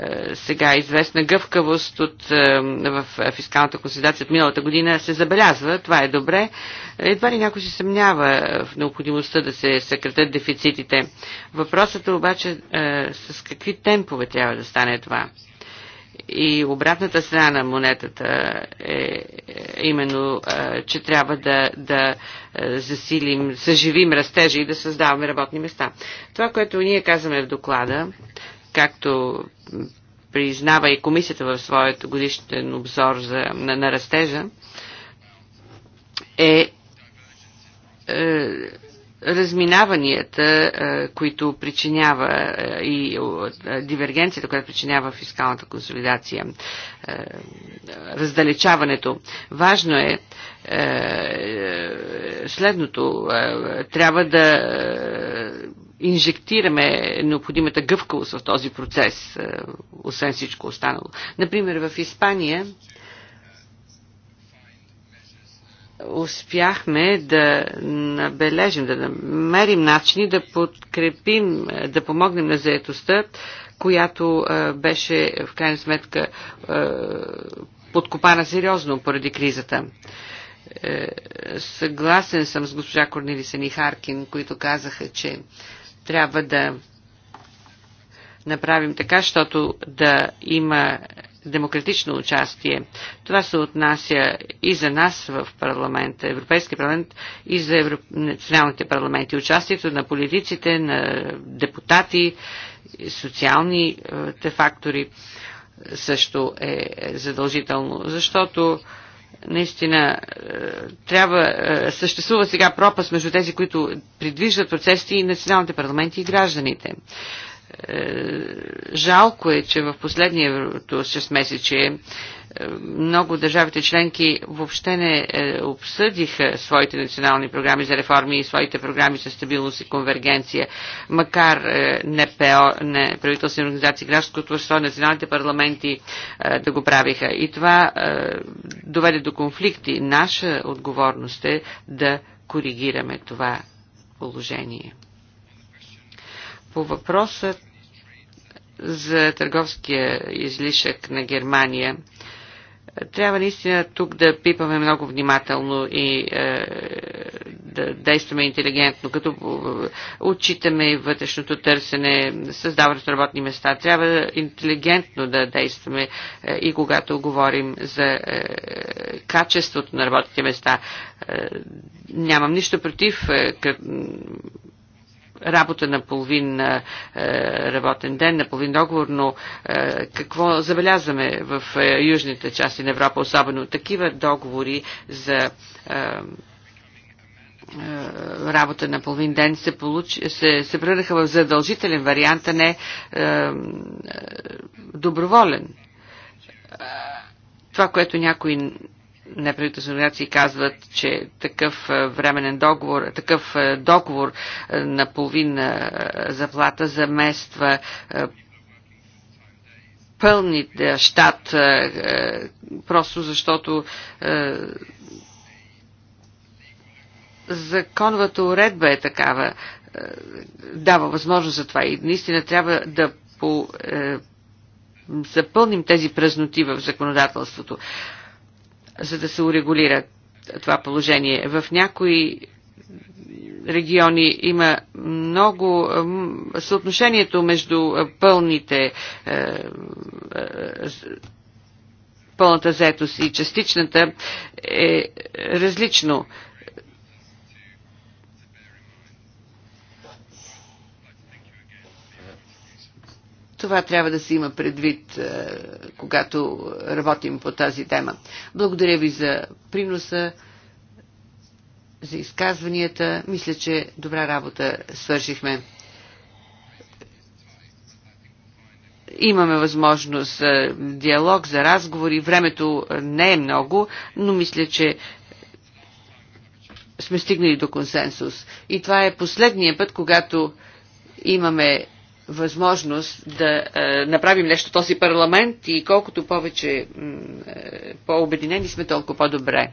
Speaker 3: Е, сега известна гъвкавост от, е, в е, фискалната консолидация от миналата година се забелязва. Това е добре. Едва ли някой се съмнява в необходимостта да се съкратят дефицитите. Въпросът е обаче с какви темпове трябва да стане това. И обратната страна на монетата е именно, че трябва да, да засилим, съживим растежа и да създаваме работни места. Това, което ние казваме в доклада, както признава и комисията в своят годишен обзор за, на, на растежа, е, е разминаванията, е, които причинява е, и е, дивергенцията, която причинява фискалната консолидация, е, раздалечаването. Важно е, е следното. Е, трябва да инжектираме необходимата гъвкавост в този процес, е, освен всичко останало. Например, в Испания успяхме да набележим, да намерим начини да подкрепим, да помогнем на заетостта, която е, беше в крайна сметка е, подкопана сериозно поради кризата съгласен съм с госпожа Корнелиса Нихаркин, които казаха, че трябва да направим така, защото да има демократично участие. Това се отнася и за нас в парламента, Европейския парламент, и за Евро... националните парламенти. Участието на политиците, на депутати, социалните фактори също е задължително, защото наистина е, трябва, е, съществува сега пропаст между тези, които придвижват процесите и националните парламенти и гражданите. Е, жалко е, че в последния 6 месече много държавите членки въобще не е, обсъдиха своите национални програми за реформи и своите програми за стабилност и конвергенция, макар е, НПО, правителствени организации, гражданското общество, националните парламенти е, да го правиха. И това доведе до конфликти. Наша отговорност е да коригираме това положение. По въпросът за търговския излишък на Германия трябва наистина тук да пипаме много внимателно и е, да действаме интелигентно, като е, отчитаме вътрешното търсене, създаването на работни места. Трябва интелигентно да действаме е, и когато говорим за е, качеството на работните места. Е, нямам нищо против. Е, къ работа на половин е, работен ден, на половин договор, но е, какво забелязваме в е, южните части на Европа, особено такива договори за работа на половин ден се, получи, се, се превърнаха в задължителен вариант, а не а, доброволен. Това, което някои неправителствени организации казват, че такъв е, временен договор, такъв е, договор е, на половина заплата замества пълни щат, просто защото законовата уредба е такава, дава възможност за това и наистина трябва да по, запълним тези празноти в законодателството за да се урегулира това положение. В някои региони има много съотношението между е, пълните е, е, пълната заетост и частичната е различно. Това трябва да се има предвид, е, когато работим по тази тема. Благодаря ви за приноса, за изказванията. Мисля, че добра работа свършихме. имаме възможност за е, диалог, за разговори. Времето не е много, но мисля, че сме стигнали до консенсус. И това е последния път, когато имаме възможност да е, направим нещо този парламент и колкото повече е, по-обединени сме, толкова по-добре.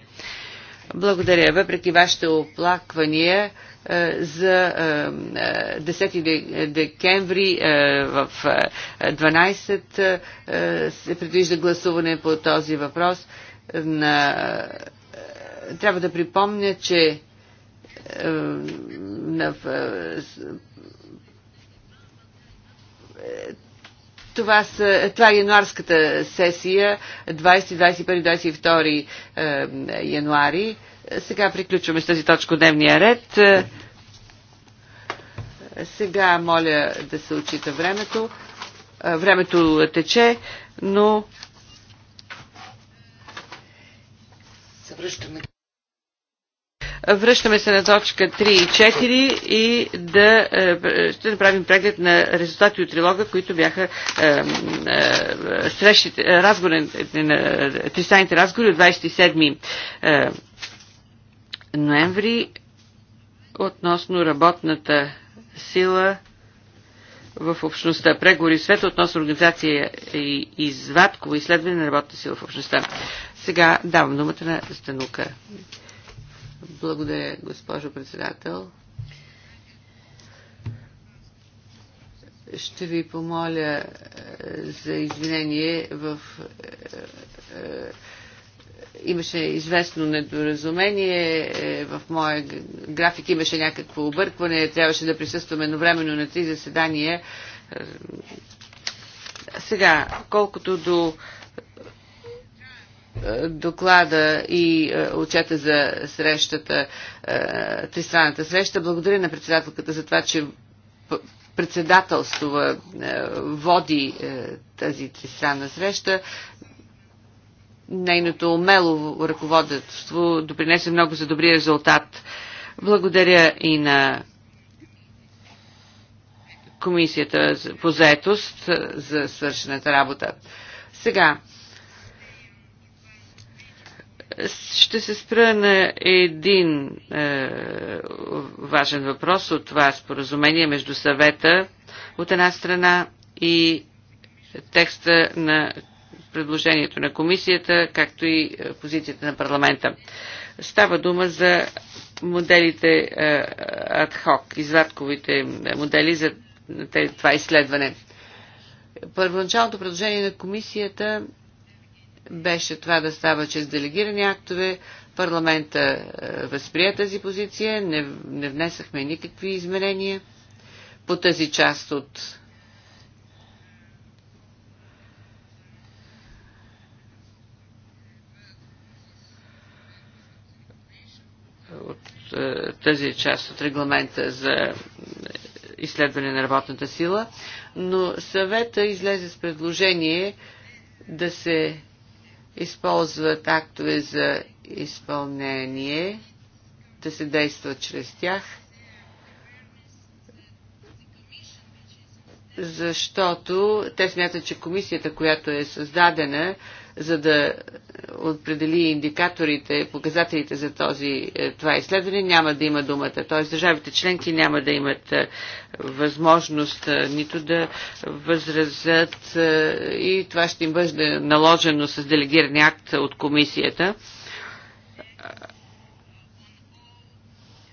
Speaker 3: Благодаря. Въпреки вашите оплаквания е, за е, 10 е, декември е, в 12 е, е, се предвижда гласуване по този въпрос. На... Трябва да припомня, че на това, са, това е януарската сесия, 20, 21, 22 януари. Сега приключваме с тази точка дневния ред. Сега моля да се отчита времето. Е, времето тече, но... Съвръщаме. Връщаме се на точка 3 и 4 и да е, ще направим преглед на резултати от трилога, които бяха е, е, срещите, разговорите на тристаните разговори от 27 ноември относно работната сила в общността. Преговори света относно организация и извадково изследване на работната сила в общността. Сега давам думата на Станука. Благодаря, госпожо председател. Ще ви помоля е, за извинение в е, е, имаше известно недоразумение, в моя график имаше някакво объркване, трябваше да присъствам едновременно на три заседания. Сега, колкото до доклада и е, отчета за срещата, е, тристранната среща. Благодаря на председателката за това, че председателство е, води тази тристранна среща. Нейното умело ръководство допринесе много за добрия резултат. Благодаря и на Комисията по заетост за свършената работа. Сега, ще се спра на един е, важен въпрос от това споразумение между съвета от една страна и текста на предложението на комисията, както и позицията на парламента. Става дума за моделите е, адхок, извадковите модели за това изследване. Първоначалното предложение на комисията беше това да става чрез делегирани актове. Парламента е, възприе тази позиция, не, не внесахме никакви изменения по тази част от е, тази част от регламента за изследване на работната сила, но съвета излезе с предложение да се използват актове за изпълнение, да се действат чрез тях, защото те смятат, че комисията, която е създадена, за да определи индикаторите, показателите за този, е, това изследване, няма да има думата. Т.е. държавите членки няма да имат е, възможност е, нито да възразят и това ще им бъде наложено с делегиран акт от комисията.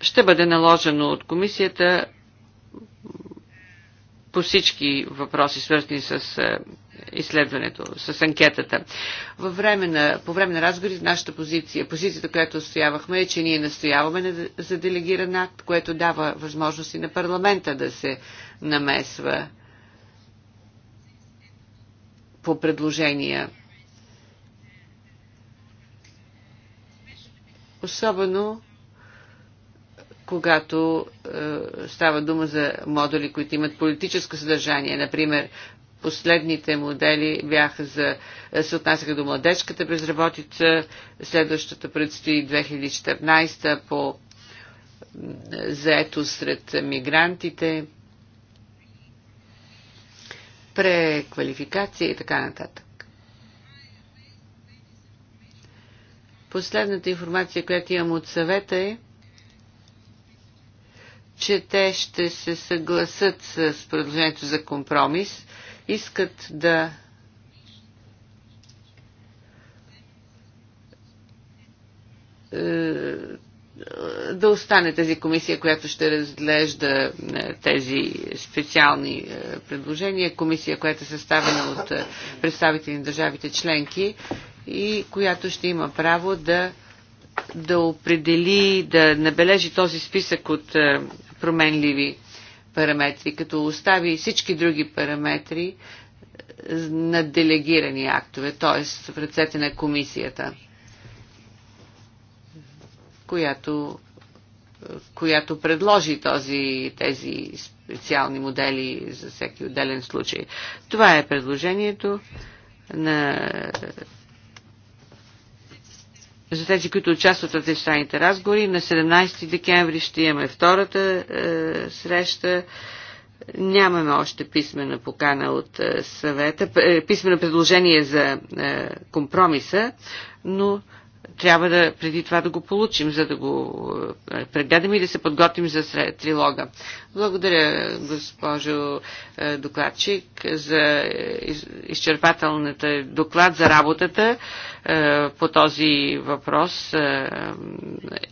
Speaker 3: Ще бъде наложено от комисията по всички въпроси, свързани с изследването, с анкетата. Във време на, по време на разговори нашата позиция, позицията, която стоявахме е, че ние настояваме за делегиран акт, което дава възможности на парламента да се намесва по предложения. Особено когато е, става дума за модули, които имат политическо съдържание, например Последните модели бяха за, се отнасяха до младежката безработица, следващата предстои 2014 по заето сред мигрантите, преквалификация и така нататък. Последната информация, която имам от съвета е, че те ще се съгласат с предложението за компромис – искат да е, да остане тази комисия, която ще разглежда е, тези специални е, предложения, комисия, която е съставена от представители на държавите членки и която ще има право да, да определи, да набележи този списък от променливи параметри, като остави всички други параметри е, на делегирани актове, т.е. в ръцете на комисията, която, е, която предложи този, тези специални модели за всеки отделен случай. Това е предложението на за тези, които участват в тристранните разговори. На 17 декември ще имаме втората е, среща. Нямаме още писмена покана от е, съвета, е, писмено предложение за е, компромиса, но трябва да преди това да го получим, за да го е, прегледаме и да се подготвим за трилога. Благодаря, госпожо е, докладчик, за е, изчерпателната доклад за работата по този въпрос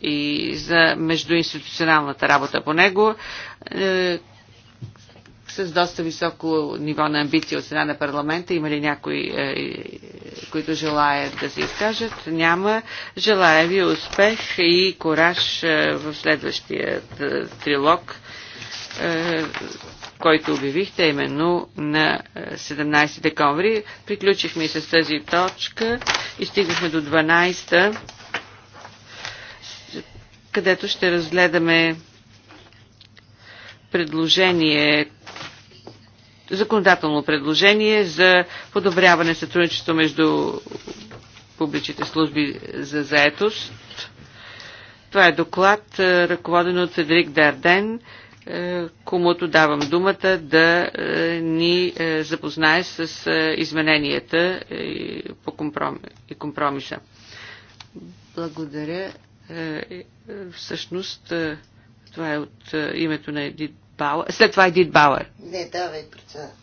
Speaker 3: и за междуинституционалната работа по него с доста високо ниво на амбиция от страна на парламента. Има ли някои, е, които желаят да се изкажат? Няма. Желая ви успех и кораж е, в следващия е, трилог, който обявихте именно на 17 декември. Приключихме и с тази точка и стигнахме до 12 където ще разгледаме предложение законодателно предложение за подобряване сътрудничество между публичните служби за заетост. Това е доклад, е, ръководен от Федерик Дарден, е, комуто давам думата да е, ни запознае с измененията и, компромиса. Благодаря. Всъщност, това е от името на един. Бауър. След това Едит Бауер.
Speaker 2: Не, давай, председател.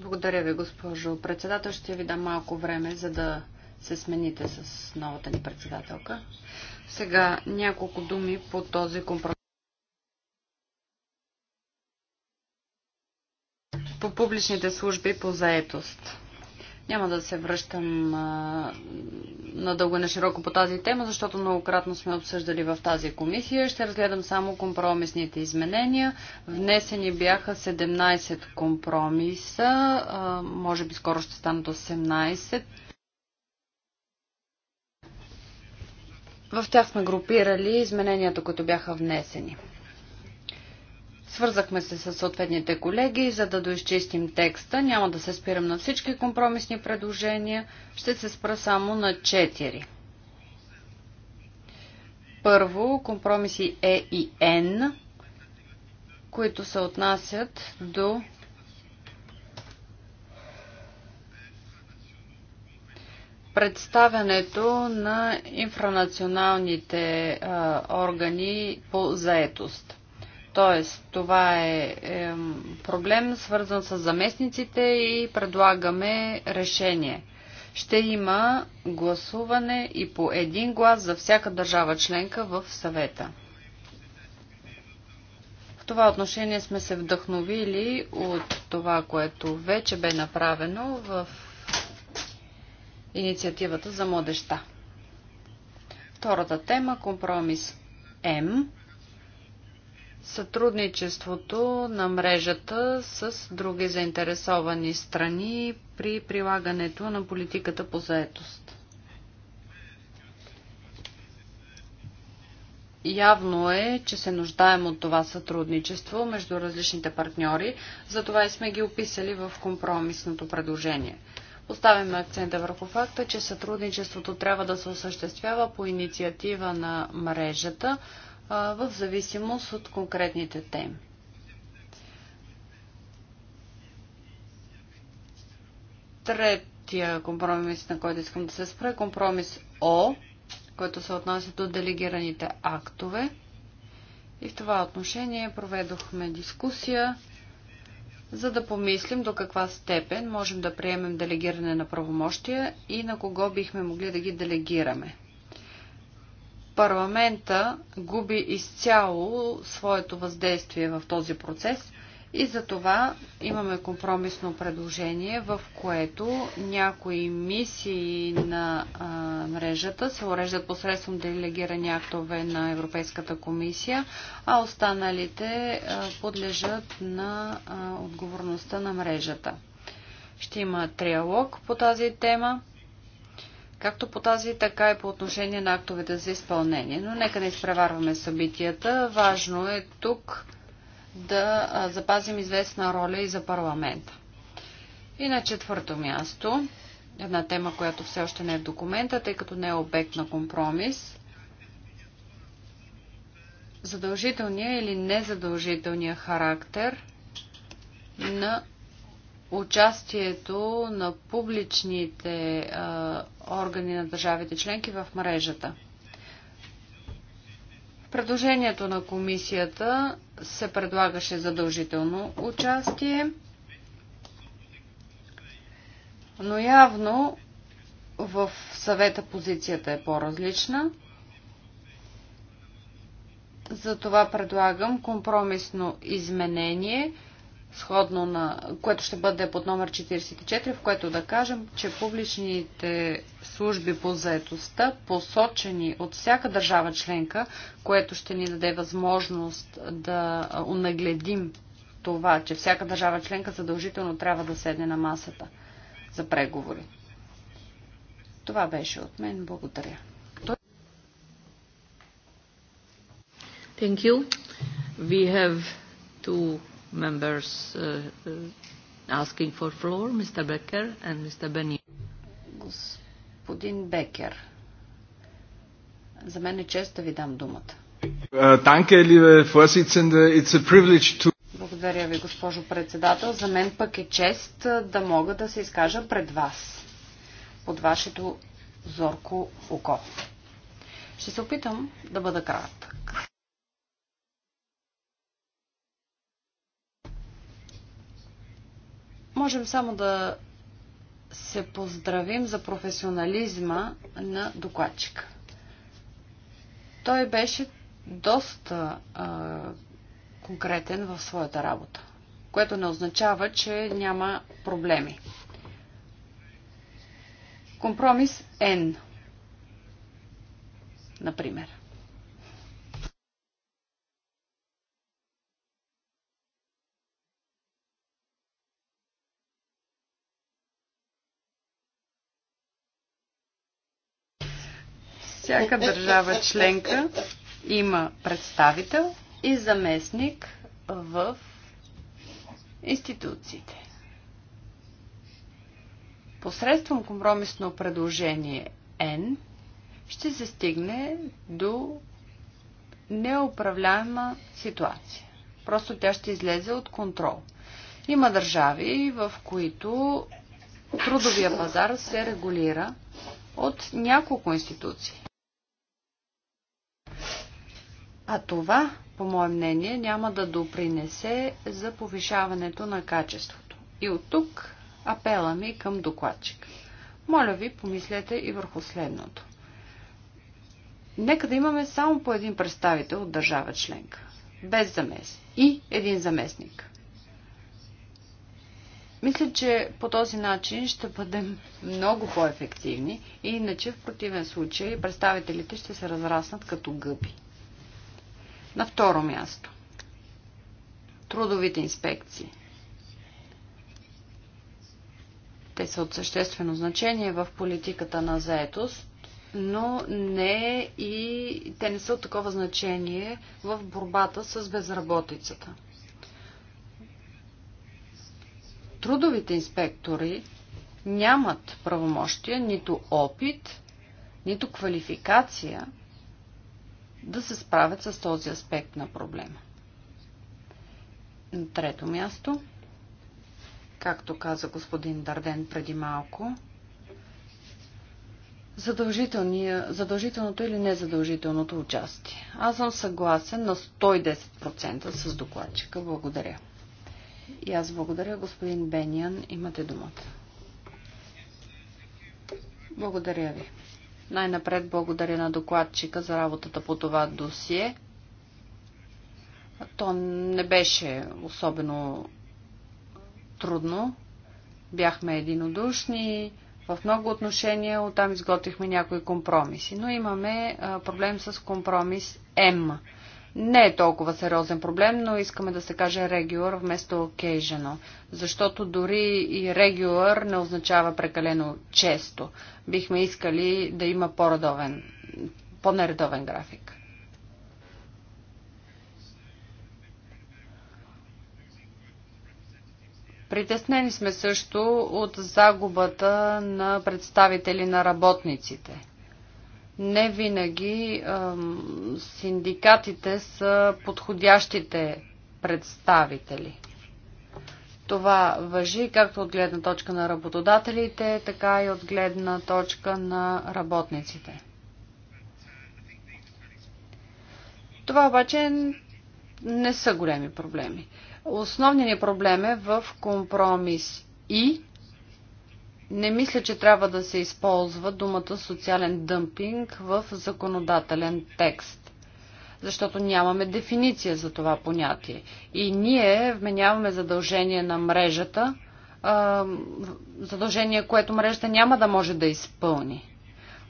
Speaker 1: Благодаря ви, госпожо председател. Ще ви дам малко време, за да се смените с новата ни председателка. Сега няколко думи по този компромис. По публичните служби по заетост. Няма да се връщам надълго и на широко по тази тема, защото многократно сме обсъждали в тази комисия. Ще разгледам само компромисните изменения. Внесени бяха 17 компромиса, а, може би скоро ще станат 18. В тях сме групирали измененията, които бяха внесени. Свързахме се с съответните колеги, за да доизчистим текста. Няма да се спирам на всички компромисни предложения. Ще се спра само на четири. Първо, компромиси Е и Н, които се отнасят до представянето на инфранационалните а, органи по заетост. Тоест, това е, е проблем свързан с заместниците и предлагаме решение. Ще има гласуване и по един глас за всяка държава членка в съвета. В това отношение сме се вдъхновили от това, което вече бе направено в инициативата за младеща. Втората тема компромис М сътрудничеството на мрежата с други заинтересовани страни при прилагането на политиката по заетост. Явно е, че се нуждаем от това сътрудничество между различните партньори, затова и сме ги описали в компромисното предложение. Поставяме акцента върху факта, че сътрудничеството трябва да се осъществява по инициатива на мрежата – в зависимост от конкретните теми. Третия компромис, на който искам да се спра, е компромис О, който се отнася до делегираните актове. И в това отношение проведохме дискусия, за да помислим до каква степен можем да приемем делегиране на правомощия и на кого бихме могли да ги делегираме парламента губи изцяло своето въздействие в този процес и за това имаме компромисно предложение, в което някои мисии на а, мрежата се уреждат посредством делегирани актове на Европейската комисия, а останалите а, подлежат на а, отговорността на мрежата. Ще има триалог по тази тема Както по тази, така и по отношение на актовете за изпълнение. Но нека не изпреварваме събитията. Важно е тук да запазим известна роля и за парламента. И на четвърто място, една тема, която все още не е в документа, тъй като не е обект на компромис, задължителния или незадължителния характер на участието на публичните а, органи на държавите членки в мрежата. В предложението на комисията се предлагаше задължително участие, но явно в съвета позицията е по-различна. Затова предлагам компромисно изменение – сходно на, което ще бъде под номер 44, в което да кажем, че публичните служби по заетостта, посочени от всяка държава членка, което ще ни даде възможност да унагледим това, че всяка държава членка задължително трябва да седне на масата за преговори. Това беше от мен. Благодаря. Thank you.
Speaker 3: We have to members uh, uh,
Speaker 1: asking for floor, Mr. Becker and Mr. Господин Бекер, за мен е чест да ви дам думата.
Speaker 4: Е, танке, е,
Speaker 1: it's a privilege to... Благодаря ви, госпожо председател. За мен пък е чест е, да мога да се изкажа пред вас, под вашето зорко око. Ще се опитам да бъда кратък. Можем само да се поздравим за професионализма на докладчика. Той беше доста а, конкретен в своята работа, което не означава, че няма проблеми. Компромис N, например. Всяка държава членка има представител и заместник в институциите. Посредством компромисно предложение N ще се стигне до неуправляема ситуация. Просто тя ще излезе от контрол. Има държави, в които трудовия пазар се регулира от няколко институции. А това, по мое мнение, няма да допринесе за повишаването на качеството. И от тук апела ми към докладчик. Моля ви, помислете и върху следното. Нека да имаме само по един представител от държава членка. Без замес И един заместник. Мисля, че по този начин ще бъдем много по-ефективни и иначе в противен случай представителите ще се разраснат като гъби. На второ място. Трудовите инспекции. Те са от съществено значение в политиката на заетост, но не и те не са от такова значение в борбата с безработицата. Трудовите инспектори нямат правомощия, нито опит, нито квалификация – да се справят с този аспект на проблема. На трето място, както каза господин Дарден преди малко, задължителното или незадължителното участие. Аз съм съгласен на 110% с докладчика. Благодаря. И аз благодаря, господин Бениан. Имате думата. Благодаря ви. Най-напред благодаря на докладчика за работата по това досие. То не беше особено трудно. Бяхме единодушни. В много отношения оттам изготвихме някои компромиси. Но имаме проблем с компромис М не е толкова сериозен проблем, но искаме да се каже regular вместо occasional, защото дори и regular не означава прекалено често. Бихме искали да има по-редовен, по-нередовен график. Притеснени сме също от загубата на представители на работниците – не винаги синдикатите са подходящите представители. Това въжи както от гледна точка на работодателите, така и от гледна точка на работниците. Това обаче не са големи проблеми. Основният ни проблем е в компромис и не мисля, че трябва да се използва думата социален дъмпинг в законодателен текст, защото нямаме дефиниция за това понятие. И ние вменяваме задължение на мрежата, задължение, което мрежата няма да може да изпълни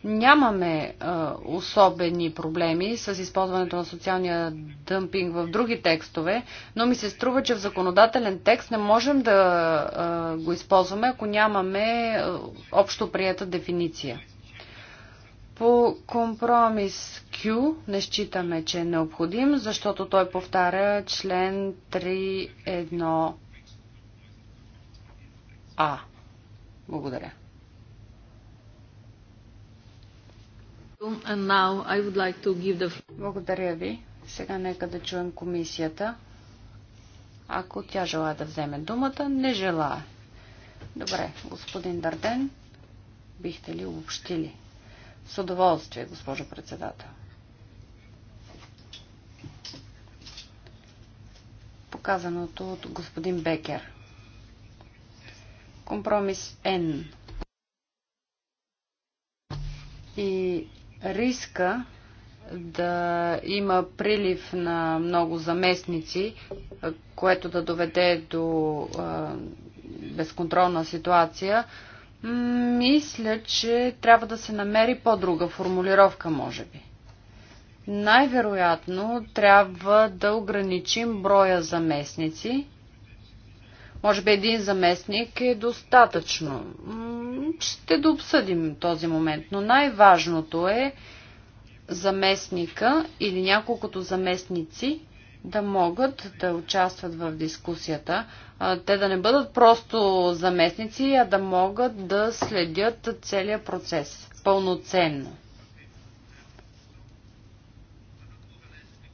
Speaker 1: нямаме а, особени проблеми с използването на социалния дъмпинг в други текстове, но ми се струва, че в законодателен текст не можем да а, го използваме, ако нямаме а, общо прията дефиниция. По компромис Q не считаме, че е необходим, защото той повтаря член 3.1а. Благодаря. Благодаря ви. Сега нека да чуем комисията. Ако тя желая да вземе думата, не желая. Добре, господин Дарден, бихте ли обобщили? С удоволствие, госпожо председател. Показаното от господин Бекер. Компромис Н. И риска да има прилив на много заместници, което да доведе до безконтролна ситуация, мисля, че трябва да се намери по-друга формулировка, може би. Най-вероятно трябва да ограничим броя заместници, може би един заместник е достатъчно. Ще да обсъдим този момент, но най-важното е заместника или няколкото заместници да могат да участват в дискусията. Те да не бъдат просто заместници, а да могат да следят целия процес пълноценно.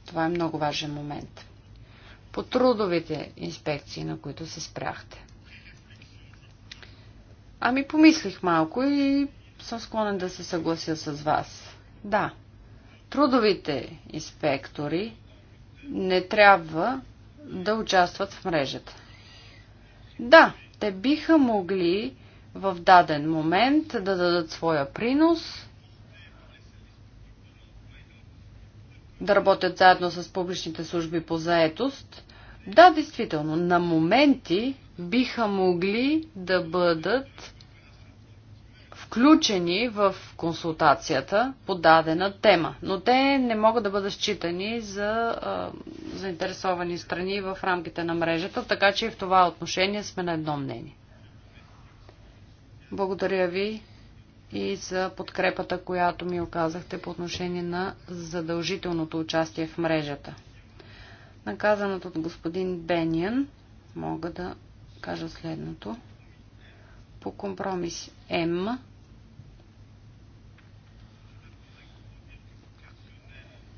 Speaker 1: Това е много важен момент по трудовите инспекции, на които се спряхте? Ами помислих малко и съм склонен да се съглася с вас. Да, трудовите инспектори не трябва да участват в мрежата. Да, те биха могли в даден момент да дадат своя принос, да работят заедно с публичните служби по заетост, да, действително, на моменти биха могли да бъдат включени в консултацията по дадена тема, но те не могат да бъдат считани за а, заинтересовани страни в рамките на мрежата, така че и в това отношение сме на едно мнение. Благодаря ви и за подкрепата, която ми оказахте по отношение на задължителното участие в мрежата. Наказаното от господин Бениан мога да кажа следното. По компромис М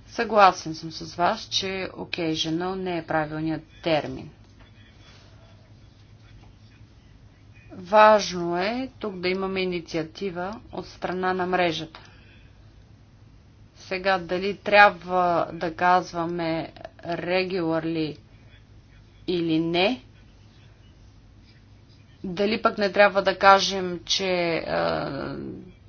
Speaker 1: Съгласен съм с вас, че occasional не е правилният термин. Важно е тук да имаме инициатива от страна на мрежата. Сега дали трябва да казваме regularly или не. Дали пък не трябва да кажем, че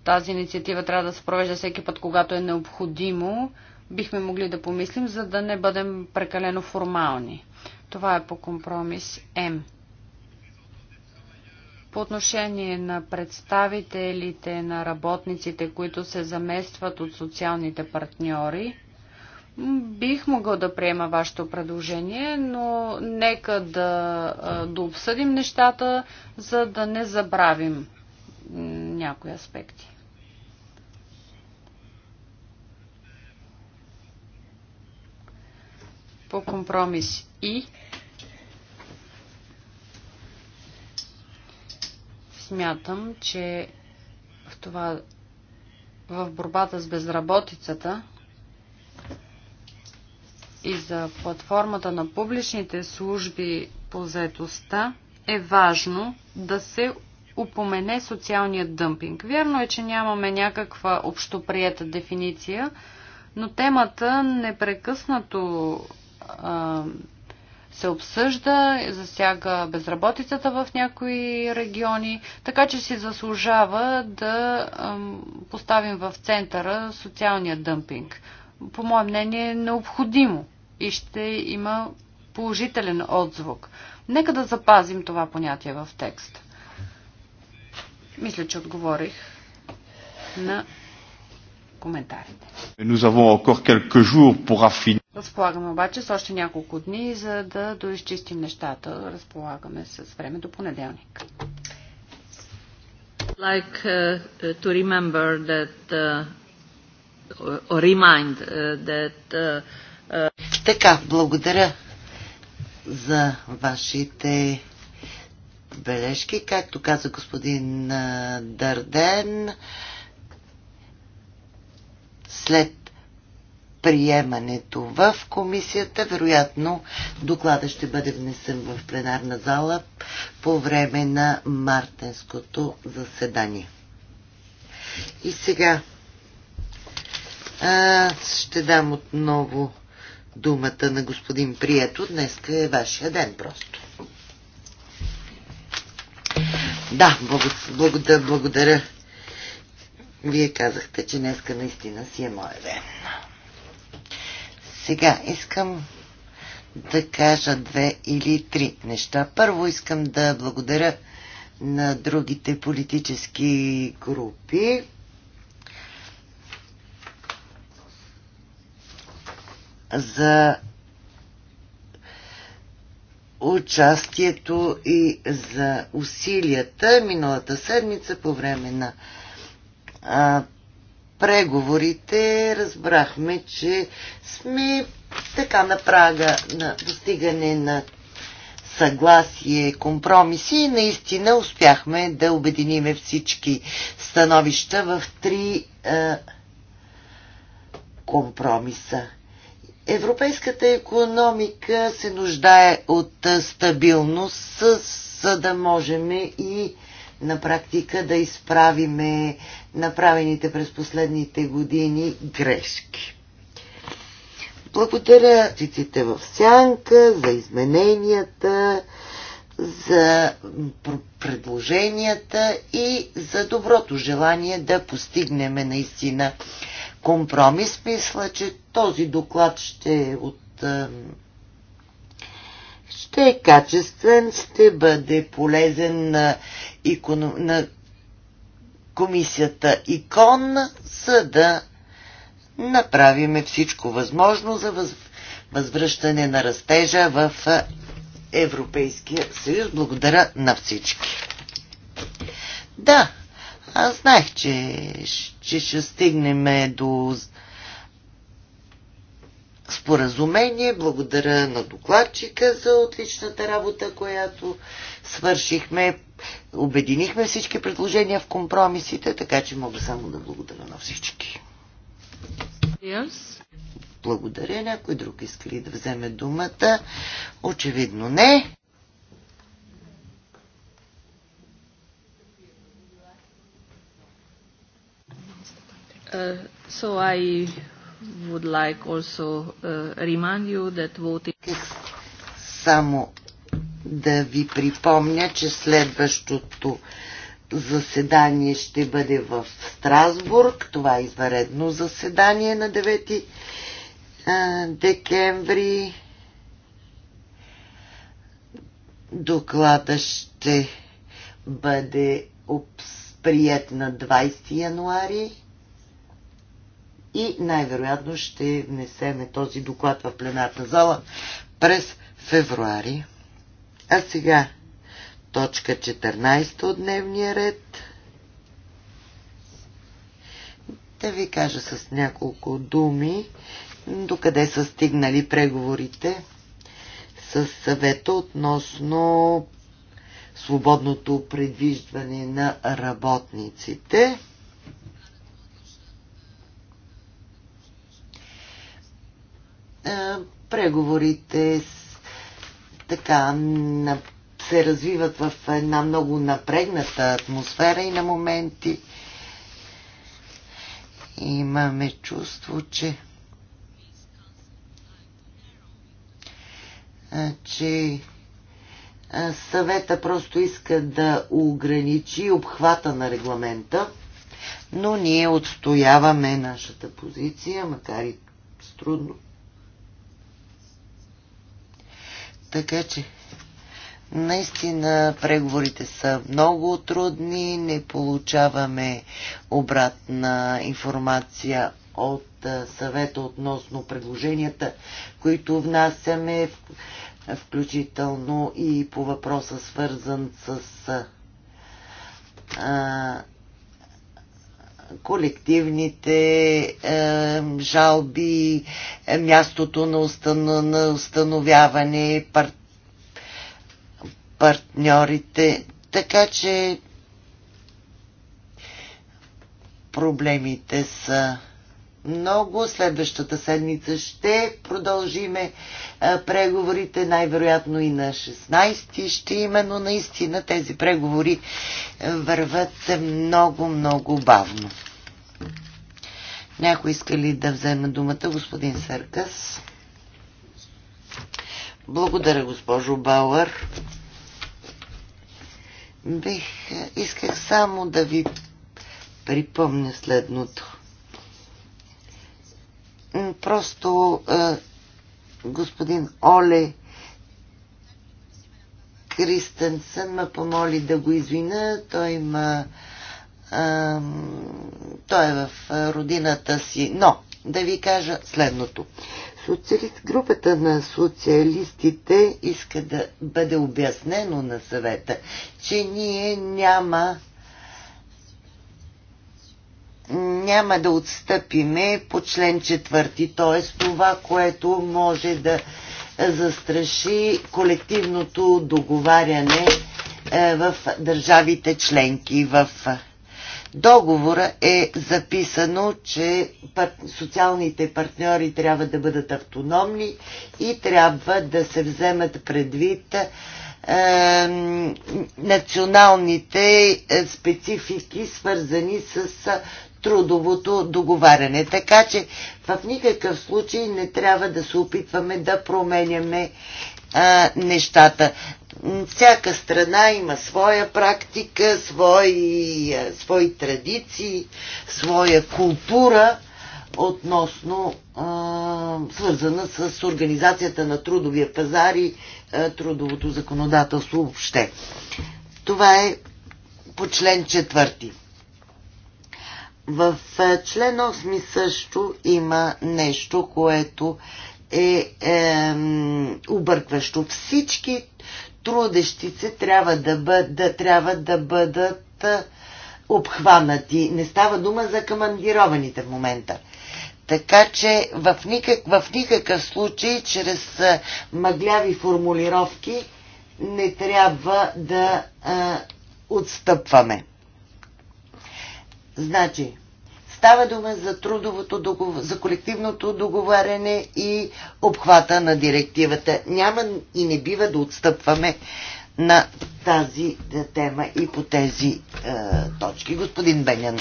Speaker 1: тази инициатива трябва да се провежда всеки път, когато е необходимо, бихме могли да помислим, за да не бъдем прекалено формални. Това е по компромис М. По отношение на представителите на работниците, които се заместват от социалните партньори, Бих могъл да приема вашето предложение, но нека да, да обсъдим нещата, за да не забравим някои аспекти. По компромис и смятам, че в това в борбата с безработицата и за платформата на публичните служби по заедостта е важно да се упомене социалния дъмпинг. Вярно е, че нямаме някаква общоприета дефиниция, но темата непрекъснато а, се обсъжда, засяга безработицата в някои региони, така че си заслужава да а, поставим в центъра социалния дъмпинг по мое мнение, е необходимо и ще има положителен отзвук. Нека да запазим това понятие в текст. Мисля, че отговорих на коментарите.
Speaker 4: Nous avons encore quelques jours pour affiner.
Speaker 1: Разполагаме обаче с още няколко дни, за да доизчистим нещата. Разполагаме с време до понеделник. Like uh, to remember that uh,
Speaker 2: remind uh, that uh, uh, Така, благодаря за вашите бележки. Както каза господин Дарден, след приемането в комисията. Вероятно доклада ще бъде внесен в пленарна зала по време на мартенското заседание. И сега аз ще дам отново думата на господин Прието. Днес е вашия ден просто. Да, благодаря, благодаря. Вие казахте, че днеска наистина си е моя ден. Сега искам да кажа две или три неща. Първо искам да благодаря на другите политически групи, за участието и за усилията миналата седмица по време на а, преговорите разбрахме, че сме така на прага на достигане на съгласие, компромиси и наистина успяхме да обединиме всички становища в три а, компромиса. Европейската економика се нуждае от стабилност, за да можем и на практика да изправиме направените през последните години грешки. Благодаря циците в сянка, за измененията, за предложенията и за доброто желание да постигнем наистина компромис. Мисля, че този доклад ще е от ще е качествен, ще бъде полезен на, икон... на комисията ИКОН, за да направиме всичко възможно за въз... възвръщане на растежа в Европейския съюз. Благодаря на всички. Да, аз знаех, че че ще стигнем до споразумение. Благодаря на докладчика за отличната работа, която свършихме. Обединихме всички предложения в компромисите, така че мога само да благодаря на всички. Yes. Благодаря. Някой друг иска ли да вземе думата? Очевидно не.
Speaker 4: Uh,
Speaker 1: so I would like also uh, remind you that voting...
Speaker 2: Само да ви припомня, че следващото заседание ще бъде в Страсбург. Това е изваредно заседание на 9 декември. Доклада ще бъде прият на 20 януари и най-вероятно ще внесеме този доклад в пленарна зала през февруари. А сега точка 14 от дневния ред. Да ви кажа с няколко думи докъде са стигнали преговорите с съвета относно свободното предвиждане на работниците. Е, преговорите с, така на, се развиват в една много напрегната атмосфера и на моменти имаме чувство, че е, че е, съвета просто иска да ограничи обхвата на регламента, но ние отстояваме нашата позиция, макар и с трудност. Така че, наистина преговорите са много трудни, не получаваме обратна информация от съвета относно предложенията, които внасяме, включително и по въпроса свързан с а, колективните е, жалби, е, мястото на, установ, на установяване, пар, партньорите. Така че проблемите са много. Следващата седмица ще продължиме преговорите, най-вероятно и на 16 ще именно наистина тези преговори върват много, много бавно. Някой иска ли да вземе думата? Господин Съркъс. Благодаря, госпожо Бауър. Бих, исках само да ви припомня следното. Просто е, господин Оле Кристенсън ме помоли да го извина. Той има той е в е, родината си. Но, да ви кажа следното. Социалист, групата на социалистите иска да бъде обяснено на съвета, че ние няма няма да отстъпиме по член четвърти, т.е. това, което може да застраши колективното договаряне е, в държавите членки. В договора е записано, че социалните партньори трябва да бъдат автономни и трябва да се вземат предвид е, националните е, специфики, свързани с трудовото договаряне. Така че в никакъв случай не трябва да се опитваме да променяме а, нещата. Всяка страна има своя практика, свои, а, свои традиции, своя култура относно а, свързана с организацията на трудовия пазар и а, трудовото законодателство въобще. Това е по член четвърти. В е, член 8 също има нещо, което е, е объркващо. Всички се трябва да, да, трябва да бъдат е, обхванати. Не става дума за командированите в момента. Така че в никакъв, в никакъв случай, чрез е, мъгляви формулировки, не трябва да е, отстъпваме. Значи, става дума за трудовото договор, за колективното договаряне и обхвата на директивата. Няма и не бива да отстъпваме на тази тема и по тези е, точки. Господин Бенян,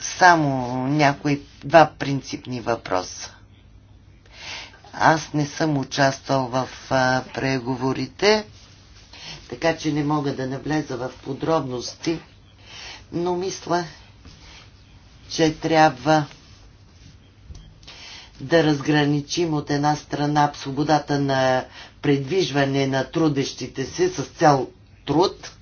Speaker 2: само някои два принципни въпроса. Аз не съм участвал в е, преговорите, така че не мога да навлеза в подробности но мисля, че трябва да разграничим от една страна свободата на предвижване на трудещите се с цел труд,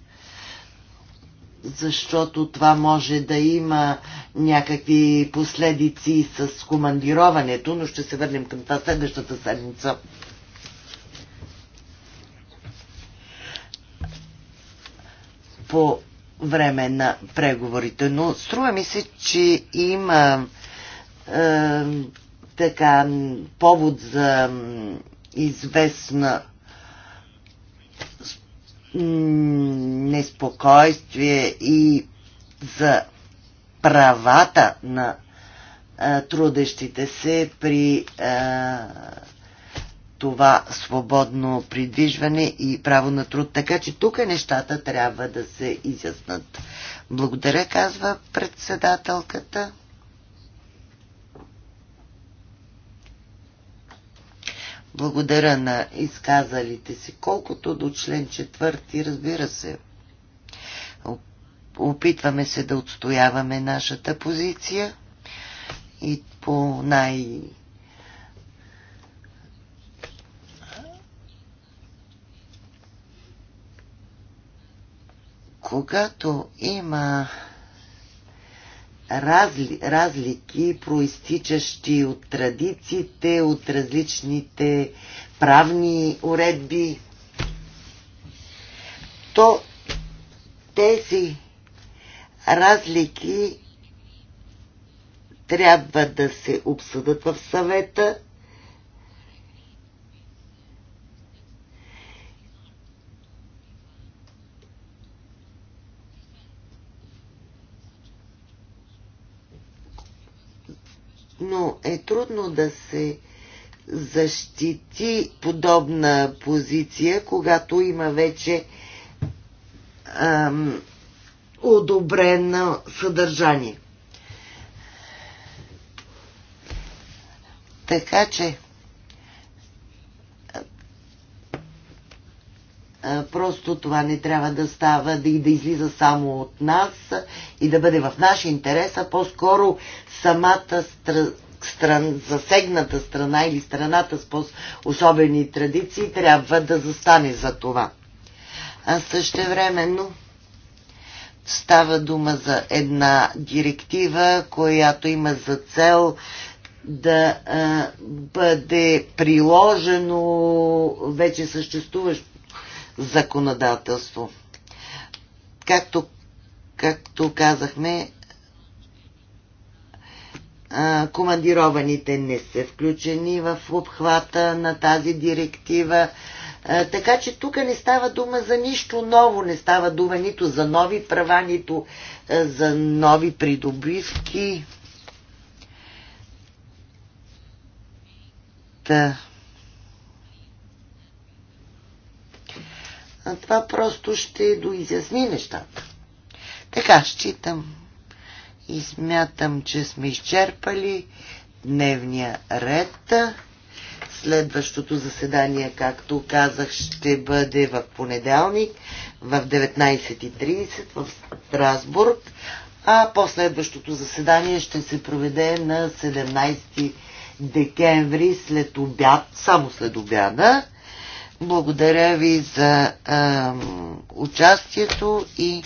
Speaker 2: защото това може да има някакви последици с командироването, но ще се върнем към това следващата седмица. По време на преговорите. Но струва ми се, че има е, така повод за известна неспокойствие и за правата на е, трудещите се при е, това свободно придвижване и право на труд. Така че тук нещата трябва да се изяснат. Благодаря, казва председателката. Благодаря на изказалите си, колкото до член четвърти, разбира се. Опитваме се да отстояваме нашата позиция и по най- Когато има разли, разлики, проистичащи от традициите, от различните правни уредби, то тези разлики трябва да се обсъдат в съвета но е трудно да се защити подобна позиция, когато има вече ам, одобрено съдържание. Така че Просто това не трябва да става да и да излиза само от нас и да бъде в наш интерес, а по-скоро самата стра... Стран, засегната страна или страната с особени традиции трябва да застане за това. А същевременно става дума за една директива, която има за цел да а, бъде приложено вече съществуващо законодателство. Както, както казахме, командированите не са включени в обхвата на тази директива. Така че тук не става дума за нищо ново, не става дума нито за нови права, нито за нови придобивки. Та. Да. А това просто ще доизясни нещата. Така, считам и смятам, че сме изчерпали дневния ред. Следващото заседание, както казах, ще бъде в понеделник в 19.30 в Страсбург, а последващото заседание ще се проведе на 17 декември след обяд, само след обяда. Благодаря ви за а, участието и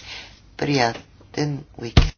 Speaker 2: приятен уикенд.